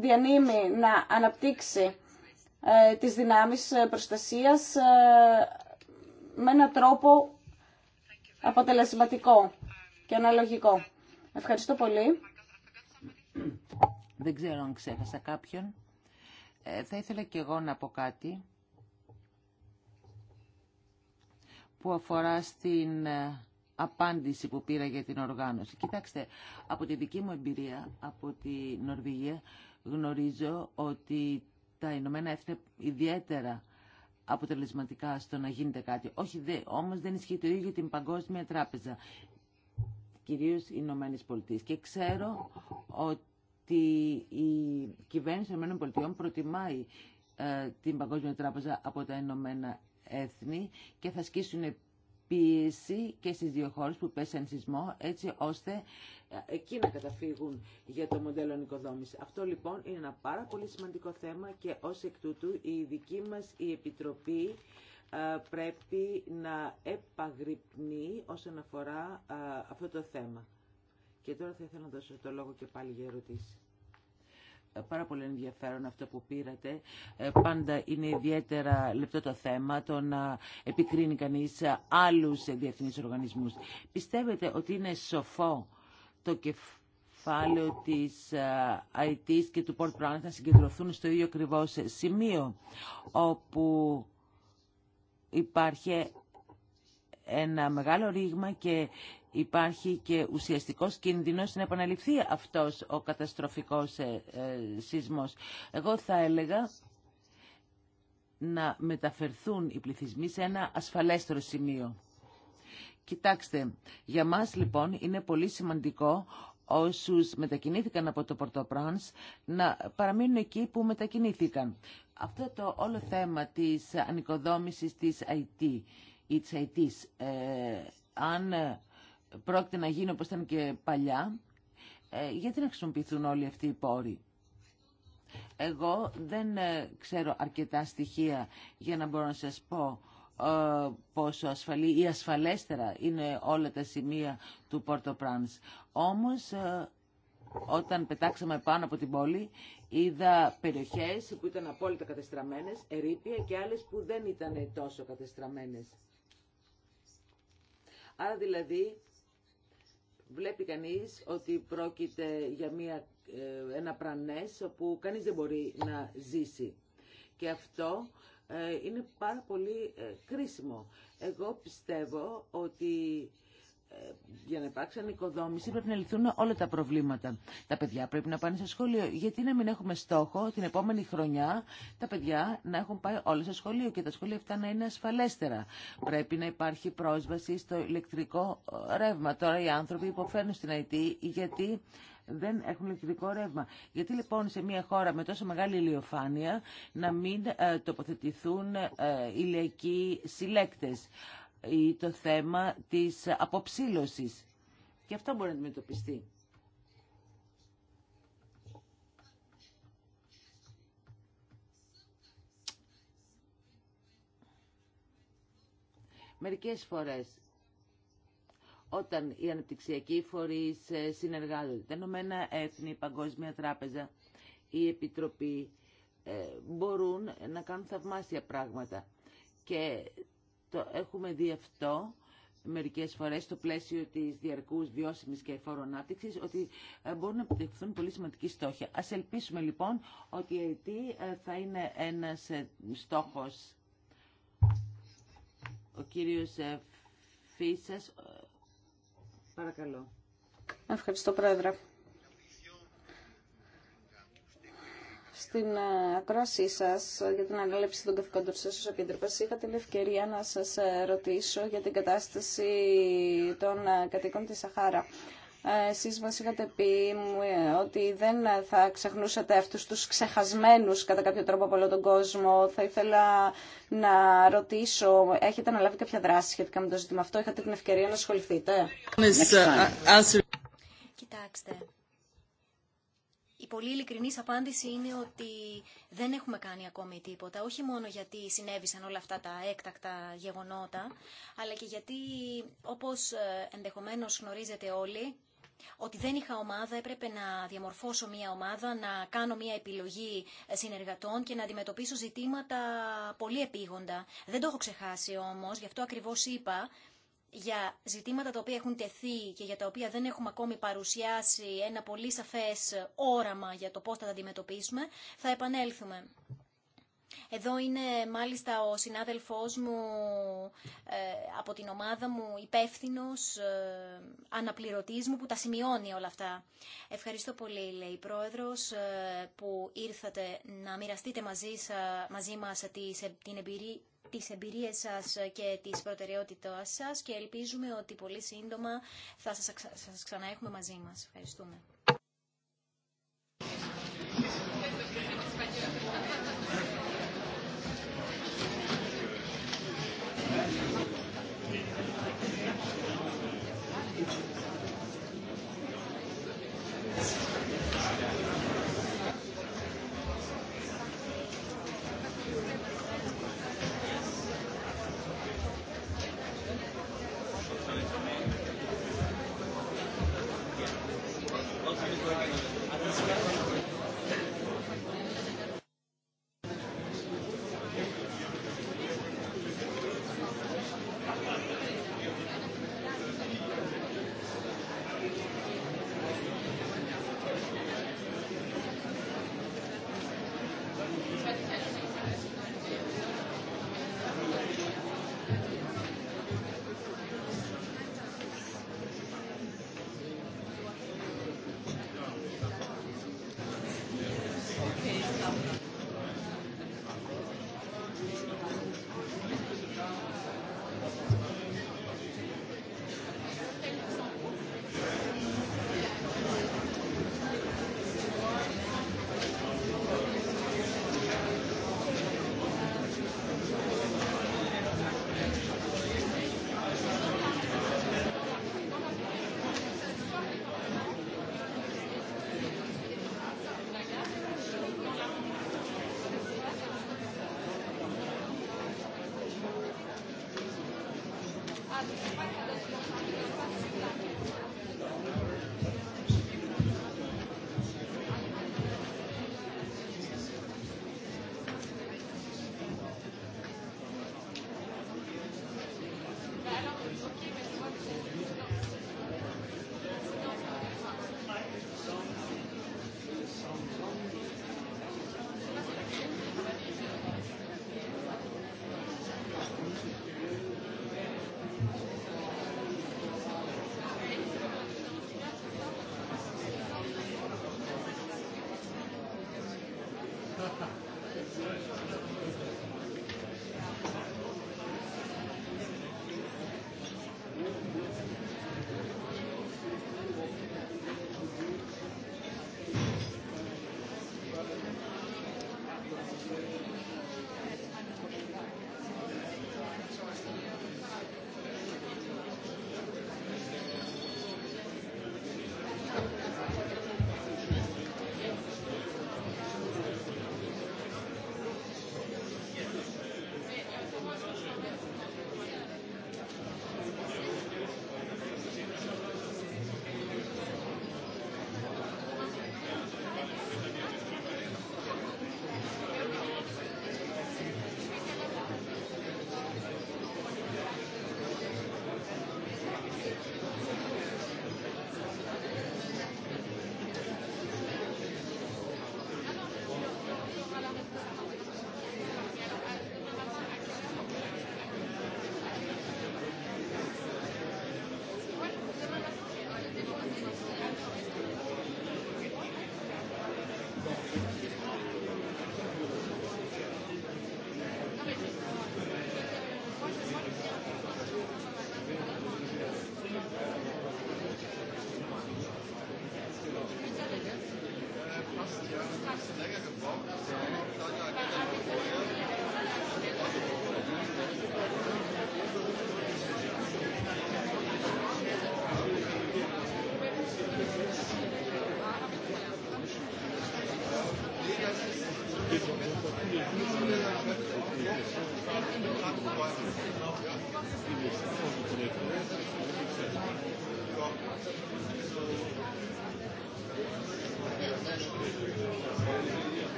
διανύμει να αναπτύξει ε, τις δυνάμεις ε, προστασίας ε, με έναν τρόπο αποτελεσματικό και αναλογικό. Ευχαριστώ πολύ. Δεν ξέρω αν ξέχασα κάποιον. θα ήθελα και εγώ να πω κάτι που αφορά στην απάντηση που πήρα για την οργάνωση. Κοιτάξτε, από τη δική μου εμπειρία, από τη Νορβηγία, γνωρίζω ότι τα Ηνωμένα Έθνη ιδιαίτερα αποτελεσματικά στο να γίνεται κάτι. Όχι δε, όμως δεν ισχύει το ίδιο για την Παγκόσμια Τράπεζα, κυρίως οι Ηνωμένες Πολιτείες. Και ξέρω ότι η κυβέρνηση των Ηνωμένων Πολιτείων προτιμάει ε, την Παγκόσμια Τράπεζα από τα Ηνωμένα Έθνη και θα σκίσουν πίεση και στις δύο χώρες που πέσαν σεισμό έτσι ώστε ε, εκεί να καταφύγουν για το μοντέλο νοικοδόμηση. Αυτό λοιπόν είναι ένα πάρα πολύ σημαντικό θέμα και ως εκ τούτου η δική μας η Επιτροπή ε, πρέπει να επαγρυπνεί όσον αφορά ε, αυτό το θέμα. Και τώρα θα ήθελα να δώσω το λόγο και πάλι για ερωτήσεις πάρα πολύ ενδιαφέρον αυτό που πήρατε. Ε, πάντα είναι ιδιαίτερα λεπτό το θέμα το να επικρίνει κανείς άλλους διεθνείς οργανισμούς. Πιστεύετε ότι είναι σοφό το κεφάλαιο της IT ε, και του Port Brown να συγκεντρωθούν στο ίδιο ακριβώ σημείο όπου υπάρχει ένα μεγάλο ρήγμα και υπάρχει και ουσιαστικός κίνδυνος να επαναληφθεί αυτός ο καταστροφικός ε, ε, σεισμός. Εγώ θα έλεγα να μεταφερθούν οι πληθυσμοί σε ένα ασφαλέστερο σημείο. Κοιτάξτε, για μας λοιπόν είναι πολύ σημαντικό όσους μετακινήθηκαν από το Πορτοπράνς να παραμείνουν εκεί που μετακινήθηκαν. Αυτό το όλο θέμα της ανοικοδόμησης της IT της ε, αν πρόκειται να γίνει όπως ήταν και παλιά, ε, γιατί να χρησιμοποιηθούν όλοι αυτοί οι πόροι. Εγώ δεν ε, ξέρω αρκετά στοιχεία για να μπορώ να σας πω ε, πόσο ασφαλή ή ασφαλέστερα είναι όλα τα σημεία του Πόρτο Πράνς. Όμως όταν πετάξαμε πάνω από την πόλη είδα περιοχές που ήταν απόλυτα κατεστραμμένες, ερήπια και άλλες που δεν ήταν τόσο κατεστραμμένες. Άρα δηλαδή βλέπει κανείς ότι πρόκειται για μια, ε, ένα πρανές όπου κανείς δεν μπορεί να ζήσει. Και αυτό ε, είναι πάρα πολύ ε, κρίσιμο. Εγώ πιστεύω ότι ε, για να υπάρξει ανοικοδόμηση πρέπει να λυθούν όλα τα προβλήματα. Τα παιδιά πρέπει να πάνε σε σχολείο. Γιατί να μην έχουμε στόχο την επόμενη χρονιά τα παιδιά να έχουν πάει όλα σε σχολείο και τα σχολεία αυτά να είναι ασφαλέστερα. Πρέπει να υπάρχει πρόσβαση στο ηλεκτρικό ε, ρεύμα. Τώρα οι άνθρωποι υποφέρουν στην ΑΕΤ γιατί δεν έχουν ηλεκτρικό ρεύμα. Γιατί λοιπόν σε μια χώρα με τόσο μεγάλη ηλιοφάνεια να μην ε, τοποθετηθούν ε, ηλιακοί συλλέκτες ή το θέμα της αποψήλωσης. Και αυτό μπορεί να αντιμετωπιστεί. Μερικές φορές, όταν οι αναπτυξιακοί φορείς ε, συνεργάζονται, τα Ηνωμένα Έθνη, η Παγκόσμια Τράπεζα, η Επιτροπή, ε, μπορούν να κάνουν θαυμάσια πράγματα. και αυτο μπορει να αντιμετωπιστει μερικες φορες οταν οι αναπτυξιακοι φορεις συνεργαζονται τα εθνη η παγκοσμια τραπεζα η επιτροπη μπορουν να κανουν θαυμασια πραγματα και το έχουμε δει αυτό μερικές φορές στο πλαίσιο της διαρκούς βιώσιμης και εφόρων ανάπτυξη ότι ε, μπορούν να επιτευχθούν πολύ σημαντικοί στόχοι. Ας ελπίσουμε λοιπόν ότι η ΑΕΤ ε, θα είναι ένας ε, στόχος. Ο κύριος Φίσας, παρακαλώ. Ευχαριστώ Πρόεδρε. στην ε, ακρόασή σα για την ανέλεψη των καθηκόντων σα ω επίτροπε, είχα την ευκαιρία να σα ε, ρωτήσω για την κατάσταση των ε, κατοίκων τη Σαχάρα. Εσεί μα είχατε πει ότι δεν θα ξεχνούσατε αυτού του ξεχασμένου κατά κάποιο τρόπο από όλο τον κόσμο. Θα ήθελα να ρωτήσω, έχετε αναλάβει κάποια δράση σχετικά με το ζήτημα αυτό, είχατε την ευκαιρία να ασχοληθείτε. Κοιτάξτε, η πολύ ειλικρινή απάντηση είναι ότι δεν έχουμε κάνει ακόμη τίποτα. Όχι μόνο γιατί συνέβησαν όλα αυτά τα έκτακτα γεγονότα, αλλά και γιατί, όπως ε, ενδεχομένως γνωρίζετε όλοι, ότι δεν είχα ομάδα, έπρεπε να διαμορφώσω μια ομάδα, να κάνω μια επιλογή ε, συνεργατών και να αντιμετωπίσω ζητήματα πολύ επίγοντα. Δεν το έχω ξεχάσει όμως, γι' αυτό ακριβώς είπα για ζητήματα τα οποία έχουν τεθεί και για τα οποία δεν έχουμε ακόμη παρουσιάσει ένα πολύ σαφές όραμα για το πώς θα τα αντιμετωπίσουμε, θα επανέλθουμε. Εδώ είναι μάλιστα ο συνάδελφός μου ε, από την ομάδα μου υπεύθυνο ε, αναπληρωτής μου που τα σημειώνει όλα αυτά. Ευχαριστώ πολύ, λέει η Πρόεδρος, ε, που ήρθατε να μοιραστείτε μαζί, μαζί μας την εμπειρία τις εμπειρίες σας και τις προτεραιότητάς σας και ελπίζουμε ότι πολύ σύντομα θα σας, σας ξαναέχουμε μαζί μας. Ευχαριστούμε.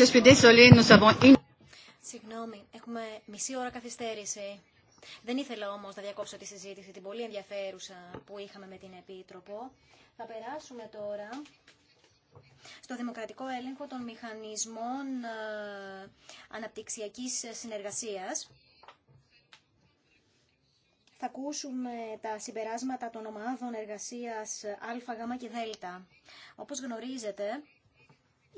Συγγνώμη, έχουμε μισή ώρα καθυστέρηση. Δεν ήθελα όμως να διακόψω τη συζήτηση, την πολύ ενδιαφέρουσα που είχαμε με την Επίτροπο. Θα περάσουμε τώρα στο δημοκρατικό έλεγχο των μηχανισμών ε, αναπτυξιακής συνεργασίας. Θα ακούσουμε τα συμπεράσματα των ομάδων εργασίας Α, Γ και Δ. Όπως γνωρίζετε,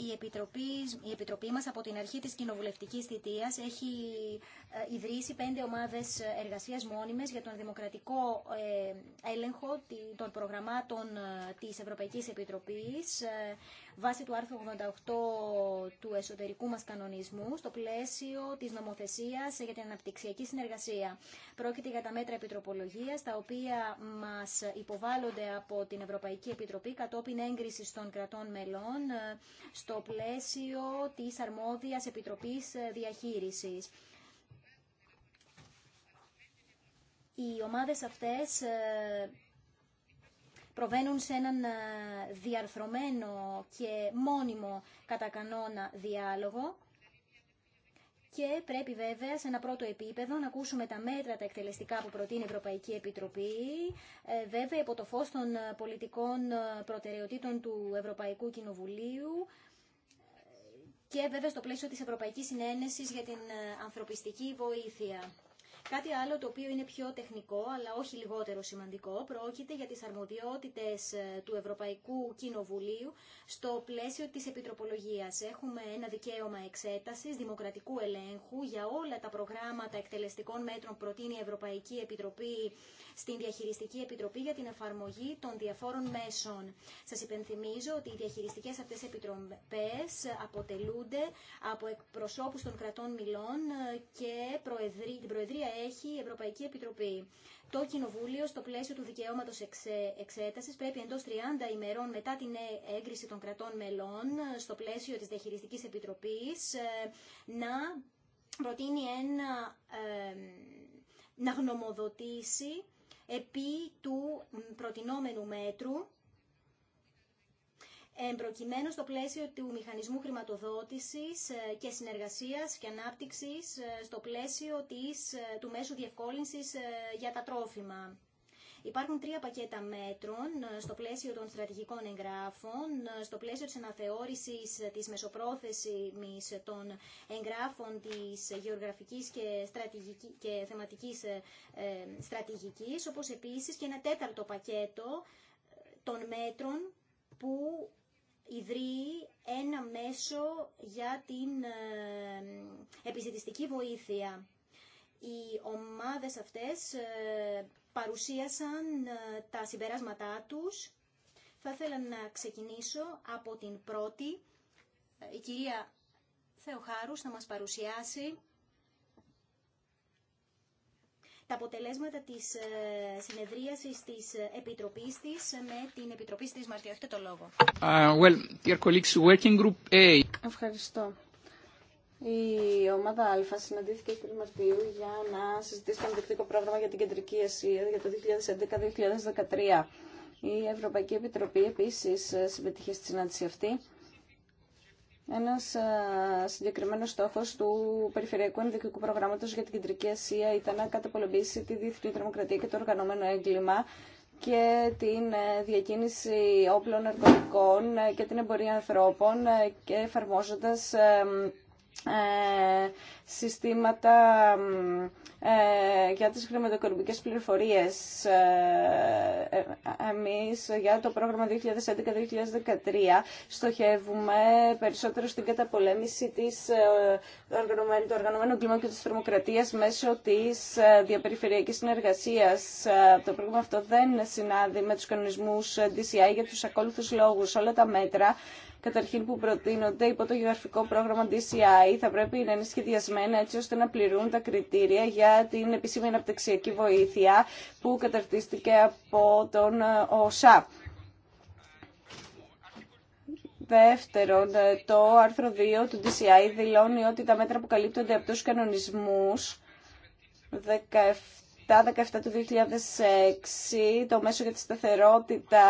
η Επιτροπή, η Επιτροπή μας από την αρχή της κοινοβουλευτικής θητείας έχει ε, ιδρύσει πέντε ομάδες ε, εργασίας μόνιμες για τον δημοκρατικό ε, έλεγχο των προγραμμάτων της Ευρωπαϊκής Επιτροπής βάσει του άρθρου 88 του εσωτερικού μας κανονισμού στο πλαίσιο της νομοθεσίας για την αναπτυξιακή συνεργασία. Πρόκειται για τα μέτρα επιτροπολογίας τα οποία μας υποβάλλονται από την Ευρωπαϊκή Επιτροπή κατόπιν έγκριση των κρατών μελών στο πλαίσιο της αρμόδιας Επιτροπής Διαχείρισης. οι ομάδες αυτές ε, προβαίνουν σε έναν ε, διαρθρωμένο και μόνιμο κατά κανόνα διάλογο και πρέπει βέβαια σε ένα πρώτο επίπεδο να ακούσουμε τα μέτρα τα εκτελεστικά που προτείνει η Ευρωπαϊκή Επιτροπή, ε, βέβαια υπό το φως των πολιτικών προτεραιοτήτων του Ευρωπαϊκού Κοινοβουλίου και βέβαια στο πλαίσιο της Ευρωπαϊκής Συνένεσης για την ανθρωπιστική βοήθεια. Κάτι άλλο το οποίο είναι πιο τεχνικό, αλλά όχι λιγότερο σημαντικό, πρόκειται για τις αρμοδιότητες ε, του Ευρωπαϊκού Κοινοβουλίου στο πλαίσιο της επιτροπολογίας. Έχουμε ένα δικαίωμα εξέτασης, δημοκρατικού ελέγχου για όλα τα προγράμματα εκτελεστικών μέτρων προτείνει η Ευρωπαϊκή Επιτροπή στην Διαχειριστική Επιτροπή για την εφαρμογή των διαφόρων μέσων. Σας υπενθυμίζω ότι οι διαχειριστικές αυτές επιτροπές αποτελούνται από εκπροσώπους των κρατών μιλών ε, και την Προεδρία έχει η Ευρωπαϊκή Επιτροπή. Το Κοινοβούλιο, στο πλαίσιο του δικαιώματο εξέταση, πρέπει εντό 30 ημερών μετά την έγκριση των κρατών μελών, στο πλαίσιο τη Διαχειριστική Επιτροπή, ε, να προτείνει ένα, να γνωμοδοτήσει επί του προτινόμενου μέτρου εμπροκειμένου στο πλαίσιο του μηχανισμού χρηματοδότησης ε, και συνεργασίας και ανάπτυξης ε, στο πλαίσιο της, ε, του μέσου διευκόλυνσης για τα τρόφιμα. Υπάρχουν τρία πακέτα μέτρων στο πλαίσιο των στρατηγικών εγγράφων, στο πλαίσιο της αναθεώρησης της μεσοπρόθεσης των εγγράφων της γεωγραφικής και, στρατηγική, και θεματικής στρατηγικής, όπως επίσης και ένα τέταρτο πακέτο των μέτρων που ιδρύει ένα μέσο για την ε, επιζητιστική βοήθεια. Οι ομάδες αυτές ε, παρουσίασαν ε, τα συμπεράσματά τους. Θα ήθελα να ξεκινήσω από την πρώτη. Η κυρία Θεοχάρους θα μας παρουσιάσει τα αποτελέσματα της ε, συνεδρίασης της ε, Επιτροπής της ε, με την Επιτροπή της Μαρτίου. Έχετε το λόγο. Uh, well, dear colleagues, working group A. Ευχαριστώ. Η ομάδα Α συναντήθηκε στις 3 Μαρτίου για να συζητήσει το ενδεικτικό πρόγραμμα για την Κεντρική Ασία για το 2011-2013. Η Ευρωπαϊκή Επιτροπή επίσης συμμετείχε στη συνάντηση αυτή ένας συγκεκριμένος στόχος του Περιφερειακού Ενδικικού Προγράμματος για την Κεντρική Ασία ήταν να καταπολεμήσει τη διεθνή τρομοκρατία και το οργανωμένο έγκλημα και την ε, διακίνηση όπλων ναρκωτικών ε, και την εμπορία ανθρώπων ε, και εφαρμόζοντας ε, συστήματα ε, για τις χρηματοοικονομικές πληροφορίες. Ε, εμείς για το πρόγραμμα 2011-2013 στοχεύουμε περισσότερο στην καταπολέμηση της, του οργανωμένου και της θερμοκρατίας μέσω της διαπεριφερειακής συνεργασίας. Το πρόγραμμα αυτό δεν συνάδει με τους κανονισμούς DCI για τους ακόλουθους λόγους. Όλα τα μέτρα καταρχήν που προτείνονται υπό το γεωγραφικό πρόγραμμα DCI θα πρέπει να είναι σχεδιασμένα έτσι ώστε να πληρούν τα κριτήρια για την επίσημη αναπτυξιακή βοήθεια που καταρτίστηκε από τον ε, ΟΣΑ. Δεύτερον, ε, το άρθρο 2 του DCI δηλώνει ότι τα μέτρα που καλύπτονται από τους κανονισμούς τα 17 του 2006 το μέσο για τη σταθερότητα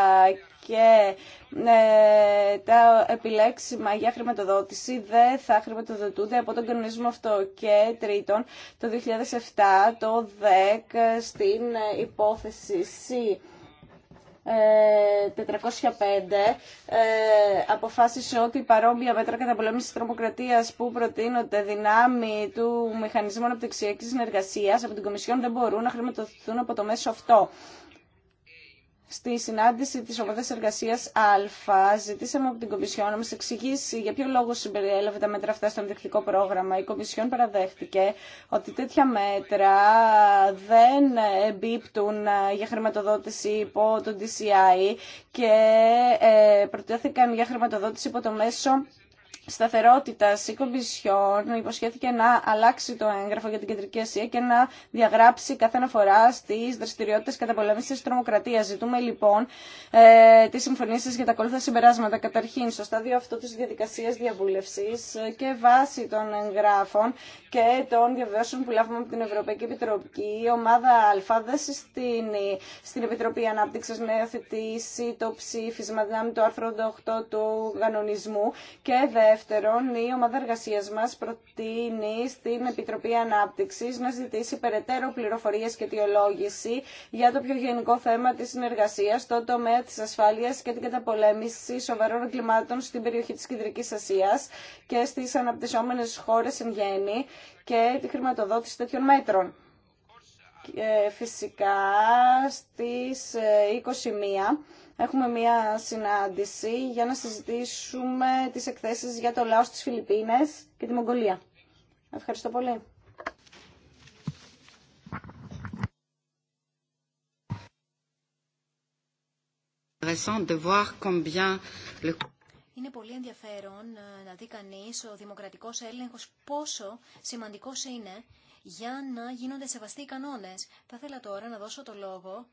και ε, τα επιλέξιμα για χρηματοδότηση δεν θα χρηματοδοτούνται από τον κανονισμό αυτό. Και τρίτον, το 2007 το ΔΕΚ στην υπόθεση C 405 ε, ε, αποφάσισε ότι παρόμοια μέτρα καταπολέμησης τρομοκρατίας που προτείνονται δυνάμει του Μηχανισμού Αναπτυξιακής Συνεργασίας από την Κομισιόν δεν μπορούν να χρηματοδοτηθούν από το μέσο αυτό στη συνάντηση της Ομάδας Εργασίας Α, ζητήσαμε από την Κομισιόν να μας εξηγήσει για ποιο λόγο συμπεριέλαβε τα μέτρα αυτά στο ενδεικτικό πρόγραμμα. Η Κομισιόν παραδέχτηκε ότι τέτοια μέτρα δεν εμπίπτουν ε, για χρηματοδότηση υπό τον DCI και ε, προτέθηκαν για χρηματοδότηση υπό το μέσο Σταθερότητα η Κομισιόν υποσχέθηκε να αλλάξει το έγγραφο για την Κεντρική Ασία και να διαγράψει κάθε αναφορά στις δραστηριότητες καταπολέμησης τη Τρομοκρατία. Ζητούμε λοιπόν ε, τις για τα ακόλουθα συμπεράσματα. Καταρχήν, στο στάδιο αυτό τη διαδικασία διαβούλευση και βάσει των εγγράφων και των διαβεβαιώσεων που λάβουμε από την Ευρωπαϊκή Επιτροπή, η ομάδα Α δεν συστήνει στην Επιτροπή ανάπτυξη να υιοθετήσει το ψήφισμα δυνάμει του άρθρου του κανονισμού και Δεύτερον, η ομάδα εργασία μα προτείνει στην Επιτροπή Ανάπτυξη να ζητήσει περαιτέρω πληροφορίε και αιτιολόγηση για το πιο γενικό θέμα τη συνεργασία στο τομέα τη ασφάλεια και την καταπολέμηση σοβαρών εγκλημάτων στην περιοχή τη Κεντρική Ασία και στι αναπτυσσόμενε χώρε εν γέννη και τη χρηματοδότηση τέτοιων μέτρων. Και ε, φυσικά στις 21 ε, έχουμε μια συνάντηση για να συζητήσουμε τις εκθέσεις για το λαό της Φιλιππίνες και τη Μογγολία. Ευχαριστώ πολύ. Είναι πολύ ενδιαφέρον ε, να δει κανεί ο δημοκρατικός έλεγχος πόσο σημαντικό είναι για να γίνονται σεβαστοί οι κανόνε. Θα ήθελα τώρα να δώσω το λόγο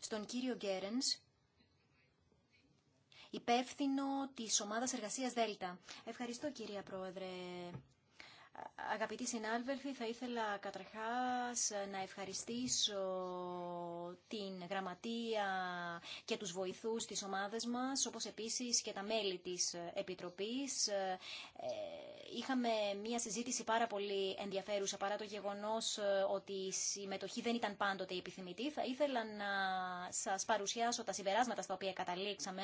στον κύριο Γκέρενς, υπεύθυνο της ομάδας εργασίας ΔΕΛΤΑ. Ευχαριστώ κυρία Πρόεδρε. Αγαπητοί συνάδελφοι, θα ήθελα καταρχάς να ευχαριστήσω την γραμματεία και τους βοηθούς της ομάδας μας, όπως επίσης και τα μέλη της Επιτροπής. Ε, είχαμε μία συζήτηση πάρα πολύ ενδιαφέρουσα, παρά το γεγονός ε, ότι η συμμετοχή δεν ήταν πάντοτε επιθυμητή. Θα ήθελα να σας παρουσιάσω τα συμπεράσματα στα οποία καταλήξαμε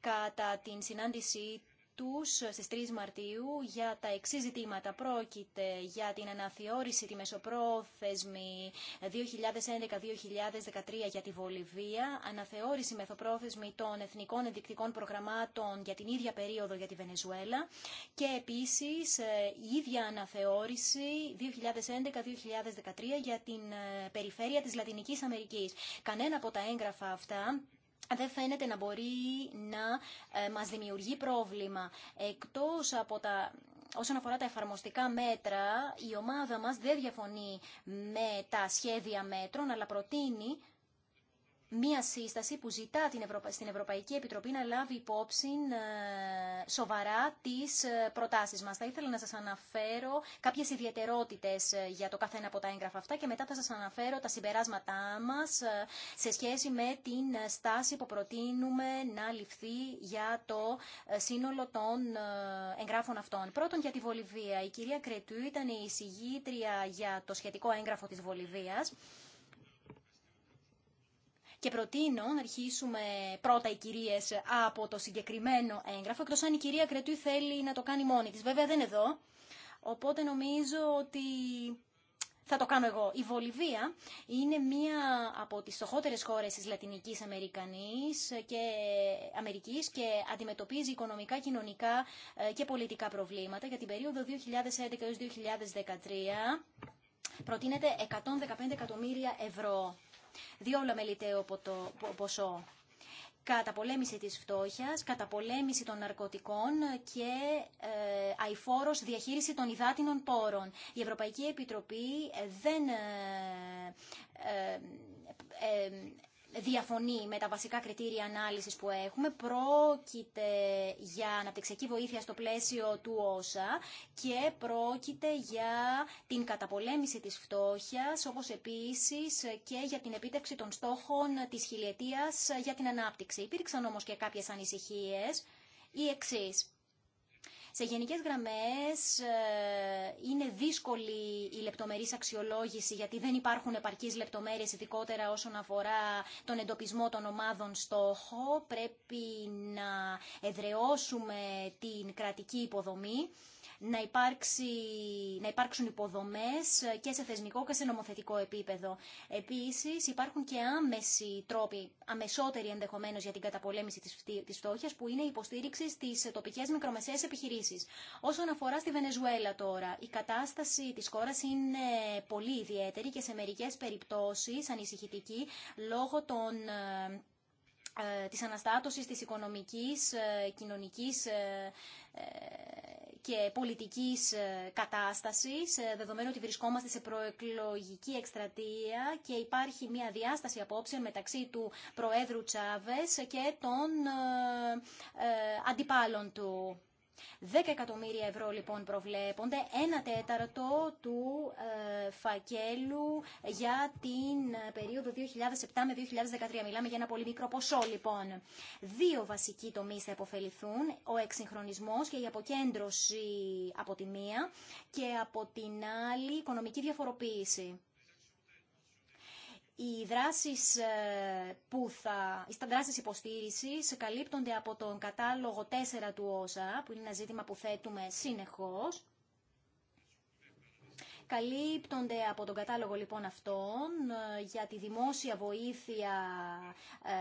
κατά την συνάντησή τους στις 3 Μαρτίου για τα εξή ζητήματα. Πρόκειται για την αναθεώρηση τη μεσοπρόθεσμη 2011-2013 για τη Βολιβία, αναθεώρηση μεθοπρόθεσμη των εθνικών ενδεικτικών προγραμμάτων για την ίδια περίοδο για τη Βενεζουέλα και επίσης ε, η ίδια αναθεώρηση 2011-2013 για την ε, περιφέρεια της Λατινικής Αμερικής. Κανένα από τα έγγραφα αυτά δεν φαίνεται να μπορεί να ε, μας δημιουργεί πρόβλημα. Εκτός από τα... Όσον αφορά τα εφαρμοστικά μέτρα, η ομάδα μας δεν διαφωνεί με τα σχέδια μέτρων, αλλά προτείνει μία σύσταση που ζητά την στην Ευρωπαϊκή Επιτροπή να λάβει υπόψη ε, σοβαρά τις ε, προτάσεις μας. Θα ήθελα να σας αναφέρω κάποιες ιδιαιτερότητες ε, για το καθένα από τα έγγραφα αυτά και μετά θα σας αναφέρω τα συμπεράσματά μας σε σχέση με την στάση που προτείνουμε να ληφθεί για το σύνολο των εγγράφων αυτών. Πρώτον για τη Βολιβία. Η κυρία Κρετού ήταν η εισηγήτρια για το σχετικό έγγραφο της Βολιβίας. Και προτείνω να αρχίσουμε πρώτα οι κυρίε από το συγκεκριμένο έγγραφο, εκτό αν η κυρία Κρετού θέλει να το κάνει μόνη τη. Βέβαια δεν είναι εδώ. Οπότε νομίζω ότι θα το κάνω εγώ. Η Βολιβία είναι μία από τις στοχότερε χώρες της Λατινικής Αμερικανής και Αμερικής και αντιμετωπίζει οικονομικά, κοινωνικά ε, και πολιτικά προβλήματα για την περίοδο 2011 2013. Προτείνεται 115 εκατομμύρια ευρώ διόλο μελιτέο ποσό. Καταπολέμηση της φτώχειας, καταπολέμηση των ναρκωτικών και ε, αηφόρος διαχείριση των υδάτινων πόρων. Η Ευρωπαϊκή Επιτροπή ε, δεν ε, διαφωνεί με τα βασικά κριτήρια ανάλυσης που έχουμε. Πρόκειται για αναπτυξιακή βοήθεια στο πλαίσιο του ΩΣΑ και πρόκειται για την καταπολέμηση της φτώχειας, όπως επίσης και για την επίτευξη των στόχων της χιλιετίας για την ανάπτυξη. Υπήρξαν όμως και κάποιες ανησυχίες. ή εξής. Σε γενικές γραμμές ε, είναι δύσκολη η λεπτομερής αξιολόγηση γιατί δεν υπάρχουν επαρκείς λεπτομέρειες ειδικότερα όσον αφορά τον εντοπισμό των ομάδων στόχο. Πρέπει να εδραιώσουμε την κρατική υποδομή να, υπάρξει, να υπάρξουν υποδομές και σε θεσμικό και σε νομοθετικό επίπεδο. Επίσης υπάρχουν και άμεση τρόποι, αμεσότεροι ενδεχομένως για την καταπολέμηση της φτώχειας που είναι η υποστήριξη στις τοπικές μικρομεσαίες επιχειρήσεις. Όσον αφορά στη Βενεζουέλα τώρα, η κατάσταση της χώρας είναι πολύ ιδιαίτερη και σε μερικές περιπτώσεις ανησυχητική λόγω των ε, ε, της αναστάτωσης της οικονομικής, ε, κοινωνικής και πολιτικής ε, κατάστασης, ε, δεδομένου ότι βρισκόμαστε σε προεκλογική εκστρατεία και υπάρχει μια διάσταση απόψεων μεταξύ του Προέδρου Τσάβες και των ε, αντιπάλων του. 10 εκατομμύρια ευρώ λοιπόν προβλέπονται, ένα τέταρτο του ε, φακέλου για την ε, περίοδο 2007 με 2013. Μιλάμε για ένα πολύ μικρό ποσό λοιπόν. Δύο βασικοί τομείς θα υποφεληθούν, ο εξυγχρονισμό και η αποκέντρωση από τη μία και από την άλλη οικονομική διαφοροποίηση οι δράσεις ε, που θα, οι δράσεις καλύπτονται από τον κατάλογο 4 του ΩΣΑ, που είναι ένα ζήτημα που θέτουμε συνεχώς. Καλύπτονται από τον κατάλογο λοιπόν αυτών ε, για τη δημόσια βοήθεια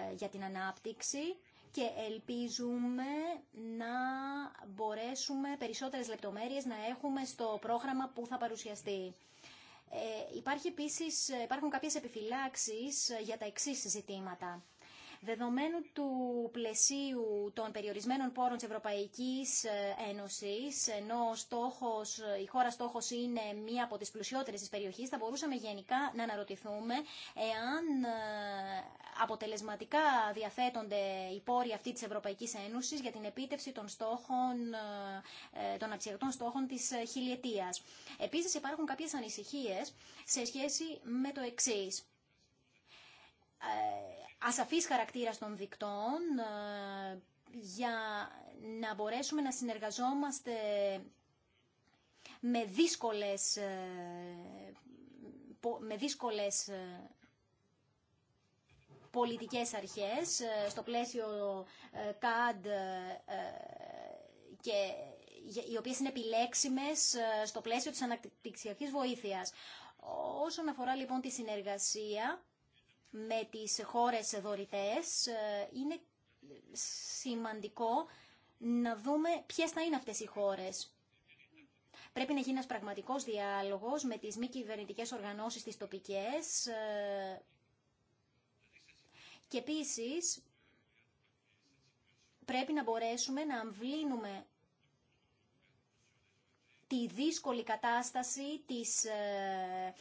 ε, για την ανάπτυξη και ελπίζουμε να μπορέσουμε περισσότερες λεπτομέρειες να έχουμε στο πρόγραμμα που θα παρουσιαστεί. Ε, υπάρχει επίσης, ε, υπάρχουν κάποιες επιφυλάξεις ε, για τα εξής ζητήματα. Δεδομένου του πλαισίου των περιορισμένων πόρων της Ευρωπαϊκής ε, Ένωσης, ενώ στόχος, η χώρα στόχος είναι μία από τις πλουσιότερες της περιοχής, θα μπορούσαμε γενικά να αναρωτηθούμε εάν ε, αποτελεσματικά διαθέτονται οι πόροι αυτοί της Ευρωπαϊκής Ένωσης για την επίτευξη των στόχων, ε, των στόχων της χιλιετίας. Επίσης υπάρχουν κάποιες ανησυχίες σε σχέση με το εξής ασαφής χαρακτήρας των δικτών ε, για να μπορέσουμε να συνεργαζόμαστε με δύσκολες, ε, με δύσκολες ε, πολιτικές αρχές στο πλαίσιο CAD... και οι οποίες είναι επιλέξιμες στο πλαίσιο της αναπτυξιακής βοήθειας. Όσον αφορά λοιπόν τη συνεργασία, με τις χώρες δωρητές, ε, είναι σημαντικό να δούμε ποιες θα είναι αυτές οι χώρες. Πρέπει να γίνει ένας πραγματικός διάλογος με τις μη κυβερνητικέ οργανώσεις τις τοπικές ε, και επίσης πρέπει να μπορέσουμε να αμβλύνουμε τη δύσκολη κατάσταση της ε,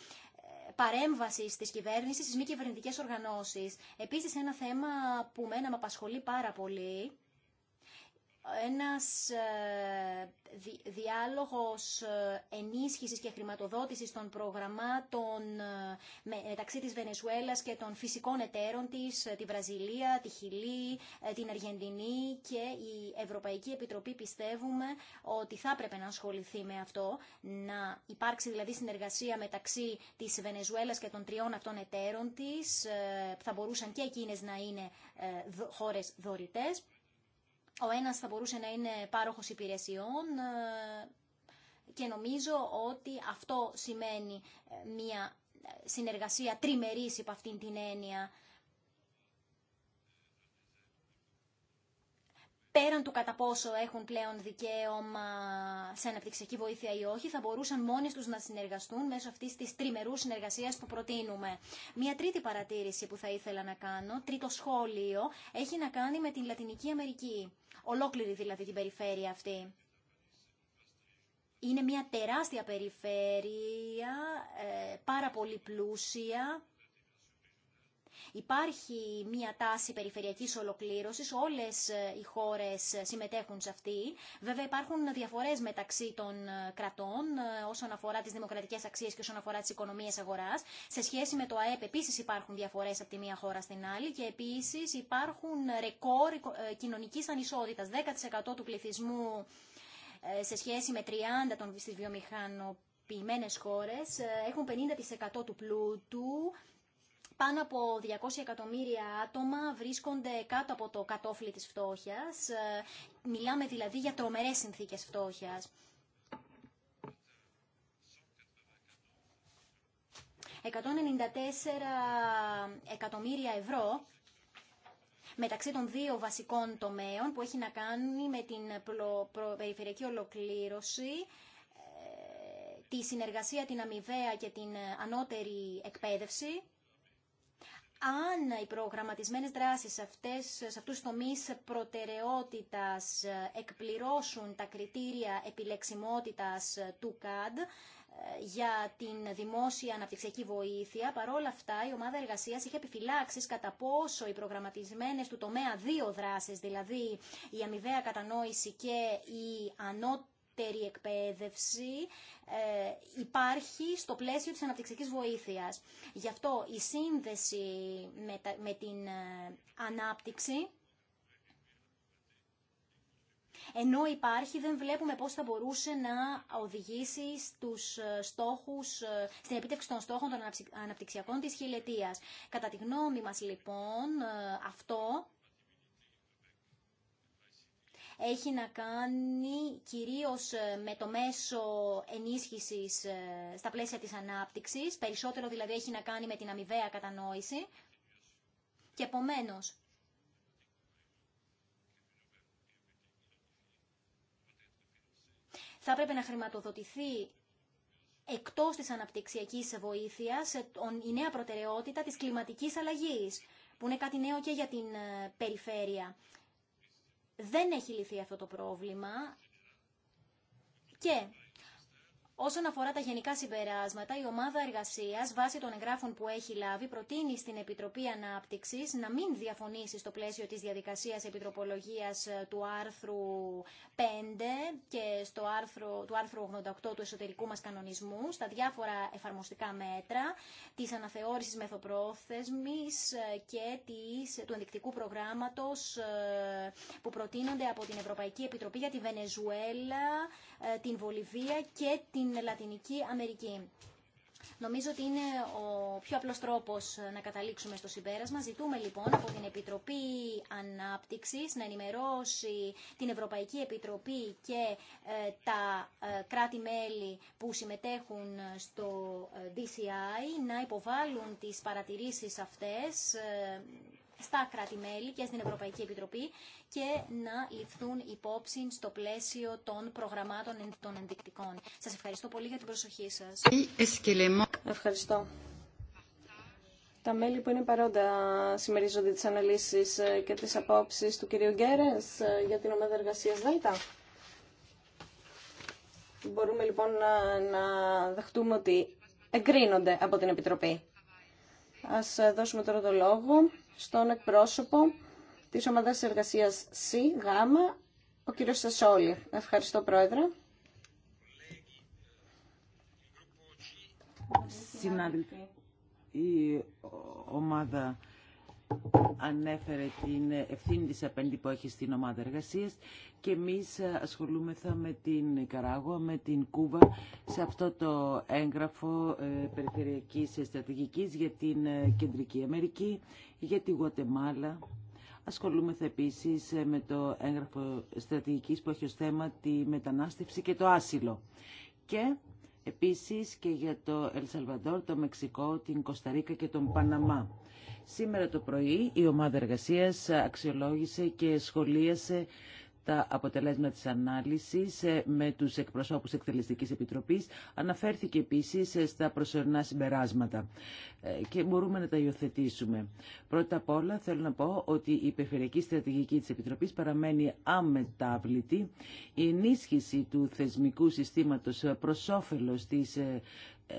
Παρέμβαση τη κυβέρνηση, στις μη κυβερνητικέ οργανώσεις. Επίσης ένα θέμα που μένα με απασχολεί πάρα πολύ ένας ε, διάλογος ε, ενίσχυσης και χρηματοδότησης των προγραμμάτων ε, μεταξύ της Βενεζουέλας και των φυσικών εταίρων της, τη Βραζιλία, τη Χιλή, την Αργεντινή και η Ευρωπαϊκή Επιτροπή πιστεύουμε ότι θα έπρεπε να ασχοληθεί με αυτό, να υπάρξει δηλαδή συνεργασία μεταξύ της Βενεζουέλας και των τριών αυτών εταίρων της, θα μπορούσαν και εκείνες να είναι χώρες δωρητές ο ένας θα μπορούσε να είναι πάροχος υπηρεσιών ε, και νομίζω ότι αυτό σημαίνει ε, μια ε, συνεργασία τριμερής υπ' αυτήν την έννοια. πέραν του κατά πόσο έχουν πλέον δικαίωμα σε αναπτυξιακή βοήθεια ή όχι, θα μπορούσαν μόνοι τους να συνεργαστούν μέσω αυτής της τριμερού συνεργασίας που προτείνουμε. Μία τρίτη παρατήρηση που θα ήθελα να κάνω, τρίτο σχόλιο, έχει να κάνει με την Λατινική Αμερική ολόκληρη δηλαδή την περιφέρεια αυτή. Είναι μια τεράστια περιφέρεια, ε, πάρα πολύ πλούσια Υπάρχει μια τάση περιφερειακής ολοκλήρωσης, όλες ε, οι χώρες ε, συμμετέχουν σε αυτή. Βέβαια υπάρχουν διαφορές μεταξύ των ε, κρατών όσον αφορά τις δημοκρατικές αξίες και όσον αφορά τις οικονομίες αγοράς. Σε σχέση με το ΑΕΠ επίσης υπάρχουν διαφορές από τη μία χώρα στην άλλη και επίσης υπάρχουν ρεκόρ κοινωνικής ανισότητας. 10% του πληθυσμού σε σχέση με 30 των στις βιομηχανοποιημένες χώρες έχουν 50% του πλούτου, πάνω από 200 εκατομμύρια άτομα βρίσκονται κάτω από το κατόφλι της φτώχειας. Ε, μιλάμε δηλαδή για τρομερές συνθήκες φτώχειας. 194 εκατομμύρια ευρώ μεταξύ των δύο βασικών τομέων που έχει να κάνει με την περιφερειακή ολοκλήρωση, ε, τη συνεργασία, την αμοιβαία και την ανώτερη εκπαίδευση αν οι προγραμματισμένες δράσεις σε, αυτές, σε αυτούς τους τομείς προτεραιότητας εκπληρώσουν τα κριτήρια επιλεξιμότητας του ΚΑΔ ε, για την δημόσια αναπτυξιακή βοήθεια, παρόλα αυτά η ομάδα εργασίας είχε επιφυλάξεις κατά πόσο οι προγραμματισμένες του τομέα δύο δράσεις, δηλαδή η αμοιβαία κατανόηση και η ανώτερη καλύτερη εκπαίδευση ε, υπάρχει στο πλαίσιο της αναπτυξιακής βοήθειας. Γι' αυτό η σύνδεση με την ε, ανάπτυξη ενώ υπάρχει δεν βλέπουμε πώς θα μπορούσε να οδηγήσει στους ε, στόχους, στην επίτευξη των στόχων των αναπτυξιακών της χιλετίας. Κατά τη γνώμη μας λοιπόν αυτό έχει να κάνει κυρίως ε, με το μέσο ενίσχυσης ε, στα πλαίσια της ανάπτυξης, περισσότερο δηλαδή έχει να κάνει με την αμοιβαία κατανόηση και επομένως θα έπρεπε να χρηματοδοτηθεί εκτός της αναπτυξιακής βοήθειας ε, η νέα προτεραιότητα της κλιματικής αλλαγής, που είναι κάτι νέο και για την περιφέρεια δεν έχει λυθεί αυτό το πρόβλημα και Όσον αφορά τα γενικά συμπεράσματα, η ομάδα εργασία, βάσει των εγγράφων που έχει λάβει, προτείνει στην Επιτροπή Ανάπτυξη να μην διαφωνήσει στο πλαίσιο τη διαδικασία επιτροπολογία ε, του άρθρου 5 και στο άρθρο, του άρθρου 88 του εσωτερικού μα κανονισμού, στα διάφορα εφαρμοστικά μέτρα τη αναθεώρηση μεθοπρόθεσμη ε, και της, του ενδεικτικού προγράμματο ε, που προτείνονται από την Ευρωπαϊκή Επιτροπή για τη Βενεζουέλα ε, την Βολιβία και την Λατινική Αμερική. Νομίζω ότι είναι ο πιο απλός τρόπος ε, να καταλήξουμε στο συμπέρασμα. Ζητούμε λοιπόν από την Επιτροπή Ανάπτυξης να ενημερώσει την Ευρωπαϊκή Επιτροπή και ε, τα κράτη-μέλη που συμμετέχουν στο DCI να υποβάλουν τις παρατηρήσεις αυτές στα κράτη-μέλη και στην Ευρωπαϊκή Επιτροπή και να ληφθούν υπόψη στο πλαίσιο των προγραμμάτων των ενδεικτικών. Σας ευχαριστώ πολύ για την προσοχή σας. Ευχαριστώ. Τα μέλη που είναι παρόντα συμμερίζονται τις αναλύσεις ε, και τις απόψεις του κυρίου Γκέρες ε, για την ομάδα εργασίας ΔΕΛΤΑ. Μπορούμε λοιπόν να, να δεχτούμε ότι εγκρίνονται από την Επιτροπή. Ας ε, δώσουμε τώρα το λόγο στον εκπρόσωπο της ομάδας εργασίας C, ο κύριος Σασόλη. Ευχαριστώ, Πρόεδρε. Συνάδελφοι, η ομάδα ανέφερε την ευθύνη της απέντη που έχει στην ομάδα εργασίας και εμείς ασχολούμεθα με την Καράγουα, με την Κούβα σε αυτό το έγγραφο ε, περιφερειακής στρατηγικής για την ε, Κεντρική Αμερική, για τη Γουατεμάλα. Ασχολούμεθα επίσης ε, με το έγγραφο στρατηγικής που έχει ως θέμα τη μετανάστευση και το άσυλο. Και επίσης και για το Ελσαλβαντόρ, το Μεξικό, την Κοσταρίκα και τον Παναμά. Σήμερα το πρωί η ομάδα εργασίας αξιολόγησε και σχολίασε τα αποτελέσματα της ανάλυσης ε, με τους εκπροσώπους Εκτελεστικής Επιτροπής. Αναφέρθηκε επίσης ε, στα προσωρινά συμπεράσματα ε, και μπορούμε να τα υιοθετήσουμε. Πρώτα απ' όλα θέλω να πω ότι η περιφερειακή στρατηγική της Επιτροπής παραμένει αμετάβλητη. Η ενίσχυση του θεσμικού συστήματος προς όφελος της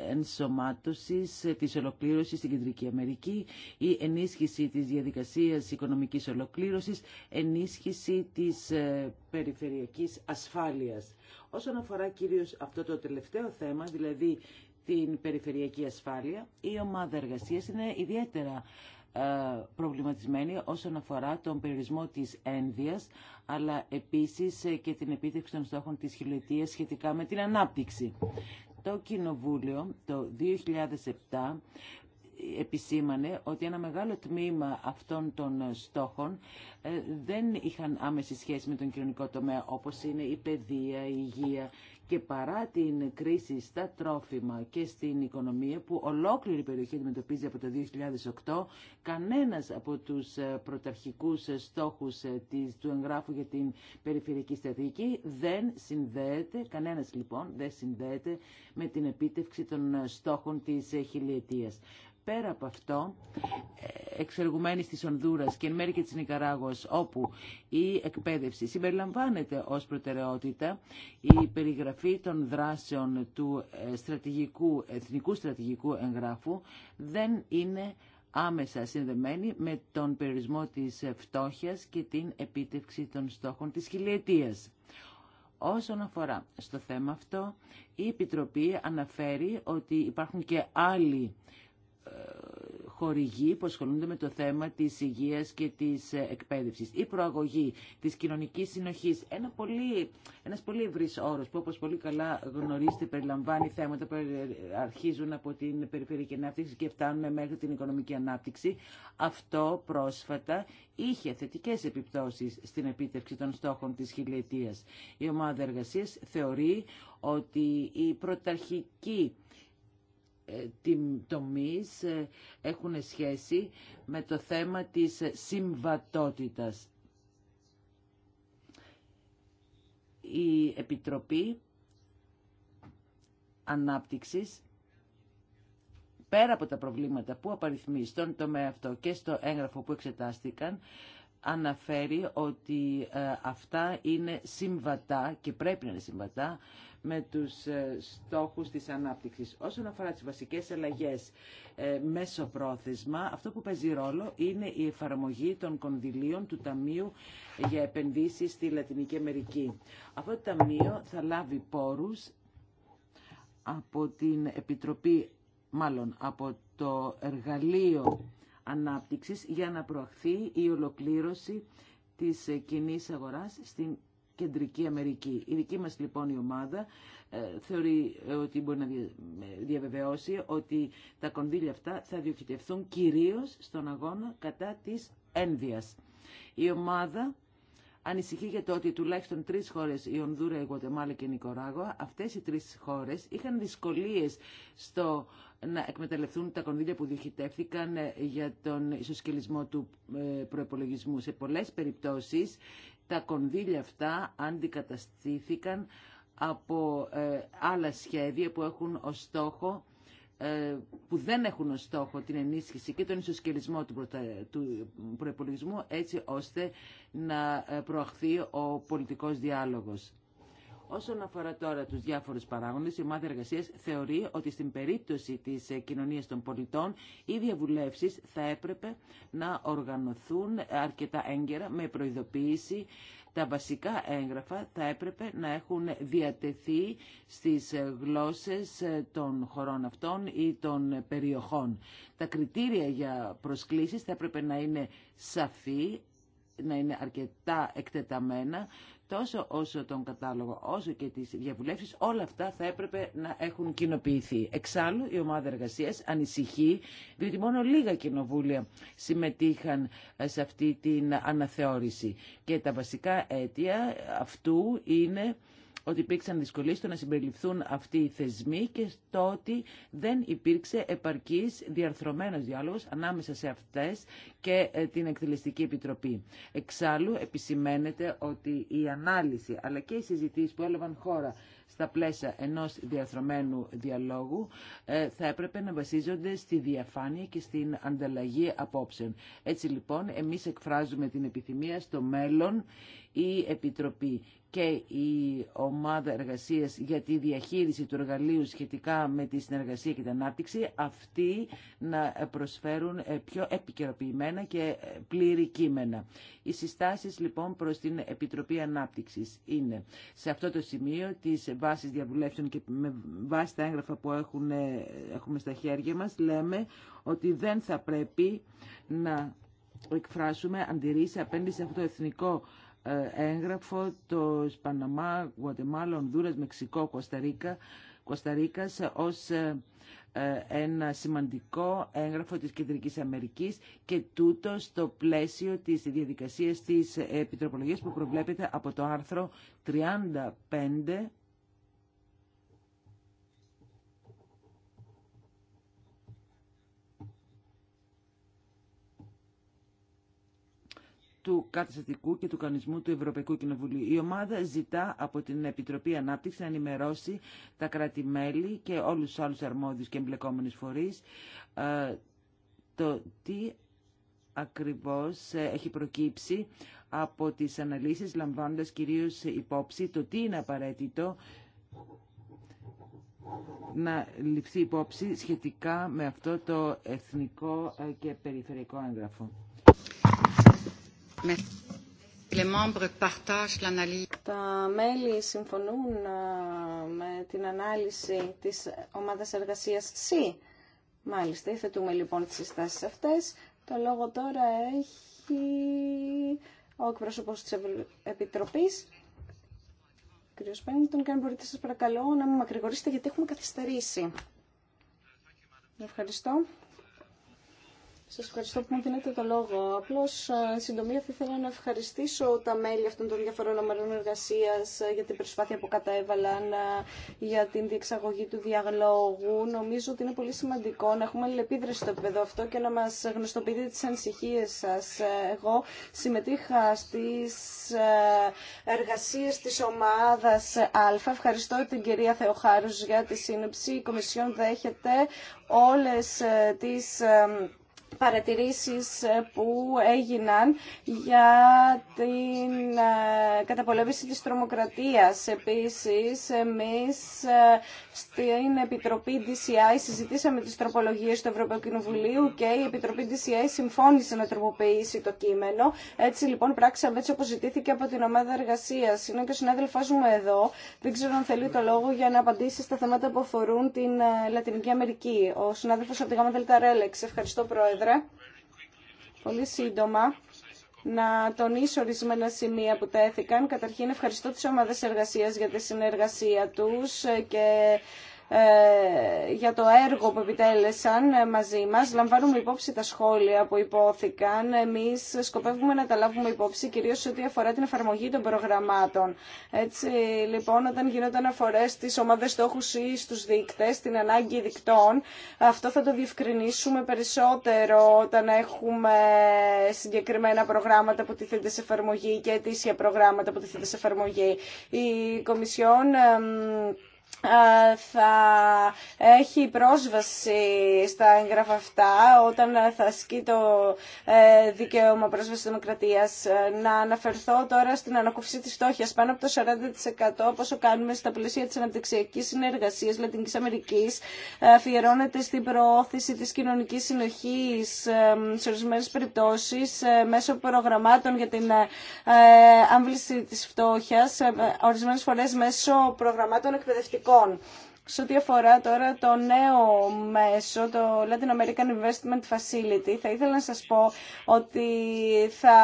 ενσωμάτωσης ε, της ολοκλήρωσης στην Κεντρική Αμερική, η ενίσχυση της διαδικασίας οικονομικής ολοκλήρωσης, ενίσχυση της ε, περιφερειακής ασφάλειας. Όσον αφορά κυρίως αυτό το τελευταίο θέμα, δηλαδή την περιφερειακή ασφάλεια, η ομάδα εργασίας είναι ιδιαίτερα ε, προβληματισμένη όσον αφορά τον περιορισμό της ένδυας, αλλά επίσης και την επίτευξη των στόχων της χιλιοετίας σχετικά με την ανάπτυξη. Το Κοινοβούλιο το 2007 επισήμανε ότι ένα μεγάλο τμήμα αυτών των στόχων ε, δεν είχαν άμεση σχέση με τον κοινωνικό τομέα, όπως είναι η παιδεία, η υγεία, και παρά την κρίση στα τρόφιμα και στην οικονομία που ολόκληρη η περιοχή αντιμετωπίζει από το 2008, κανένας από τους ε, πρωταρχικούς ε, στόχους ε, της, του εγγράφου για την περιφερειακή στρατηγική δεν συνδέεται, κανένας λοιπόν δεν συνδέεται με την επίτευξη των στόχων της χιλιετίας πέρα από αυτό, ε, εξεργουμένη της Ονδούρας και εν μέρει και της Νικαράγος, όπου η εκπαίδευση συμπεριλαμβάνεται ως προτεραιότητα, η περιγραφή των δράσεων του ε, στρατηγικού, εθνικού στρατηγικού εγγράφου δεν είναι άμεσα συνδεμένη με τον περιορισμό της φτώχειας και την επίτευξη των στόχων της χιλιετίας. Όσον αφορά στο θέμα αυτό, η Επιτροπή αναφέρει ότι υπάρχουν και άλλοι χορηγοί που ασχολούνται με το θέμα της υγείας και της ε, εκπαίδευσης. Η προαγωγή της κοινωνικής συνοχής, ένα πολύ, ένας πολύ ευρύς όρος που όπως πολύ καλά γνωρίζετε περιλαμβάνει θέματα που αρχίζουν από την περιφερειακή ανάπτυξη και φτάνουν μέχρι την οικονομική ανάπτυξη. Αυτό πρόσφατα είχε θετικές επιπτώσεις στην επίτευξη των στόχων της χιλιετίας. Η ομάδα εργασίας θεωρεί ότι η πρωταρχική ε, τομείς ε, έχουν σχέση με το θέμα της συμβατότητας. Η Επιτροπή Ανάπτυξης πέρα από τα προβλήματα που απαριθμεί στον τομέα αυτό και στο έγγραφο που εξετάστηκαν, αναφέρει ότι ε, αυτά είναι συμβατά και πρέπει να είναι συμβατά με τους ε, στόχους της ανάπτυξης. Όσον αφορά τις βασικές αλλαγές ε, μέσω πρόθεσμα, αυτό που παίζει ρόλο είναι η εφαρμογή των κονδυλίων του Ταμείου για επενδύσεις στη Λατινική Αμερική. Αυτό το Ταμείο θα λάβει πόρους από την Επιτροπή, μάλλον από το εργαλείο ανάπτυξης για να προαχθεί η ολοκλήρωση της ε, κοινή αγοράς στην Κεντρική Αμερική. Η δική μας λοιπόν η ομάδα ε, θεωρεί ε, ότι μπορεί να διαβεβαιώσει ότι τα κονδύλια αυτά θα διοχετευθούν κυρίως στον αγώνα κατά της ένδυας. Η ομάδα ανησυχεί για το ότι τουλάχιστον τρεις χώρες, η Ονδούρα, η Γουατεμάλα και η Νικοράγωα, αυτές οι τρεις χώρες είχαν δυσκολίες στο να εκμεταλλευτούν τα κονδύλια που διοχητεύτηκαν ε, για τον ισοσκελισμό του ε, προπολογισμού. Σε πολλές περιπτώσεις τα κονδύλια αυτά αντικαταστήθηκαν από ε, άλλα σχέδια που έχουν ως στόχο που δεν έχουν ως στόχο την ενίσχυση και τον ισοσκελισμό του προπολογισμού έτσι ώστε να προαχθεί ο πολιτικός διάλογος. Όσον αφορά τώρα τους διάφορους παράγοντες, η ομάδα εργασίας θεωρεί ότι στην περίπτωση της ε, κοινωνίας των πολιτών οι διαβουλεύσεις θα έπρεπε να οργανωθούν αρκετά έγκαιρα με προειδοποίηση. Τα βασικά έγγραφα θα έπρεπε να έχουν διατεθεί στις ε, γλώσσες ε, των χωρών αυτών ή των περιοχών. Τα κριτήρια για προσκλήσεις θα έπρεπε να είναι σαφή, να είναι αρκετά εκτεταμένα τόσο όσο τον κατάλογο όσο και τις διαβουλεύσεις όλα αυτά θα έπρεπε να έχουν κοινοποιηθεί. Εξάλλου η ομάδα εργασίας ανησυχεί διότι μόνο λίγα κοινοβούλια συμμετείχαν ε, σε αυτή την αναθεώρηση και τα βασικά αίτια αυτού είναι ότι υπήρξαν δυσκολίε στο να συμπεριληφθούν αυτοί οι θεσμοί και στο ότι δεν υπήρξε επαρκής διαρθρωμένος διάλογος ανάμεσα σε αυτές και ε, την Εκτελεστική Επιτροπή. Εξάλλου επισημαίνεται ότι η ανάλυση αλλά και οι συζητήσει που έλαβαν χώρα στα πλαίσια ενός διαρθρωμένου διαλόγου ε, θα έπρεπε να βασίζονται στη διαφάνεια και στην ανταλλαγή απόψεων. Έτσι λοιπόν εμεί εκφράζουμε την επιθυμία στο μέλλον η Επιτροπή και η ομάδα εργασίας για τη διαχείριση του εργαλείου σχετικά με τη συνεργασία και την ανάπτυξη, αυτοί να προσφέρουν ε, πιο επικαιροποιημένα και ε, πλήρη κείμενα. Οι συστάσεις λοιπόν προς την Επιτροπή Ανάπτυξης είναι σε αυτό το σημείο τις βάσεις διαβουλεύσεων και με βάση τα έγγραφα που έχουν, ε, έχουμε στα χέρια μας λέμε ότι δεν θα πρέπει να εκφράσουμε αντιρρήσει απέναντι σε αυτό το εθνικό ε, έγγραφο το Παναμά, Γουατεμάλα, Ονδούρας, Μεξικό, Κωνσταρίκα, ω ως ε, ε, ένα σημαντικό έγγραφο της Κεντρικής Αμερικής και τούτο στο πλαίσιο της διαδικασίας της επιτροπολογίας που προβλέπεται από το άρθρο 35 του καταστατικού και του κανονισμού του Ευρωπαϊκού Κοινοβουλίου. Η ομάδα ζητά από την Επιτροπή Ανάπτυξη να ενημερώσει τα κράτη-μέλη και όλους του άλλου αρμόδιου και εμπλεκόμενους φορείς ε, το τι ακριβώς ε, έχει προκύψει από τις αναλύσεις λαμβάνοντας κυρίως υπόψη το τι είναι απαραίτητο να ληφθεί υπόψη σχετικά με αυτό το εθνικό ε, και περιφερειακό έγγραφο. Τα μέλη συμφωνούν με την ανάλυση της ομάδας εργασίας ΣΥ. Μάλιστα, θετούμε λοιπόν τις συστάσεις αυτές. Το λόγο τώρα έχει ο εκπρόσωπος της Επιτροπής. Κύριος Πένιντον, και αν μπορείτε σας παρακαλώ να μην μακρηγορήσετε γιατί έχουμε καθυστερήσει. Ευχαριστώ. Σας ευχαριστώ που μου δίνετε το λόγο. Απλώς, ε, συντομία, θα ήθελα να ευχαριστήσω τα μέλη αυτών των διαφορών ομάδων εργασία ε, για την προσπάθεια που κατέβαλαν, ε, για την διεξαγωγή του διαλόγου. Νομίζω ότι είναι πολύ σημαντικό να έχουμε αλληλεπίδραση στο επίπεδο αυτό και να μας γνωστοποιείτε τις ανησυχίες σας. Εγώ συμμετείχα στις εργασίες της ομάδας Α. Ευχαριστώ την κυρία Θεοχάρους για τη σύνοψη. Η Κομισιόν δέχεται όλες τις παρατηρήσεις ε, που έγιναν για την ε, καταπολέμηση της τρομοκρατίας. Επίσης, εμείς ε, στην Επιτροπή DCI συζητήσαμε τις τροπολογίες του Ευρωπαϊκού Κοινοβουλίου και η Επιτροπή DCI συμφώνησε να τροποποιήσει το κείμενο. Έτσι λοιπόν πράξαμε έτσι όπως ζητήθηκε από την ομάδα εργασίας. Είναι και ο συνάδελφός μου εδώ. Δεν ξέρω αν θέλει το λόγο για να απαντήσει στα θέματα που αφορούν την Λατινική Αμερική. Ο συνάδελφος από τη ΓΑΜΑ Ευχαριστώ Πρόεδρε. Πρόεδρε. Πολύ σύντομα να τονίσω ορισμένα σημεία που τέθηκαν. Καταρχήν ευχαριστώ τις ομάδες εργασίας για τη συνεργασία τους και ε, για το έργο που επιτέλεσαν ε, μαζί μας. Λαμβάνουμε υπόψη τα σχόλια που υπόθηκαν. Εμείς σκοπεύουμε να τα λάβουμε υπόψη κυρίως ό,τι αφορά την εφαρμογή των προγραμμάτων. Έτσι, λοιπόν, όταν γίνονται αφορές στις ομάδες στόχου ή στους δείκτες, την ανάγκη δικτών, αυτό θα το διευκρινίσουμε περισσότερο όταν έχουμε συγκεκριμένα προγράμματα που τίθενται σε εφαρμογή και αιτήσια προγράμματα που τίθενται σε εφαρμογή. Η Κομισιόν θα έχει πρόσβαση στα έγγραφα αυτά όταν θα ασκεί το ε, δικαίωμα πρόσβαση δημοκρατίας. Ε, να αναφερθώ τώρα στην ανακούφιση της φτώχεια, πάνω από το 40% πόσο κάνουμε στα πλαίσια της αναπτυξιακής συνεργασίας Λατινικής Αμερικής αφιερώνεται στην προώθηση της κοινωνικής συνοχής ε, σε ορισμένε περιπτώσει μέσω προγραμμάτων για την άμβληση της φτώχεια. ορισμένες φορές μέσω προγραμμάτων εκπαιδευτικών σε ό,τι αφορά τώρα το νέο μέσο, το Latin American Investment Facility, θα ήθελα να σας πω ότι θα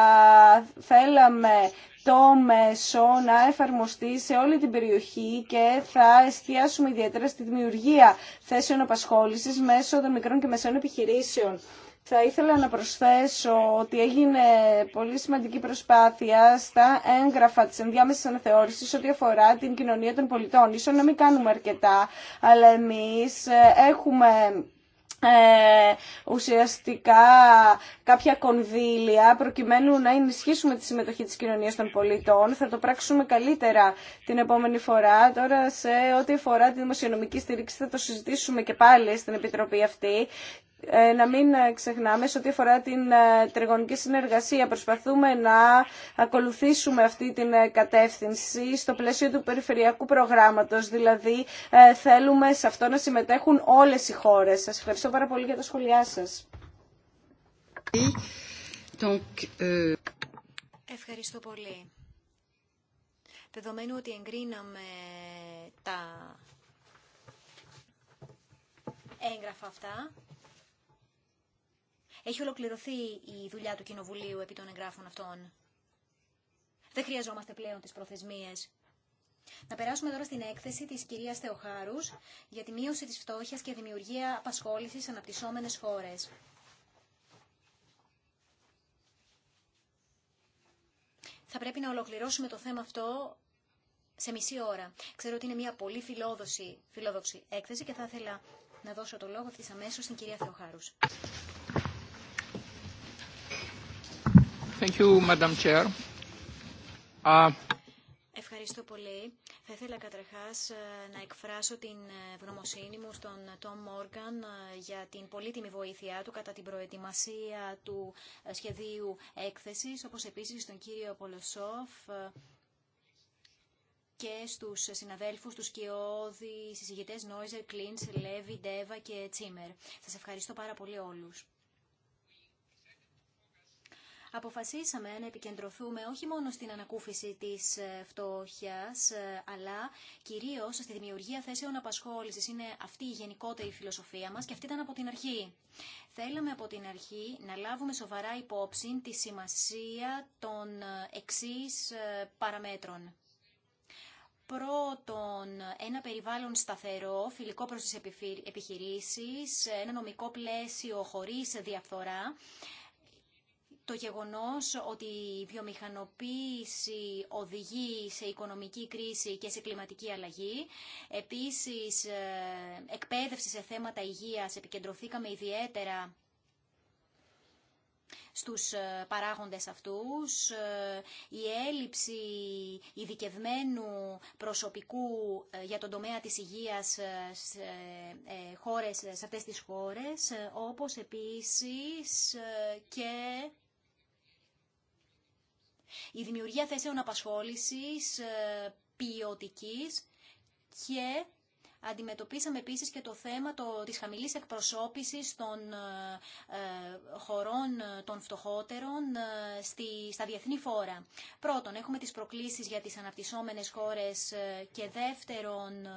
θέλαμε το μέσο να εφαρμοστεί σε όλη την περιοχή και θα εστιάσουμε ιδιαίτερα στη δημιουργία θέσεων απασχόλησης μέσω των μικρών και μεσαίων επιχειρήσεων. Θα ήθελα να προσθέσω ότι έγινε πολύ σημαντική προσπάθεια στα έγγραφα της ενδιάμεσης αναθεώρησης ό,τι αφορά την κοινωνία των πολιτών. Ίσως να μην κάνουμε αρκετά, αλλά εμείς ε, έχουμε ε, ουσιαστικά κάποια κονδύλια προκειμένου να ενισχύσουμε τη συμμετοχή της κοινωνίας των πολιτών. Θα το πράξουμε καλύτερα την επόμενη φορά. Τώρα σε ό,τι αφορά τη δημοσιονομική στήριξη θα το συζητήσουμε και πάλι στην Επιτροπή αυτή ε, να μην ε, ξεχνάμε σε ό,τι αφορά την ε, τριγωνική συνεργασία. Προσπαθούμε να ακολουθήσουμε αυτή την κατεύθυνση στο πλαίσιο του περιφερειακού προγράμματος. Δηλαδή θέλουμε σε αυτό να συμμετέχουν όλες οι χώρες. Σας ευχαριστώ πάρα πολύ για τα σχόλιά σας. Ευχαριστώ πολύ. Δεδομένου ότι εγκρίναμε τα έγγραφα αυτά, έχει ολοκληρωθεί η δουλειά του Κοινοβουλίου επί των εγγράφων αυτών. Δεν χρειαζόμαστε πλέον τις προθεσμίες. Να περάσουμε τώρα στην έκθεση της κυρίας Θεοχάρους για τη μείωση της φτώχειας και δημιουργία απασχόλησης σε αναπτυσσόμενες χώρες. Θα πρέπει να ολοκληρώσουμε το θέμα αυτό σε μισή ώρα. Ξέρω ότι είναι μια πολύ φιλόδοξη, έκθεση και θα ήθελα να δώσω το λόγο της αμέσως στην κυρία Θεοχάρους. Uh, ευχαριστώ πολύ. Θα ήθελα καταρχάς ε, να εκφράσω την ε, ευγνωμοσύνη μου στον Τόμ Μόργαν ε, για την πολύτιμη βοήθειά του κατά την προετοιμασία του σχεδίου έκθεσης, όπως επίσης στον κύριο Πολοσόφ και στους συναδέλφους τους Σκιώδη, συζητητές Νόιζερ, Κλίντς, Λέβι, Ντέβα και Τσίμερ. Σας ευχαριστώ πάρα πολύ όλους αποφασίσαμε να επικεντρωθούμε όχι μόνο στην ανακούφιση της ε, φτώχειας, ε, αλλά κυρίως στη δημιουργία θέσεων απασχόλησης. Είναι αυτή η γενικότερη φιλοσοφία μας και αυτή ήταν από την αρχή. Θέλαμε από την αρχή να λάβουμε σοβαρά υπόψη τη σημασία των ε, εξή παραμέτρων. Πρώτον, ένα περιβάλλον σταθερό, φιλικό προς τις επιχειρήσεις, ένα νομικό πλαίσιο χωρίς διαφθορά, το γεγονός ότι η βιομηχανοποίηση οδηγεί σε οικονομική κρίση και σε κλιματική αλλαγή. Επίσης, ε, εκπαίδευση σε θέματα υγείας επικεντρωθήκαμε ιδιαίτερα στους ε, παράγοντες αυτούς, ε, η έλλειψη ειδικευμένου προσωπικού για τον τομέα της υγείας σε, χώρες, σε αυτές τις χώρες, όπως επίσης και η δημιουργία θέσεων απασχόλησης ε, ποιοτική και Αντιμετωπίσαμε επίσης και το θέμα το, της χαμηλής εκπροσώπησης των ε, ε, χωρών των φτωχότερων στη, στα διεθνή φόρα. Πρώτον, έχουμε τις προκλήσεις για τις αναπτυσσόμενες χώρες και δεύτερον,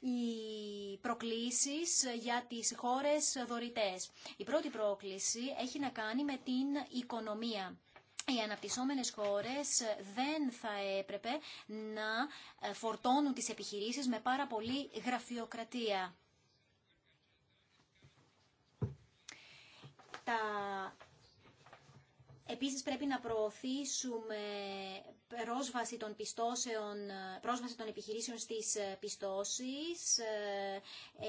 οι προκλήσεις για τις χώρες δωρητές. Η πρώτη πρόκληση έχει να κάνει με την οικονομία. Οι αναπτυσσόμενες χώρες δεν θα έπρεπε να φορτώνουν τις επιχειρήσεις με πάρα πολύ γραφειοκρατία. Τα Επίσης πρέπει να προωθήσουμε πρόσβαση των, πιστώσεων, πρόσβαση των επιχειρήσεων στις ε, πιστώσεις. Ε,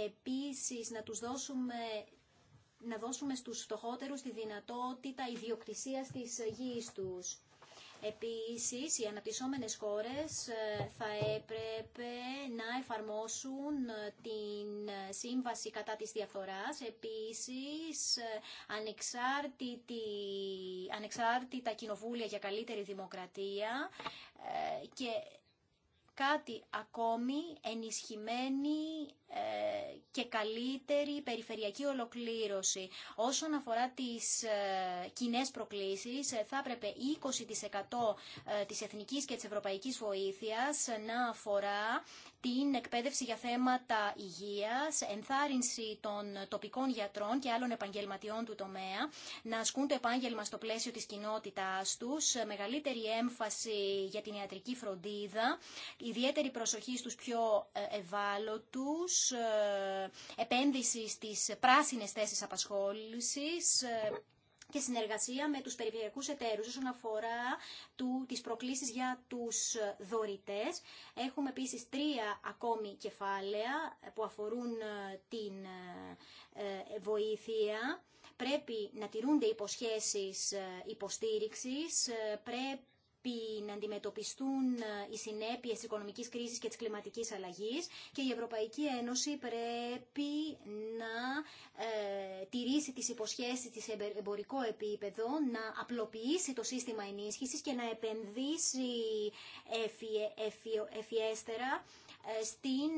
επίσης να τους δώσουμε να δώσουμε στους φτωχότερους τη δυνατότητα ιδιοκτησίας της γης τους. Επίσης, οι αναπτυσσόμενες χώρες ε, θα έπρεπε να εφαρμόσουν ε, την ε, σύμβαση κατά της διαφοράς. Επίσης, ανεξάρτητη, ανεξάρτητα κοινοβούλια για καλύτερη δημοκρατία και κάτι ακόμη ενισχυμένη και καλύτερη περιφερειακή ολοκλήρωση. Όσον αφορά τις ε, κοινέ προκλήσεις, ε, θα έπρεπε 20% ε, της εθνικής και της ευρωπαϊκής βοήθειας να αφορά την εκπαίδευση για θέματα υγείας, ενθάρρυνση των τοπικών γιατρών και άλλων επαγγελματιών του τομέα, να ασκούν το επάγγελμα στο πλαίσιο της κοινότητάς τους, μεγαλύτερη έμφαση για την ιατρική φροντίδα, ιδιαίτερη προσοχή στους πιο ευάλωτους, επένδυση επένδυσης στις πράσινες θέσεις απασχόλησης ε, και συνεργασία με τους περιφερειακούς εταίρους όσον αφορά του, τις προκλήσεις για τους δωρητές. Έχουμε επίσης τρία ακόμη κεφάλαια που αφορούν ε, την ε, βοήθεια. Πρέπει να τηρούνται υποσχέσεις υποστήριξης, πρέπει να αντιμετωπιστούν ε, οι συνέπειες της οικονομικής κρίσης και της κλιματικής αλλαγής και η Ευρωπαϊκή Ένωση πρέπει να ε, τηρήσει τις υποσχέσεις της σε εμπορικό επίπεδο, να απλοποιήσει το σύστημα ενίσχυσης και να επενδύσει ευφιέστερα ε, στην,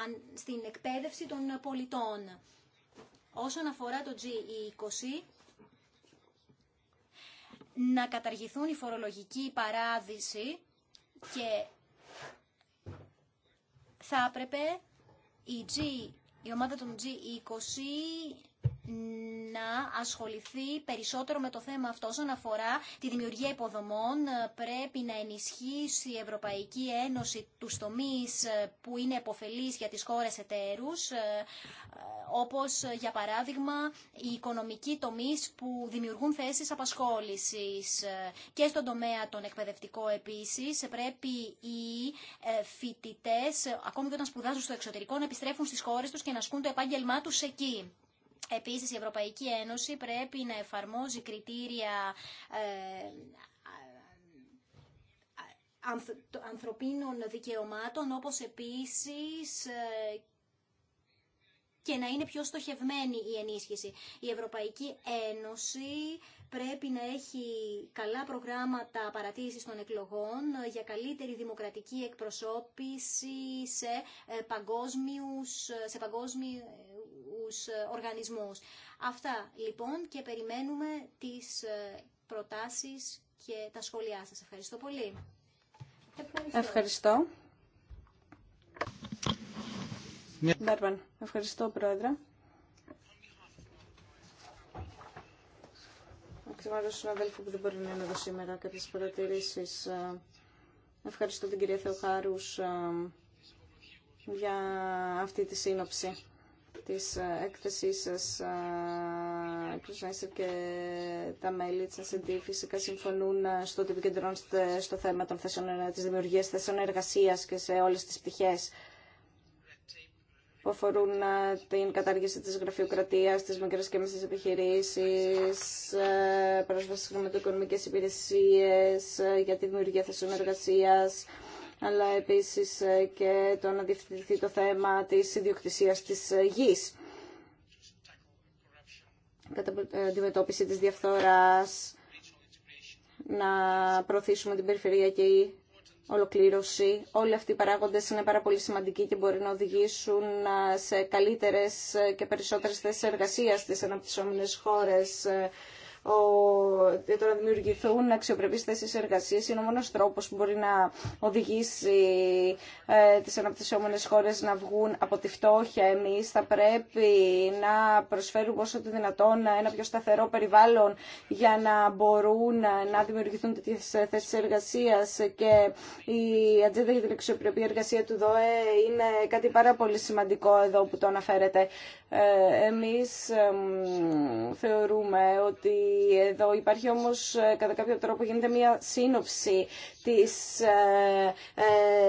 ε, στην εκπαίδευση των πολιτών. Όσον αφορά το G20, να καταργηθούν οι φορολογικοί παράδεισοι και θα έπρεπε η G, η ομάδα των G20 να ασχοληθεί περισσότερο με το θέμα αυτό όσον αφορά τη δημιουργία υποδομών. Πρέπει να ενισχύσει η Ευρωπαϊκή Ένωση του τομείς ε, που είναι επωφελεί για τις χώρε εταίρου, ε, ε, όπως για παράδειγμα οι οικονομικοί τομεί που δημιουργούν θέσεις απασχόλησης και στον τομέα τον εκπαιδευτικό επίση. Πρέπει οι φοιτητέ, ακόμη και όταν σπουδάζουν στο εξωτερικό, να επιστρέφουν στις χώρε του και να ασκούν το επάγγελμά του εκεί. Επίσης η Ευρωπαϊκή Ένωση πρέπει να εφαρμόζει κριτήρια ε, ε, ανθρωπίνων δικαιωμάτων όπως επίσης ε, και να είναι πιο στοχευμένη η ενίσχυση. Η Ευρωπαϊκή Ένωση πρέπει να έχει καλά προγράμματα παρατήρησης των εκλογών για καλύτερη δημοκρατική εκπροσώπηση σε παγκόσμιους, σε παγκόσμιους τους ε, οργανισμούς. Αυτά λοιπόν και περιμένουμε τις ε, προτάσεις και τα σχόλιά σας. Ευχαριστώ πολύ. Ευχαριστώ. Ευχαριστώ, Ευχαριστώ Πρόεδρε. που δεν μπορεί να είναι εδώ σήμερα κάποιες ε, Ευχαριστώ την κυρία Θεοχάρους για αυτή τη σύνοψη της ε, έκθεσής σας, Κρυσνέσερ και τα μέλη της ΑΣΕΝΤΗ φυσικά συμφωνούν ε, στο ότι επικεντρώνεστε στο θέμα των θέσεων, ε, της δημιουργίας θέσεων εργασίας και σε όλες τις πτυχές που αφορούν την κατάργηση της γραφειοκρατίας, της μικρές και μεσές επιχειρήσεις, πρόσβαση στις χρηματοοικονομικές υπηρεσίες για τη δημιουργία θέσεων εργασίας, αλλά επίσης ε, και το να διευθυνθεί το θέμα της ιδιοκτησίας της ε, γης. Κατά ε, αντιμετώπιση της διαφθοράς, να προωθήσουμε την περιφερειακή ολοκλήρωση. Όλοι αυτοί οι παράγοντες είναι πάρα πολύ σημαντικοί και μπορεί να οδηγήσουν σε καλύτερες και περισσότερες θέσεις εργασίας στις αναπτυσσόμενες χώρες το να ε, δημιουργηθούν αξιοπρεπεί θέσει εργασία είναι ο μόνο τρόπο που μπορεί να οδηγήσει ε, τι αναπτυσσόμενε χώρε να βγουν από τη φτώχεια. Εμεί θα πρέπει να προσφέρουμε όσο το δυνατόν ένα πιο σταθερό περιβάλλον για να μπορούν να δημιουργηθούν τέτοιε θέσει εργασία και η ατζέντα για την αξιοπρεπή εργασία του ΔΟΕ είναι κάτι πάρα πολύ σημαντικό εδώ που το αναφέρετε. Ε, εμείς θεωρούμε ότι εδώ. Υπάρχει όμως ε, κατά κάποιο τρόπο γίνεται μια σύνοψη της ε,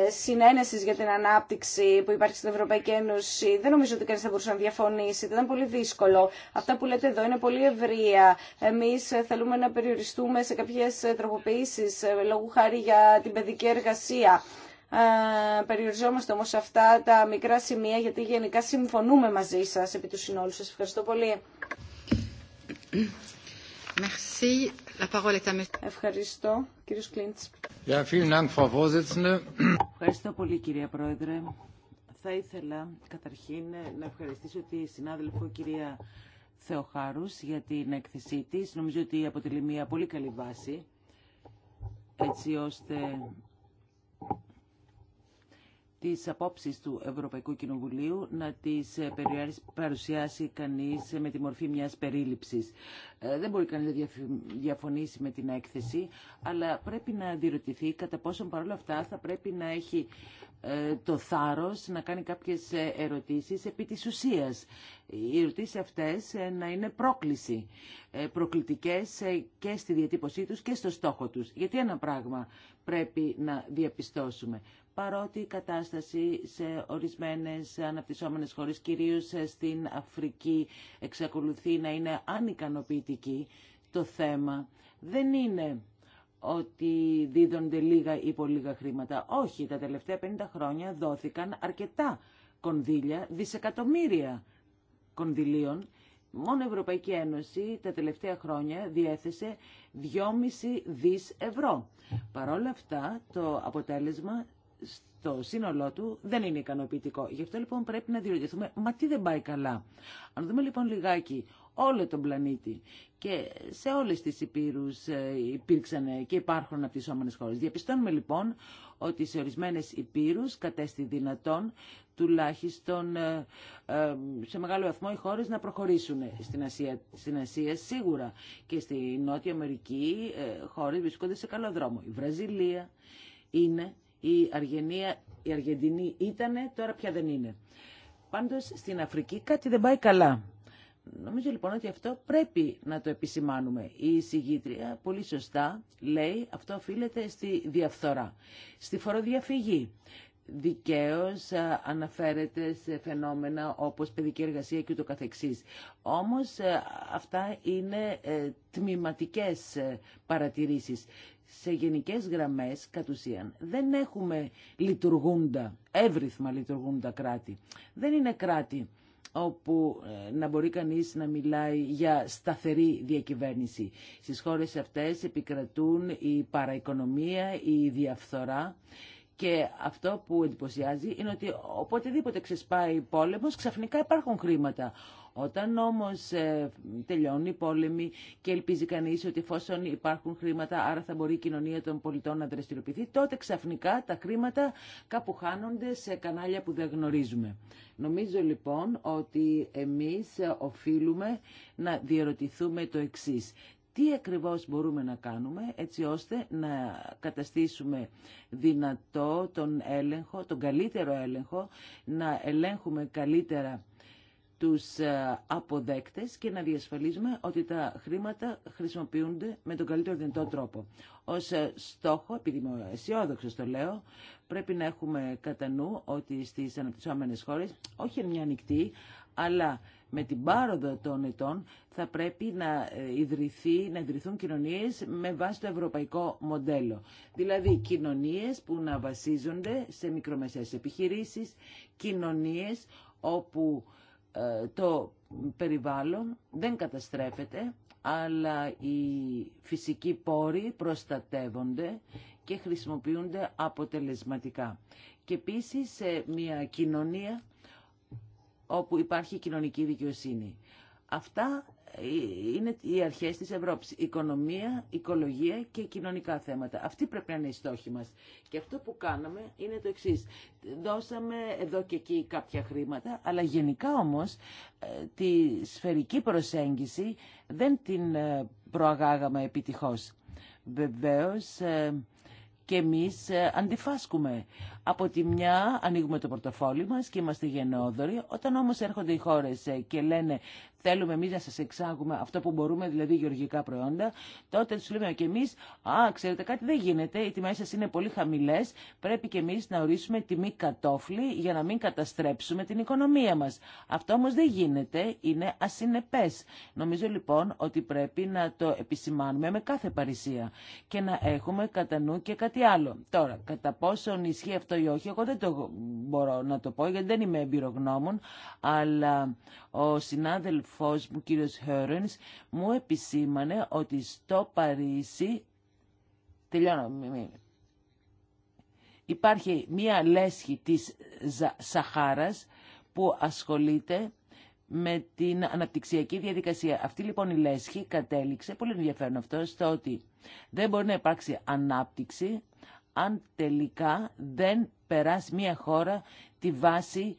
ε, συνένεσης για την ανάπτυξη που υπάρχει στην Ευρωπαϊκή Ένωση. Δεν νομίζω ότι κανείς θα μπορούσε να διαφωνήσει. ήταν πολύ δύσκολο. Αυτά που λέτε εδώ είναι πολύ ευρεία. Εμείς θέλουμε να περιοριστούμε σε κάποιες τροποποιήσεις λόγου χάρη για την παιδική εργασία. περιοριζόμαστε όμως αυτά τα μικρά σημεία γιατί γενικά συμφωνούμε μαζί σας επί του συνόλου σας. Ευχαριστώ πολύ. Ευχαριστώ, κύριος Κλίντς. Ευχαριστώ πολύ, κυρία Πρόεδρε. Θα ήθελα καταρχήν να ευχαριστήσω τη συνάδελφο κυρία Θεοχάρους για την έκθεσή της. Νομίζω ότι αποτελεί μια πολύ καλή βάση έτσι ώστε τις απόψεις του Ευρωπαϊκού Κοινοβουλίου να τις ε, παρουσιάσει κανείς ε, με τη μορφή μιας περίληψης. Ε, δεν μπορεί κανείς να διαφωνήσει με την έκθεση, αλλά πρέπει να διερωτηθεί κατά πόσον παρόλα αυτά θα πρέπει να έχει το θάρρος να κάνει κάποιες ερωτήσεις επί τη ουσία Οι ερωτήσεις αυτές να είναι πρόκληση, προκλητικές και στη διατύπωσή τους και στο στόχο τους. Γιατί ένα πράγμα πρέπει να διαπιστώσουμε, παρότι η κατάσταση σε ορισμένες αναπτυσσόμενες χώρες, κυρίως στην Αφρική, εξακολουθεί να είναι ανικανοποιητική, το θέμα δεν είναι ότι δίδονται λίγα ή πολύ λίγα χρήματα. Όχι, τα τελευταία 50 χρόνια δόθηκαν αρκετά κονδύλια, δισεκατομμύρια κονδυλίων. Μόνο η Ευρωπαϊκή Ένωση τα τελευταία χρόνια διέθεσε 2,5 δις ευρώ. Παρόλα αυτά, το αποτέλεσμα στο σύνολό του δεν είναι ικανοποιητικό. Γι' αυτό λοιπόν πρέπει να διερωτηθούμε, μα τι δεν πάει καλά. Αν δούμε λοιπόν λιγάκι όλο τον πλανήτη και σε όλες τις υπήρους ε, υπήρξαν και υπάρχουν αναπτυσσόμενες χώρες. Διαπιστώνουμε λοιπόν ότι σε ορισμένες υπήρους κατέστη δυνατόν τουλάχιστον ε, ε, σε μεγάλο βαθμό οι χώρες να προχωρήσουν στην Ασία, στην Ασία σίγουρα και στη Νότια Αμερική χώρες βρίσκονται σε καλό δρόμο. Η Βραζιλία είναι η, Αργενία, η Αργεντινή ήτανε, τώρα πια δεν είναι. Πάντως στην Αφρική κάτι δεν πάει καλά. Νομίζω λοιπόν ότι αυτό πρέπει να το επισημάνουμε. Η συγγήτρια πολύ σωστά λέει αυτό οφείλεται στη διαφθορά, στη φοροδιαφυγή. Δικαίως ε, αναφέρεται σε φαινόμενα όπως παιδική εργασία και ούτω καθεξής. Όμως ε, αυτά είναι ε, τμηματικές παρατηρήσεις σε γενικές γραμμές, κατ' ουσίαν, δεν έχουμε λειτουργούντα, εύρυθμα λειτουργούντα κράτη. Δεν είναι κράτη όπου ε, να μπορεί κανείς να μιλάει για σταθερή διακυβέρνηση. Στις χώρες αυτές επικρατούν η παραοικονομία, η διαφθορά και αυτό που εντυπωσιάζει είναι ότι οποτεδήποτε ξεσπάει πόλεμος ξαφνικά υπάρχουν χρήματα. Όταν όμως ε, τελειώνει η πόλεμη και ελπίζει κανείς ότι εφόσον υπάρχουν χρήματα, άρα θα μπορεί η κοινωνία των πολιτών να δραστηριοποιηθεί, τότε ξαφνικά τα χρήματα κάπου χάνονται σε κανάλια που δεν γνωρίζουμε. Νομίζω λοιπόν ότι εμείς οφείλουμε να διερωτηθούμε το εξής. Τι ακριβώς μπορούμε να κάνουμε έτσι ώστε να καταστήσουμε δυνατό τον έλεγχο, τον καλύτερο έλεγχο, να ελέγχουμε καλύτερα τους ε, αποδέκτες και να διασφαλίζουμε ότι τα χρήματα χρησιμοποιούνται με τον καλύτερο δυνατό τρόπο. Ως ε, στόχο, επειδή είμαι αισιόδοξο το λέω, πρέπει να έχουμε κατά νου ότι στις αναπτυσσόμενες χώρες, όχι μια ανοιχτή, αλλά με την πάροδο των ετών θα πρέπει να, ε, ιδρυθεί, να ιδρυθούν κοινωνίες με βάση το ευρωπαϊκό μοντέλο. Δηλαδή κοινωνίες που να βασίζονται σε μικρομεσαίες επιχειρήσεις, κοινωνίες όπου ε, το περιβάλλον δεν καταστρέφεται, αλλά οι φυσικοί πόροι προστατεύονται και χρησιμοποιούνται αποτελεσματικά. Και επίσης σε μια κοινωνία όπου υπάρχει κοινωνική δικαιοσύνη. Αυτά είναι οι αρχές της Ευρώπης. Οικονομία, οικολογία και κοινωνικά θέματα. Αυτή πρέπει να είναι η στόχη μας. Και αυτό που κάναμε είναι το εξής. Δώσαμε εδώ και εκεί κάποια χρήματα, αλλά γενικά όμως ε, τη σφαιρική προσέγγιση δεν την ε, προαγάγαμε επιτυχώς. Βεβαίως ε, και εμείς αντιφάσκουμε. Από τη μια ανοίγουμε το πορτοφόλι μας και είμαστε γενναιόδοροι. Όταν όμως έρχονται οι χώρες ε, και λένε θέλουμε εμείς να σας εξάγουμε αυτό που μπορούμε, δηλαδή γεωργικά προϊόντα, τότε τους λέμε και εμείς, α, ξέρετε κάτι δεν γίνεται, οι τιμές σας είναι πολύ χαμηλές, πρέπει και εμείς να ορίσουμε τιμή κατόφλι για να μην καταστρέψουμε την οικονομία μας. Αυτό όμως δεν γίνεται, είναι ασυνεπές. Νομίζω λοιπόν ότι πρέπει να το επισημάνουμε με κάθε παρησία και να έχουμε κατά νου και κάτι άλλο. Τώρα, κατά πόσο ισχύει αυτό ή όχι. Εγώ δεν το μπορώ να το πω γιατί δεν είμαι εμπειρογνώμων, αλλά ο συνάδελφός μου, κύριος Χέρενς, μου επισήμανε ότι στο Παρίσι, τελειώνω, υπάρχει μία λέσχη της Σαχάρας που ασχολείται με την αναπτυξιακή διαδικασία. Αυτή λοιπόν η λέσχη κατέληξε, πολύ ενδιαφέρον αυτό, στο ότι δεν μπορεί να υπάρξει ανάπτυξη αν τελικά δεν περάσει μια χώρα τη βάση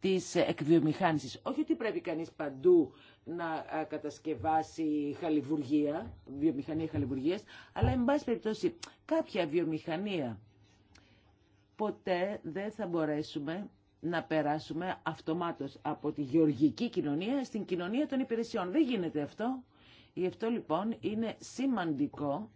της εκβιομηχάνησης. Όχι ότι πρέπει κανείς παντού να κατασκευάσει χαλιβουργία, βιομηχανία χαλιβουργίας, αλλά εν πάση περιπτώσει κάποια βιομηχανία. Ποτέ δεν θα μπορέσουμε να περάσουμε αυτομάτως από τη γεωργική κοινωνία στην κοινωνία των υπηρεσιών. Δεν γίνεται αυτό. Γι' αυτό λοιπόν είναι σημαντικό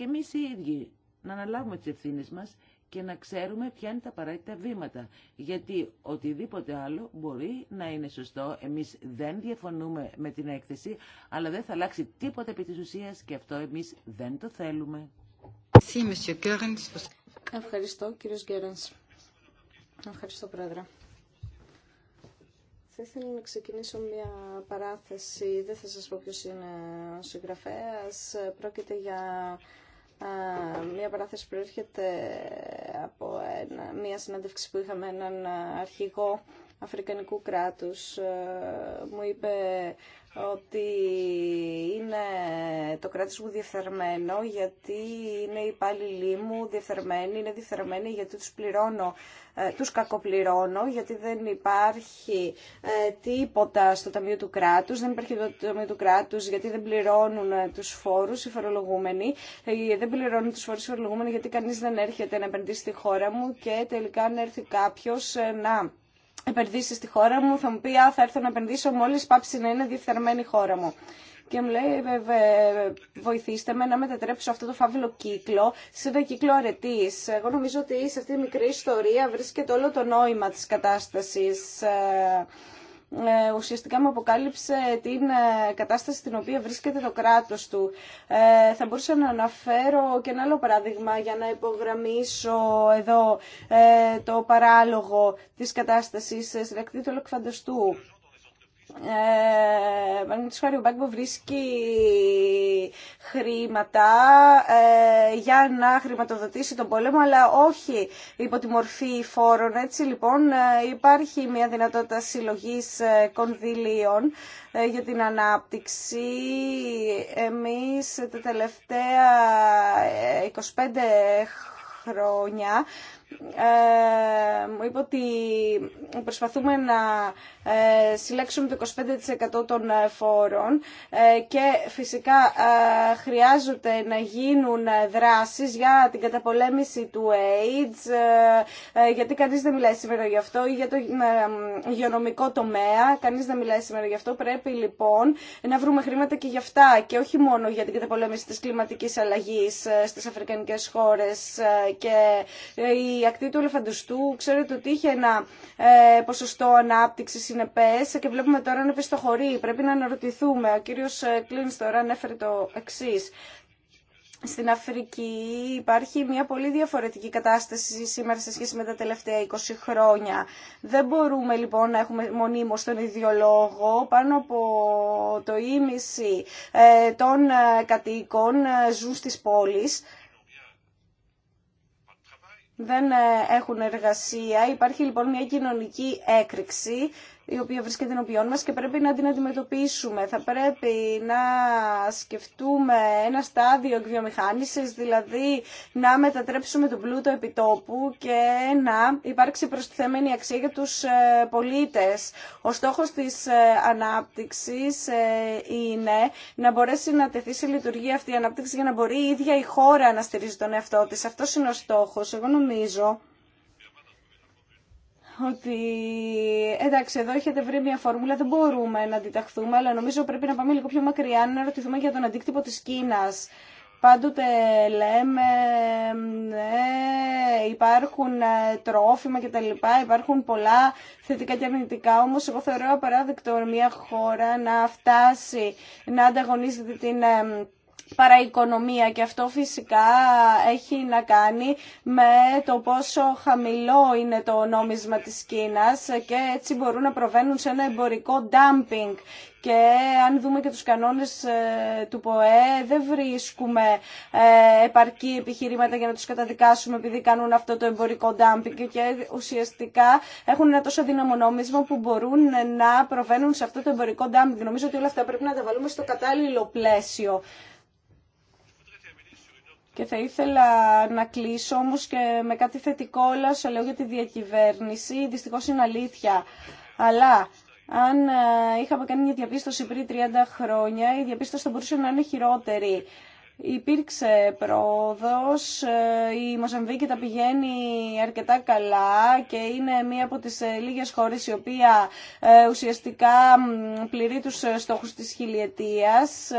και εμείς οι ίδιοι να αναλάβουμε τις ευθύνες μας και να ξέρουμε ποια είναι τα απαραίτητα βήματα. Γιατί οτιδήποτε άλλο μπορεί να είναι σωστό. Εμείς δεν διαφωνούμε με την έκθεση, αλλά δεν θα αλλάξει τίποτα επί τη ουσία και αυτό εμείς δεν το θέλουμε. Ευχαριστώ, κύριος Γκέρενς. Ευχαριστώ, Πρόεδρε. Θα ήθελα να ξεκινήσω μια παράθεση. Δεν θα σας πω ποιος είναι ο συγγραφέας. Πρόκειται για μία παράθεση προέρχεται από μία συνέντευξη που είχαμε έναν αρχηγό Αφρικανικού κράτους ε, μου είπε ότι είναι το κράτος μου διεφθαρμένο γιατί είναι οι υπάλληλοι μου διεφθαρμένοι, είναι διεφθαρμένοι γιατί τους πληρώνω, ε, τους κακοπληρώνω, γιατί δεν υπάρχει ε, τίποτα στο Ταμείο του Κράτους, δεν υπάρχει το Ταμείο του Κράτους γιατί δεν πληρώνουν τους φόρους οι φορολογούμενοι, δεν πληρώνουν τους φόρους οι φορολογούμενοι γιατί κανείς δεν έρχεται να επενδύσει στη χώρα μου και τελικά αν έρθει κάποιος να επενδύσει στη χώρα μου, θα μου πει «Α, θα έρθω να επενδύσω μόλις πάψει να είναι διεφθαρμένη η χώρα μου». Και μου λέει, «Ε, βοηθήστε με να μετατρέψω αυτό το φαύλο κύκλο σε ένα κύκλο αρετή. Εγώ νομίζω ότι σε αυτή τη μικρή ιστορία βρίσκεται όλο το νόημα της κατάστασης. Ε, ε, ουσιαστικά μου αποκάλυψε την ε, κατάσταση στην οποία βρίσκεται το κράτος του. Ε, θα μπορούσα να αναφέρω και ένα άλλο παράδειγμα για να υπογραμμίσω εδώ το παράλογο της κατάστασης στην ακτή του Παραδείγματο χάρη, ο Μπάγκο βρίσκει χρήματα ε, για να χρηματοδοτήσει τον πόλεμο, αλλά όχι υπό τη μορφή φόρων. Έτσι λοιπόν ε, υπάρχει μια δυνατότητα συλλογής ε, κονδυλίων για την ανάπτυξη. Εμείς τα τελευταία 25 χρόνια ε, μου είπε ότι προσπαθούμε να ε, συλλέξουμε το 25% των ε, φόρων και φυσικά χρειάζονται να γίνουν δράσεις για την καταπολέμηση του AIDS γιατί κανείς δεν μιλάει σήμερα γι' αυτό ή για το υγειονομικό τομέα κανείς δεν μιλάει σήμερα γι' αυτό πρέπει λοιπόν να βρούμε χρήματα και γι' αυτά και όχι μόνο για την καταπολέμηση της κλιματικής αλλαγής στις αφρικανικές χώρες και η η ακτή του ελεφαντοστού, ξέρετε ότι είχε ένα ε, ποσοστό ανάπτυξη συνεπέ και βλέπουμε τώρα να πιστοχωρεί. Πρέπει να αναρωτηθούμε. Ο κύριο ε, Κλίνς τώρα ανέφερε το εξή. Στην Αφρική υπάρχει μια πολύ διαφορετική κατάσταση σήμερα σε σχέση με τα τελευταία 20 χρόνια. Δεν μπορούμε λοιπόν να έχουμε μονίμως τον ίδιο Πάνω από το ίμιση ε, των ε, κατοίκων ζουν στις πόλεις δεν ε, έχουν εργασία. Υπάρχει λοιπόν μια κοινωνική έκρηξη η οποία βρίσκεται ενώπιόν μας και πρέπει να την αντιμετωπίσουμε. Θα πρέπει να σκεφτούμε ένα στάδιο εκβιομηχάνησης, δηλαδή να μετατρέψουμε τον πλούτο επιτόπου και να υπάρξει προστιθέμενη αξία για τους ε, πολίτες. Ο στόχος της ε, ανάπτυξης ε, είναι να μπορέσει να τεθεί σε λειτουργία αυτή η ανάπτυξη για να μπορεί η ίδια η χώρα να στηρίζει τον εαυτό της. Αυτός είναι ο στόχος. Εγώ νομίζω ότι εντάξει εδώ έχετε βρει μια φόρμουλα, δεν μπορούμε να αντιταχθούμε, αλλά νομίζω πρέπει να πάμε λίγο πιο μακριά να ρωτηθούμε για τον αντίκτυπο της Κίνας. Πάντοτε λέμε, ναι, υπάρχουν ε, τρόφιμα και τα λοιπά, υπάρχουν πολλά θετικά και αρνητικά, όμως εγώ θεωρώ απαράδεκτο μια χώρα να φτάσει να ανταγωνίζεται την ε, οικονομία. και αυτό φυσικά έχει να κάνει με το πόσο χαμηλό είναι το νόμισμα της Κίνας και έτσι μπορούν να προβαίνουν σε ένα εμπορικό dumping. Και αν δούμε και τους κανόνες ε, του ΠΟΕ, δεν βρίσκουμε ε, επαρκή επιχειρήματα για να τους καταδικάσουμε επειδή κάνουν αυτό το εμπορικό dumping. και ουσιαστικά έχουν ένα τόσο δύναμο νόμισμα που μπορούν να προβαίνουν σε αυτό το εμπορικό dumping. Νομίζω ότι όλα αυτά πρέπει να τα βάλουμε στο κατάλληλο πλαίσιο. Και θα ήθελα να κλείσω όμω και με κάτι θετικό όλα σε λέω για τη διακυβέρνηση. Δυστυχώ είναι αλήθεια. Αλλά αν ε, είχαμε κάνει μια διαπίστωση πριν 30 χρόνια, η διαπίστωση θα μπορούσε να είναι χειρότερη. Υπήρξε πρόοδος, ε, η Μοζαμβίκη τα πηγαίνει αρκετά καλά και είναι μία από τις ε, λίγες χώρες η οποία ουσιαστικά πληρεί τους στόχους της χιλιετίας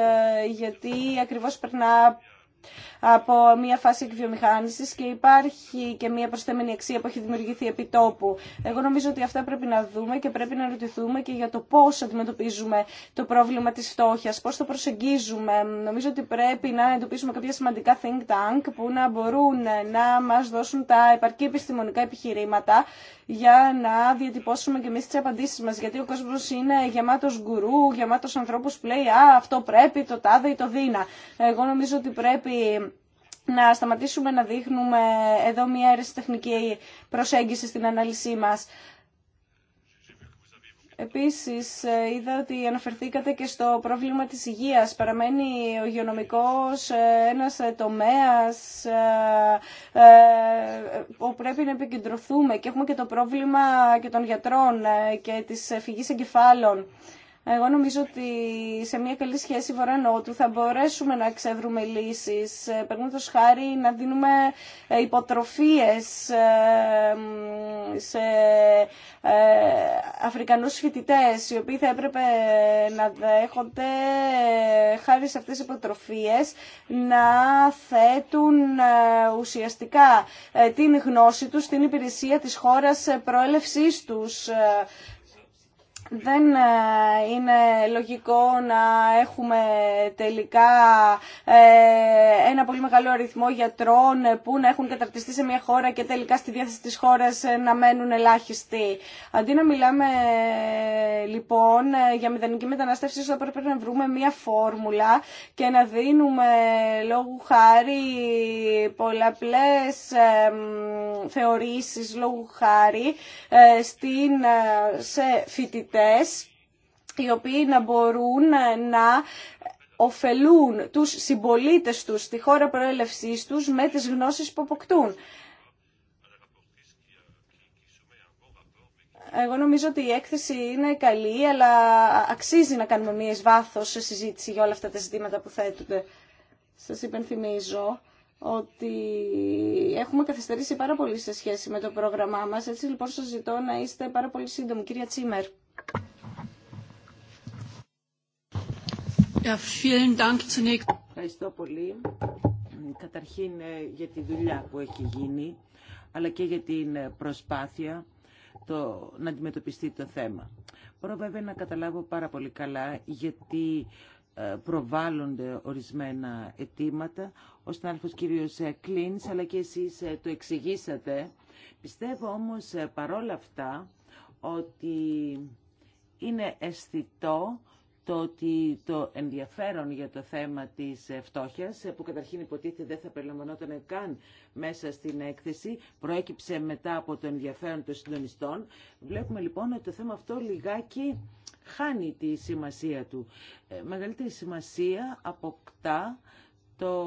γιατί ακριβώς περνά από μια φάση εκβιομηχάνηση και υπάρχει και μια προσθέμενη αξία που έχει δημιουργηθεί επί τόπου. Εγώ νομίζω ότι αυτά πρέπει να δούμε και πρέπει να ρωτηθούμε και για το πώ αντιμετωπίζουμε το πρόβλημα τη φτώχεια, πώ το προσεγγίζουμε. Νομίζω ότι πρέπει να εντοπίσουμε κάποια σημαντικά think tank που να μπορούν να μα δώσουν τα επαρκή επιστημονικά επιχειρήματα για να διατυπώσουμε και εμεί τις απαντήσεις μας. Γιατί ο κόσμο είναι γεμάτο γκουρού, γεμάτο ανθρώπου που λέει «Α, αυτό πρέπει, το τάδε ή το δίνα». Εγώ νομίζω ότι πρέπει να σταματήσουμε να δείχνουμε εδώ μια τεχνική προσέγγιση στην ανάλυση μας. Επίσης, είδα ότι αναφερθήκατε και στο πρόβλημα της υγείας. Παραμένει ε, ε, ε, ο υγειονομικός ένας τομέας που πρέπει να επικεντρωθούμε και έχουμε και το πρόβλημα και των γιατρών και της φυγής εγκεφάλων. Εγώ νομίζω ότι σε μια καλή σχέση βορρά-νότου θα μπορέσουμε να εξεύρουμε λύσεις. Ε, Παίρνουμε χάρη να δίνουμε ε, υποτροφίες ε, σε Αφρικανούς φοιτητές, οι οποίοι θα έπρεπε να δέχονται χάρη σε αυτές τις υποτροφίες να θέτουν ουσιαστικά την γνώση τους την υπηρεσία της χώρας προέλευσής τους δεν ε, είναι λογικό να έχουμε τελικά ε, ένα πολύ μεγάλο αριθμό γιατρών που να έχουν καταρτιστεί σε μια χώρα και τελικά στη διάθεση της χώρας ε, να μένουν ελάχιστοι. Αντί να μιλάμε λοιπόν για μηδενική μετανάστευση, θα πρέπει να βρούμε μια φόρμουλα και να δίνουμε λόγου χάρη πολλαπλές θεωρήσεις λόγου χάρη στην, σε φοιτητές οι οποίοι να μπορούν να ωφελούν τους συμπολίτες τους στη χώρα προέλευσής τους με τις γνώσεις που αποκτούν. Εγώ νομίζω ότι η έκθεση είναι καλή, αλλά αξίζει να κάνουμε μία βάθος σε συζήτηση για όλα αυτά τα ζητήματα που θέτονται. Σας υπενθυμίζω ότι έχουμε καθυστερήσει πάρα πολύ σε σχέση με το πρόγραμμά μας. Έτσι λοιπόν σας ζητώ να είστε πάρα πολύ σύντομοι. Κυρία Τσίμερ. Ευχαριστώ πολύ. Ε, καταρχήν ε, για τη δουλειά που έχει γίνει, αλλά και για την ε, προσπάθεια το, να αντιμετωπιστεί το θέμα. Μπορώ βέβαια να καταλάβω πάρα πολύ καλά γιατί προβάλλονται ορισμένα αιτήματα. Ο συνάδελφος κύριος Κλίνς, αλλά και εσείς το εξηγήσατε. Πιστεύω όμως παρόλα αυτά ότι είναι αισθητό το ότι το ενδιαφέρον για το θέμα της φτώχειας, που καταρχήν υποτίθεται δεν θα περιλαμβανόταν καν μέσα στην έκθεση, προέκυψε μετά από το ενδιαφέρον των συντονιστών. Βλέπουμε λοιπόν ότι το θέμα αυτό λιγάκι χάνει τη σημασία του. Ε, μεγαλύτερη σημασία αποκτά το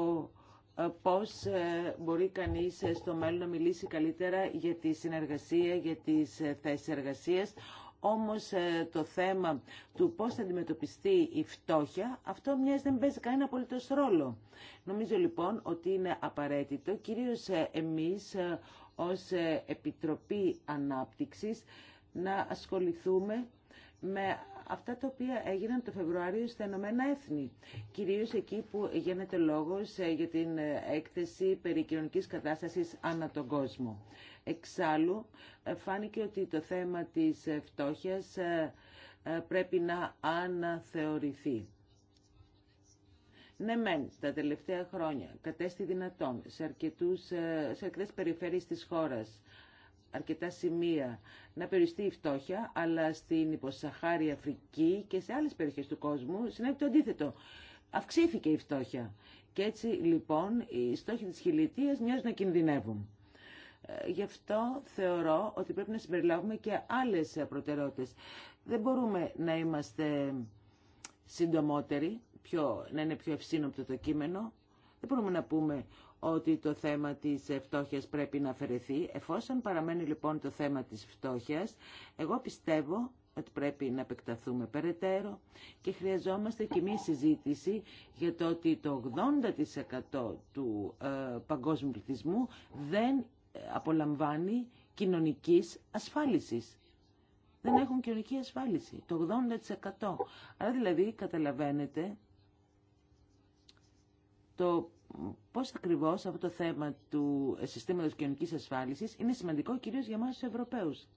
ε, πώς ε, μπορεί κανείς στο μέλλον να μιλήσει καλύτερα για τη συνεργασία, για τις θέσεις εργασίας, όμως ε, το θέμα του πώς θα αντιμετωπιστεί η φτώχεια, αυτό μοιάζει δεν παίζει κανένα απολύτως ρόλο. Νομίζω λοιπόν ότι είναι απαραίτητο, κυρίως ε, εμείς ε, ως Επιτροπή Ανάπτυξης, να ασχοληθούμε με αυτά τα οποία έγιναν το Φεβρουάριο στα Ηνωμένα Έθνη. Κυρίως εκεί που γίνεται λόγος ε, για την ε, έκθεση περί κοινωνικής κατάστασης ανά τον κόσμο. Εξάλλου, ε, φάνηκε ότι το θέμα της φτώχειας πρέπει να αναθεωρηθεί. Ναι, μεν, τα τελευταία χρόνια κατέστη δυνατόν σε, αρκετούς, σε αρκετές περιφέρειες της χώρας αρκετά σημεία να περιστεί η φτώχεια, αλλά στην υποσαχάρη Αφρική και σε άλλες περιοχές του κόσμου συνέβη το αντίθετο. Αυξήθηκε η φτώχεια. Και έτσι λοιπόν οι στόχοι της χιλιετίας μοιάζουν να κινδυνεύουν. Ε, γι' αυτό θεωρώ ότι πρέπει να συμπεριλάβουμε και άλλες προτεραιότητες. Δεν μπορούμε να είμαστε συντομότεροι, πιο, να είναι πιο ευσύνοπτο το κείμενο. Δεν μπορούμε να πούμε ότι το θέμα της φτώχειας πρέπει να αφαιρεθεί. Εφόσον παραμένει λοιπόν το θέμα της φτώχειας, εγώ πιστεύω ότι πρέπει να επεκταθούμε περαιτέρω και χρειαζόμαστε και μία συζήτηση για το ότι το 80% του ε, παγκόσμιου πληθυσμού δεν ε, απολαμβάνει κοινωνικής ασφάλισης. Δεν έχουν κοινωνική ασφάλιση. Το 80%. Άρα δηλαδή καταλαβαίνετε το πώς ακριβώς αυτό το θέμα του συστήματος κοινωνικής ασφάλισης είναι σημαντικό κυρίως για εμάς τους Ευρωπαίους.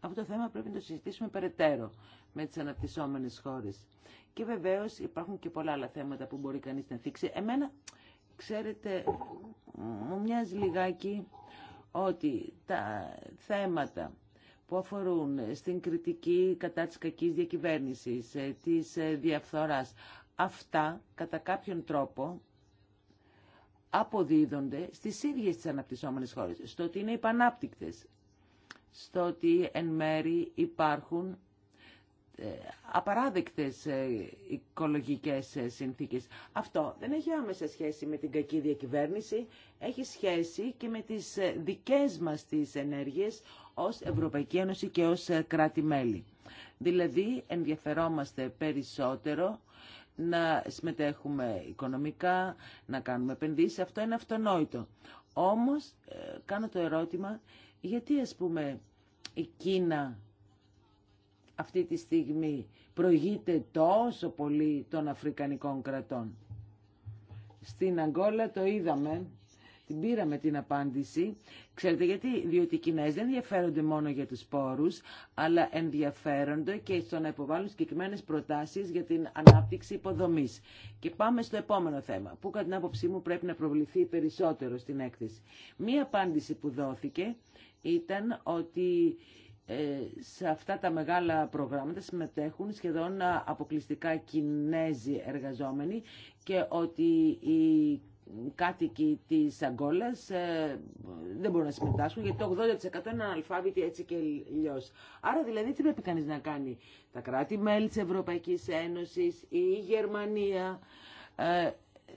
Αυτό το θέμα πρέπει να το συζητήσουμε περαιτέρω με τις αναπτυσσόμενες χώρες. Και βεβαίως υπάρχουν και πολλά άλλα θέματα που μπορεί κανείς να θίξει. Εμένα, ξέρετε, μου μοιάζει λιγάκι ότι τα θέματα που αφορούν στην κριτική κατά της κακής διακυβέρνησης, ε, της ε, διαφθοράς, αυτά κατά κάποιον τρόπο αποδίδονται στις ίδιες τις αναπτυσσόμενες χώρες, στο ότι είναι υπανάπτυκτες, στο ότι εν μέρη υπάρχουν ε, απαράδεκτες ε, οικολογικές ε, συνθήκες. Αυτό δεν έχει άμεσα σχέση με την κακή διακυβέρνηση, έχει σχέση και με τις δικές μας τις ενέργειες ως Ευρωπαϊκή Ένωση και ως κράτη-μέλη. Δηλαδή ενδιαφερόμαστε περισσότερο να συμμετέχουμε οικονομικά, να κάνουμε επενδύσεις. Αυτό είναι αυτονόητο. Όμως, ε, κάνω το ερώτημα, γιατί ας πούμε η Κίνα αυτή τη στιγμή προηγείται τόσο πολύ των Αφρικανικών κρατών. Στην Αγγόλα το είδαμε την πήραμε την απάντηση. Ξέρετε γιατί, διότι οι Κινέζοι δεν ενδιαφέρονται μόνο για τους πόρους, αλλά ενδιαφέρονται και στο να υποβάλουν συγκεκριμένε προτάσεις για την ανάπτυξη υποδομής. Και πάμε στο επόμενο θέμα, που κατά την άποψή μου πρέπει να προβληθεί περισσότερο στην έκθεση. Μία απάντηση που δόθηκε ήταν ότι ε, σε αυτά τα μεγάλα προγράμματα συμμετέχουν σχεδόν αποκλειστικά Κινέζοι εργαζόμενοι και ότι οι κάτοικοι της ε, δεν μπορούν να συμμετάσχουν γιατί το 80% είναι αναλφάβητοι έτσι και αλλιώ. Άρα δηλαδή τι πρέπει κανεί να κάνει τα κράτη-μέλη της Ευρωπαϊκής Ένωσης ή η Γερμανία ε,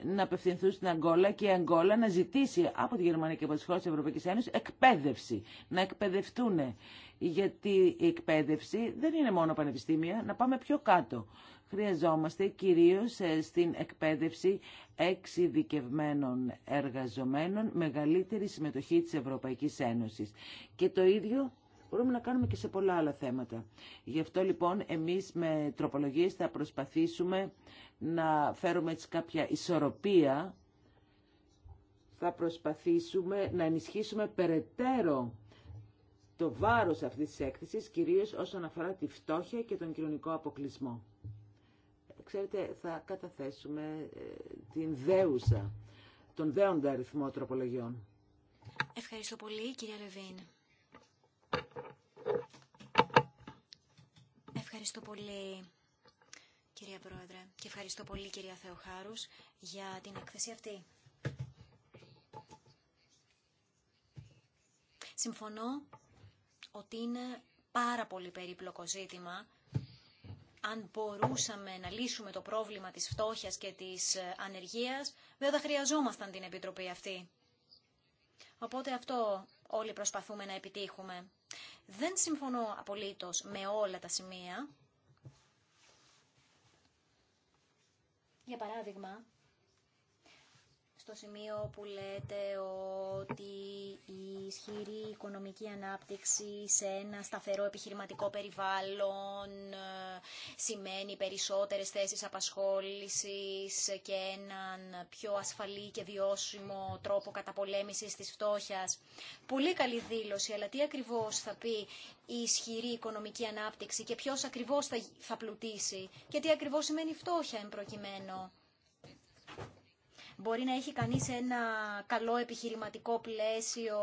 να απευθυνθούν στην Αγκόλα και η Αγκόλα να ζητήσει από τη Γερμανία και από τις χώρες της Ευρωπαϊκής Ένωσης εκπαίδευση, να εκπαιδευτούν. Γιατί η εκπαίδευση δεν είναι μόνο πανεπιστήμια, να πάμε πιο κάτω χρειαζόμαστε κυρίως ε, στην εκπαίδευση εξειδικευμένων εργαζομένων μεγαλύτερη συμμετοχή της Ευρωπαϊκής Ένωσης. Και το ίδιο μπορούμε να κάνουμε και σε πολλά άλλα θέματα. Γι' αυτό λοιπόν εμείς με τροπολογίες θα προσπαθήσουμε να φέρουμε έτσι κάποια ισορροπία, θα προσπαθήσουμε να ενισχύσουμε περαιτέρω το βάρος αυτής της έκθεσης, κυρίως όσον αφορά τη φτώχεια και τον κοινωνικό αποκλεισμό. Ξέρετε, θα καταθέσουμε ε, την δέουσα, τον δέοντα αριθμό τροπολογιών. Ευχαριστώ πολύ, κυρία Λεβίν. Ευχαριστώ πολύ, κυρία Πρόεδρε, και ευχαριστώ πολύ, κυρία Θεοχάρους, για την έκθεση αυτή. Συμφωνώ ότι είναι πάρα πολύ περίπλοκο ζήτημα αν μπορούσαμε να λύσουμε το πρόβλημα της φτώχειας και της ε, ανεργίας, δεν θα χρειαζόμασταν την Επιτροπή αυτή. Οπότε αυτό όλοι προσπαθούμε να επιτύχουμε. Δεν συμφωνώ απολύτως με όλα τα σημεία. Για παράδειγμα, στο σημείο που λέτε ότι η ισχυρή οικονομική ανάπτυξη σε ένα σταθερό επιχειρηματικό περιβάλλον ε, σημαίνει περισσότερες θέσεις απασχόλησης και έναν πιο ασφαλή και βιώσιμο τρόπο καταπολέμησης της φτώχειας. Πολύ καλή δήλωση, αλλά τι ακριβώς θα πει η ισχυρή οικονομική ανάπτυξη και ποιος ακριβώς θα πλουτίσει και τι ακριβώς σημαίνει φτώχεια εν Μπορεί να έχει κανείς ένα καλό επιχειρηματικό πλαίσιο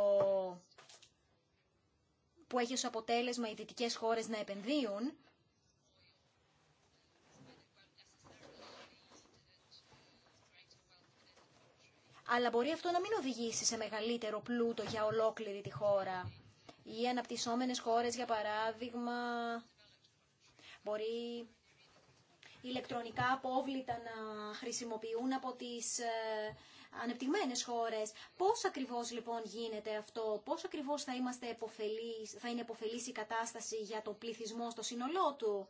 που έχει ως αποτέλεσμα οι δυτικέ χώρες να επενδύουν. Αλλά μπορεί αυτό να μην οδηγήσει σε μεγαλύτερο πλούτο για ολόκληρη τη χώρα. Οι αναπτυσσόμενες χώρες, για παράδειγμα, μπορεί ηλεκτρονικά απόβλητα να χρησιμοποιούν από τις ε, ανεπτυγμένες χώρες. Πώς ακριβώς λοιπόν γίνεται αυτό, πώς ακριβώς θα, είμαστε θα είναι εποφελής η κατάσταση για τον πληθυσμό στο σύνολό του.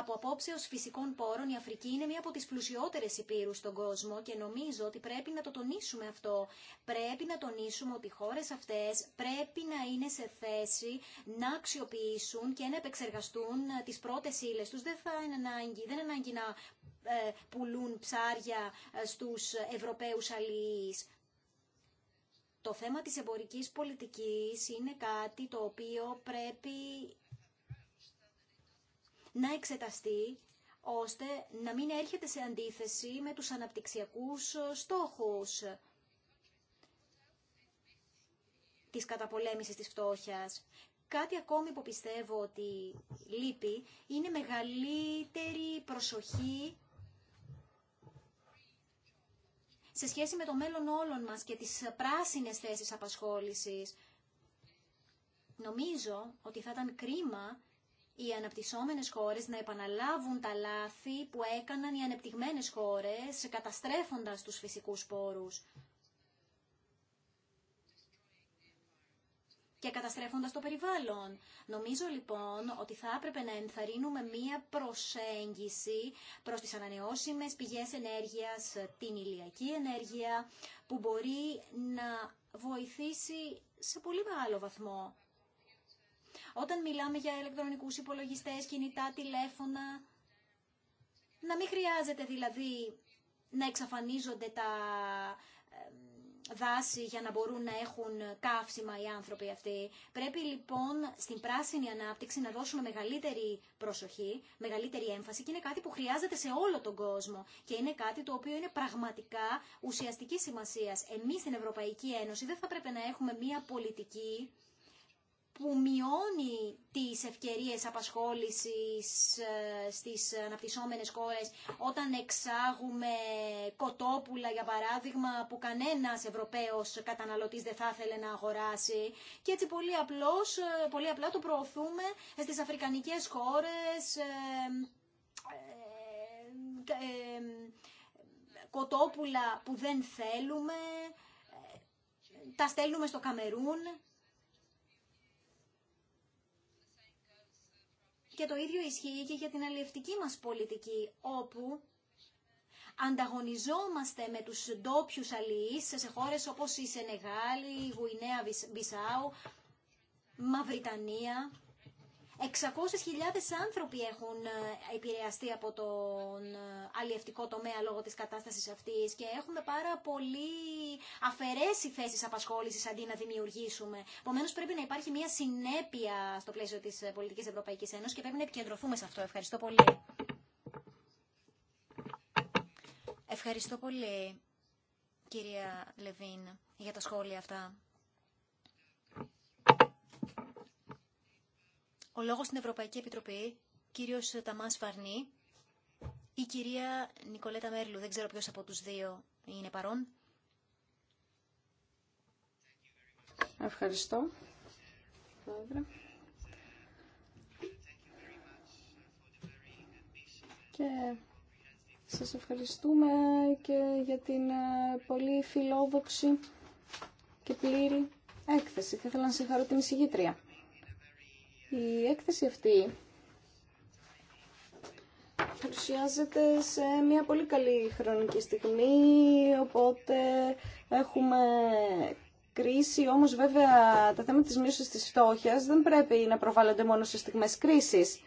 Από απόψεως φυσικών πόρων η Αφρική είναι μία από τις πλουσιότερες υπήρους στον κόσμο και νομίζω ότι πρέπει να το τονίσουμε αυτό. Πρέπει να τονίσουμε ότι οι χώρες αυτές πρέπει να είναι σε θέση να αξιοποιήσουν και να επεξεργαστούν ε, τις πρώτες ύλες τους. Δεν θα είναι ανάγκη, να ε, πουλούν ψάρια ε, στους Ευρωπαίους αλληλείς. Το θέμα της εμπορικής πολιτικής είναι κάτι το οποίο πρέπει να εξεταστεί ώστε να μην έρχεται σε αντίθεση με τους αναπτυξιακούς ε, στόχους της καταπολέμησης της φτώχειας. Κάτι ακόμη που πιστεύω ότι λείπει είναι μεγαλύτερη προσοχή σε σχέση με το μέλλον όλων μας και τις πράσινες θέσεις απασχόλησης. Νομίζω ότι θα ήταν κρίμα οι αναπτυσσόμενες χώρες να επαναλάβουν τα λάθη που έκαναν οι ανεπτυγμένες χώρες καταστρέφοντας τους φυσικούς πόρους και καταστρέφοντας το περιβάλλον. Νομίζω λοιπόν ότι θα έπρεπε να ενθαρρύνουμε μία προσέγγιση προς τις ανανεώσιμες πηγές ενέργειας, την ηλιακή ενέργεια, που μπορεί να βοηθήσει σε πολύ μεγάλο βαθμό όταν μιλάμε για ηλεκτρονικούς υπολογιστές, κινητά, τηλέφωνα, να μην χρειάζεται δηλαδή να εξαφανίζονται τα δάση για να μπορούν να έχουν καύσιμα οι άνθρωποι αυτοί. Πρέπει λοιπόν στην πράσινη ανάπτυξη να δώσουμε μεγαλύτερη προσοχή, μεγαλύτερη έμφαση και είναι κάτι που χρειάζεται σε όλο τον κόσμο και είναι κάτι το οποίο είναι πραγματικά ουσιαστική σημασία. Εμεί στην Ευρωπαϊκή Ένωση δεν θα πρέπει να έχουμε μία πολιτική που μειώνει τις ευκαιρίες απασχόλησης ε, στις αναπτυσσόμενες χώρες όταν εξάγουμε κοτόπουλα για παράδειγμα που κανένας Ευρωπαίος καταναλωτής δεν θα ήθελε να αγοράσει και έτσι πολύ, απλώς, ε, πολύ απλά το προωθούμε στις αφρικανικές χώρες ε, κοτόπουλα που δεν θέλουμε τα στέλνουμε στο Καμερούν Και το ίδιο ισχύει και για την αλληλευτική μας πολιτική, όπου ανταγωνιζόμαστε με τους ντόπιου αλληλείς σε χώρες όπως η Σενεγάλη, η Γουινέα Μπισάου, Μαυριτανία, 600.000 άνθρωποι έχουν ε, επηρεαστεί από τον ε, αλλιευτικό τομέα λόγω της κατάστασης αυτής και έχουμε πάρα πολύ αφαιρέσει θέσεις απασχόλησης αντί να δημιουργήσουμε. Επομένω πρέπει να υπάρχει μια συνέπεια στο πλαίσιο της ε, πολιτικής Ευρωπαϊκής Ένωσης και πρέπει να επικεντρωθούμε σε αυτό. Ευχαριστώ πολύ. Ευχαριστώ πολύ κυρία Λεβίν για τα σχόλια αυτά. ο λόγος στην Ευρωπαϊκή Επιτροπή, κύριος Ταμάς Φαρνή ή κυρία Νικολέτα Μέρλου. Δεν ξέρω ποιος από τους δύο είναι παρόν. Ευχαριστώ. Και σας ευχαριστούμε και για την ε, πολύ φιλόδοξη και πλήρη έκθεση. Θα ήθελα να συγχαρώ την εισηγήτρια. Η έκθεση αυτή παρουσιάζεται σε μια πολύ καλή χρονική στιγμή, οπότε έχουμε κρίση, όμως βέβαια τα θέματα της μείωσης της φτώχειας δεν πρέπει να προβάλλονται μόνο σε στιγμές κρίσης.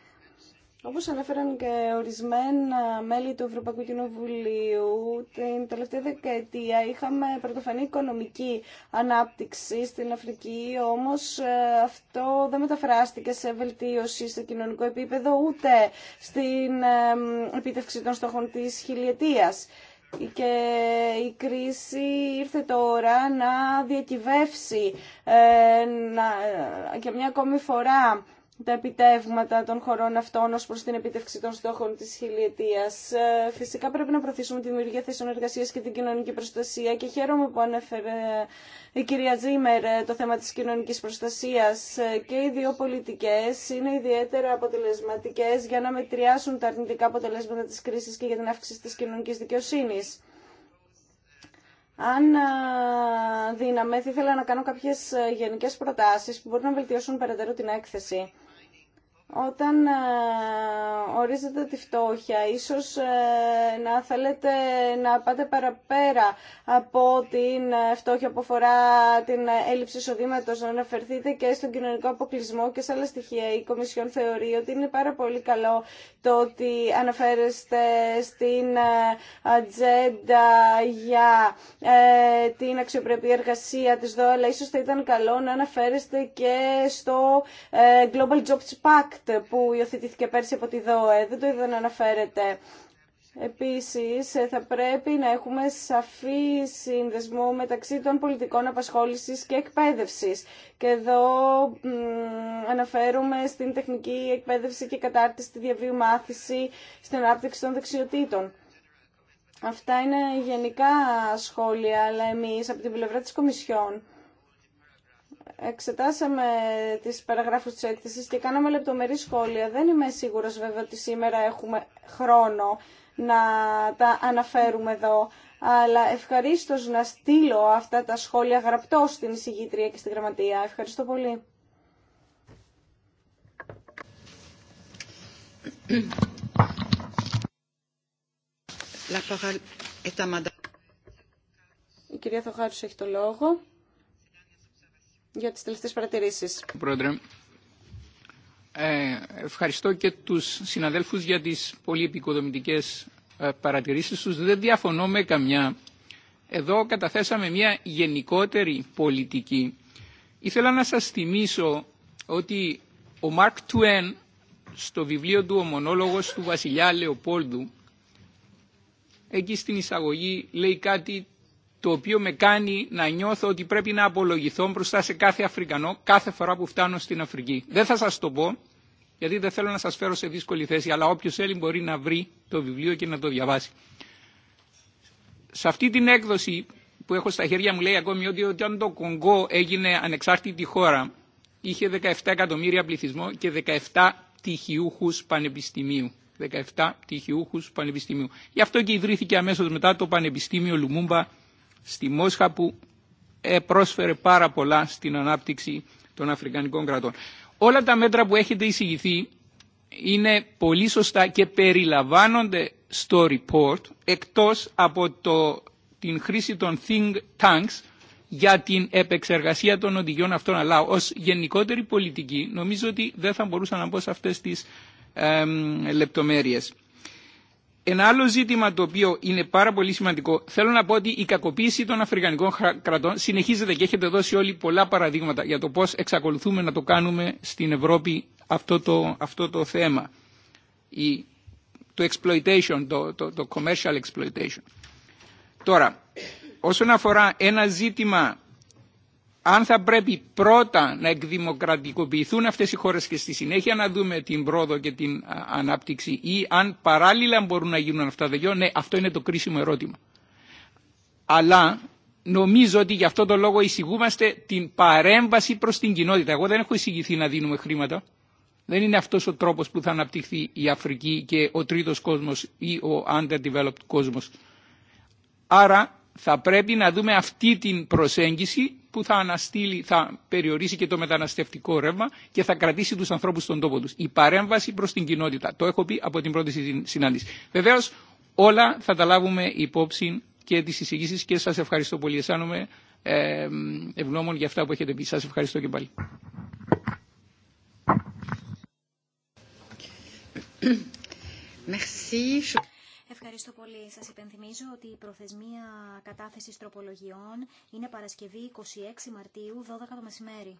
Όπως ανέφεραν και ορισμένα μέλη του Ευρωπαϊκού Κοινοβουλίου, την τελευταία δεκαετία είχαμε πρωτοφανή οικονομική ανάπτυξη στην Αφρική, όμως ε, αυτό δεν μεταφράστηκε σε βελτίωση στο κοινωνικό επίπεδο, ούτε στην ε, επίτευξη των στόχων της χιλιετίας και η κρίση ήρθε τώρα να διακυβεύσει ε, να, ε, και μια ακόμη φορά τα επιτεύγματα των χωρών αυτών ως προς την επίτευξη των στόχων της χιλιετίας. Ε, φυσικά πρέπει να προωθήσουμε τη δημιουργία θέσεων εργασίας και την κοινωνική προστασία και χαίρομαι που ανέφερε η κυρία Τζίμερ ε, το θέμα της κοινωνικής προστασίας ε, και οι δύο πολιτικές είναι ιδιαίτερα αποτελεσματικές για να μετριάσουν τα αρνητικά αποτελέσματα της κρίσης και για την αύξηση της κοινωνικής δικαιοσύνης. Αν δύναμε, θα ήθελα να κάνω κάποιες γενικές προτάσεις που μπορούν να βελτιώσουν περαιτέρω την έκθεση όταν ε, ορίζετε τη φτώχεια, ίσως ε, να θέλετε να πάτε παραπέρα από την ε, φτώχεια που αφορά την έλλειψη εισοδήματο, να αναφερθείτε και στον κοινωνικό αποκλεισμό και σε άλλα στοιχεία. Η Κομισιόν θεωρεί ότι είναι πάρα πολύ καλό το ότι αναφέρεστε στην ε, ατζέντα για ε, την αξιοπρεπή εργασία της ΔΟΕ, αλλά ίσως θα ήταν καλό να αναφέρεστε και στο ε, Global Jobs Pact που υιοθετήθηκε πέρσι από τη ΔΟΕ. Δεν το είδα να αναφέρετε. Επίσης, θα πρέπει να έχουμε σαφή συνδεσμό μεταξύ των πολιτικών απασχόλησης και εκπαίδευσης. Και εδώ αναφέρουμε στην τεχνική εκπαίδευση και κατάρτιση, τη διαβίου μάθηση, στην ανάπτυξη των δεξιοτήτων. Αυτά είναι γενικά σχόλια, αλλά εμείς από την πλευρά της Κομισιόν εξετάσαμε τις παραγράφους της έκθεσης και κάναμε λεπτομερή σχόλια. Δεν είμαι σίγουρος βέβαια ότι σήμερα έχουμε χρόνο να τα αναφέρουμε εδώ. Αλλά ευχαρίστως να στείλω αυτά τα σχόλια γραπτό στην εισηγήτρια και στην γραμματεία. Ευχαριστώ πολύ. Η κυρία Θοχάρους έχει το λόγο για τις τελευταίες παρατηρήσεις. Πρόεδρε, ε, ευχαριστώ και τους συναδέλφους για τις πολύ επικοδομητικές ε, παρατηρήσεις τους. Δεν διαφωνώ με καμιά. Εδώ καταθέσαμε μια γενικότερη πολιτική. Ήθελα να σας θυμίσω ότι ο Μάρκ Τουέν στο βιβλίο του «Ο του βασιλιά Λεοπόλδου» εκεί στην εισαγωγή λέει κάτι το οποίο με κάνει να νιώθω ότι πρέπει να απολογηθώ μπροστά σε κάθε Αφρικανό κάθε φορά που φτάνω στην Αφρική. Δεν θα σας το πω, γιατί δεν θέλω να σας φέρω σε δύσκολη θέση, αλλά όποιος θέλει μπορεί να βρει το βιβλίο και να το διαβάσει. Σε αυτή την έκδοση που έχω στα χέρια μου λέει ακόμη ότι όταν το Κονγκό έγινε ανεξάρτητη χώρα, είχε 17 εκατομμύρια πληθυσμό και 17 τυχιούχους πανεπιστημίου. 17 πανεπιστημίου. Γι' αυτό και ιδρύθηκε αμέσως μετά το Πανεπιστήμιο Λουμούμπα στη Μόσχα που πρόσφερε πάρα πολλά στην ανάπτυξη των Αφρικανικών κρατών. Όλα τα μέτρα που έχετε εισηγηθεί είναι πολύ σωστά και περιλαμβάνονται στο report εκτός από το, την χρήση των think tanks για την επεξεργασία των οδηγιών αυτών αλλά ως γενικότερη πολιτική νομίζω ότι δεν θα μπορούσα να μπω σε αυτές τις λεπτομέρειες. Ένα άλλο ζήτημα το οποίο είναι πάρα πολύ σημαντικό, θέλω να πω ότι η κακοποίηση των Αφρικανικών κρατών συνεχίζεται και έχετε δώσει όλοι πολλά παραδείγματα για το πώς εξακολουθούμε να το κάνουμε στην Ευρώπη αυτό το, αυτό το θέμα. Η, το exploitation, το, το, το commercial exploitation. Τώρα, όσον αφορά ένα ζήτημα αν θα πρέπει πρώτα να εκδημοκρατικοποιηθούν αυτές οι χώρες και στη συνέχεια να δούμε την πρόοδο και την ανάπτυξη ή αν παράλληλα μπορούν να γίνουν αυτά τα δυο, ναι αυτό είναι το κρίσιμο ερώτημα. Αλλά νομίζω ότι γι' αυτό το λόγο εισηγούμαστε την παρέμβαση προς την κοινότητα. Εγώ δεν έχω εισηγηθεί να δίνουμε χρήματα. Δεν είναι αυτός ο τρόπος που θα αναπτυχθεί η Αφρική και ο τρίτος κόσμος ή ο underdeveloped κόσμος. Άρα θα πρέπει να δούμε αυτή την προσέγγιση που θα αναστείλει, θα περιορίσει και το μεταναστευτικό ρεύμα και θα κρατήσει τους ανθρώπους στον τόπο τους. Η παρέμβαση προς την κοινότητα. Το έχω πει από την πρώτη συνάντηση. Βεβαίως όλα θα τα λάβουμε υπόψη και τις εισηγήσεις και σας ευχαριστώ πολύ. Αισθάνομαι ευγνώμων για αυτά που έχετε πει. Σας ευχαριστώ και πάλι. Ευχαριστώ πολύ. Σας υπενθυμίζω ότι η προθεσμία κατάθεσης τροπολογιών είναι Παρασκευή 26 Μαρτίου, 12 το μεσημέρι.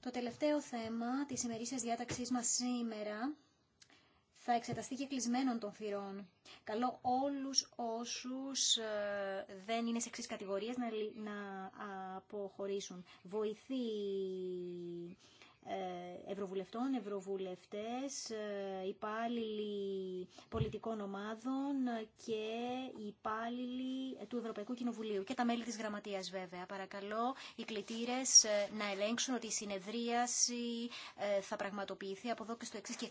Το τελευταίο θέμα της ημερήσιας διάταξής μας σήμερα θα εξεταστεί και κλεισμένων των θυρών. Καλό όλους όσους ε, δεν είναι σε εξής κατηγορίες να αποχωρήσουν. Βοηθή... Ε, ευρωβουλευτών, ευρωβουλευτές, ε, υπάλληλοι πολιτικών ομάδων και υπάλληλοι του Ευρωπαϊκού Κοινοβουλίου και τα μέλη της Γραμματείας βέβαια. Παρακαλώ οι κλητήρες ε, να ελέγξουν ότι η συνεδρίαση θα πραγματοποιηθεί από εδώ και στο εξής και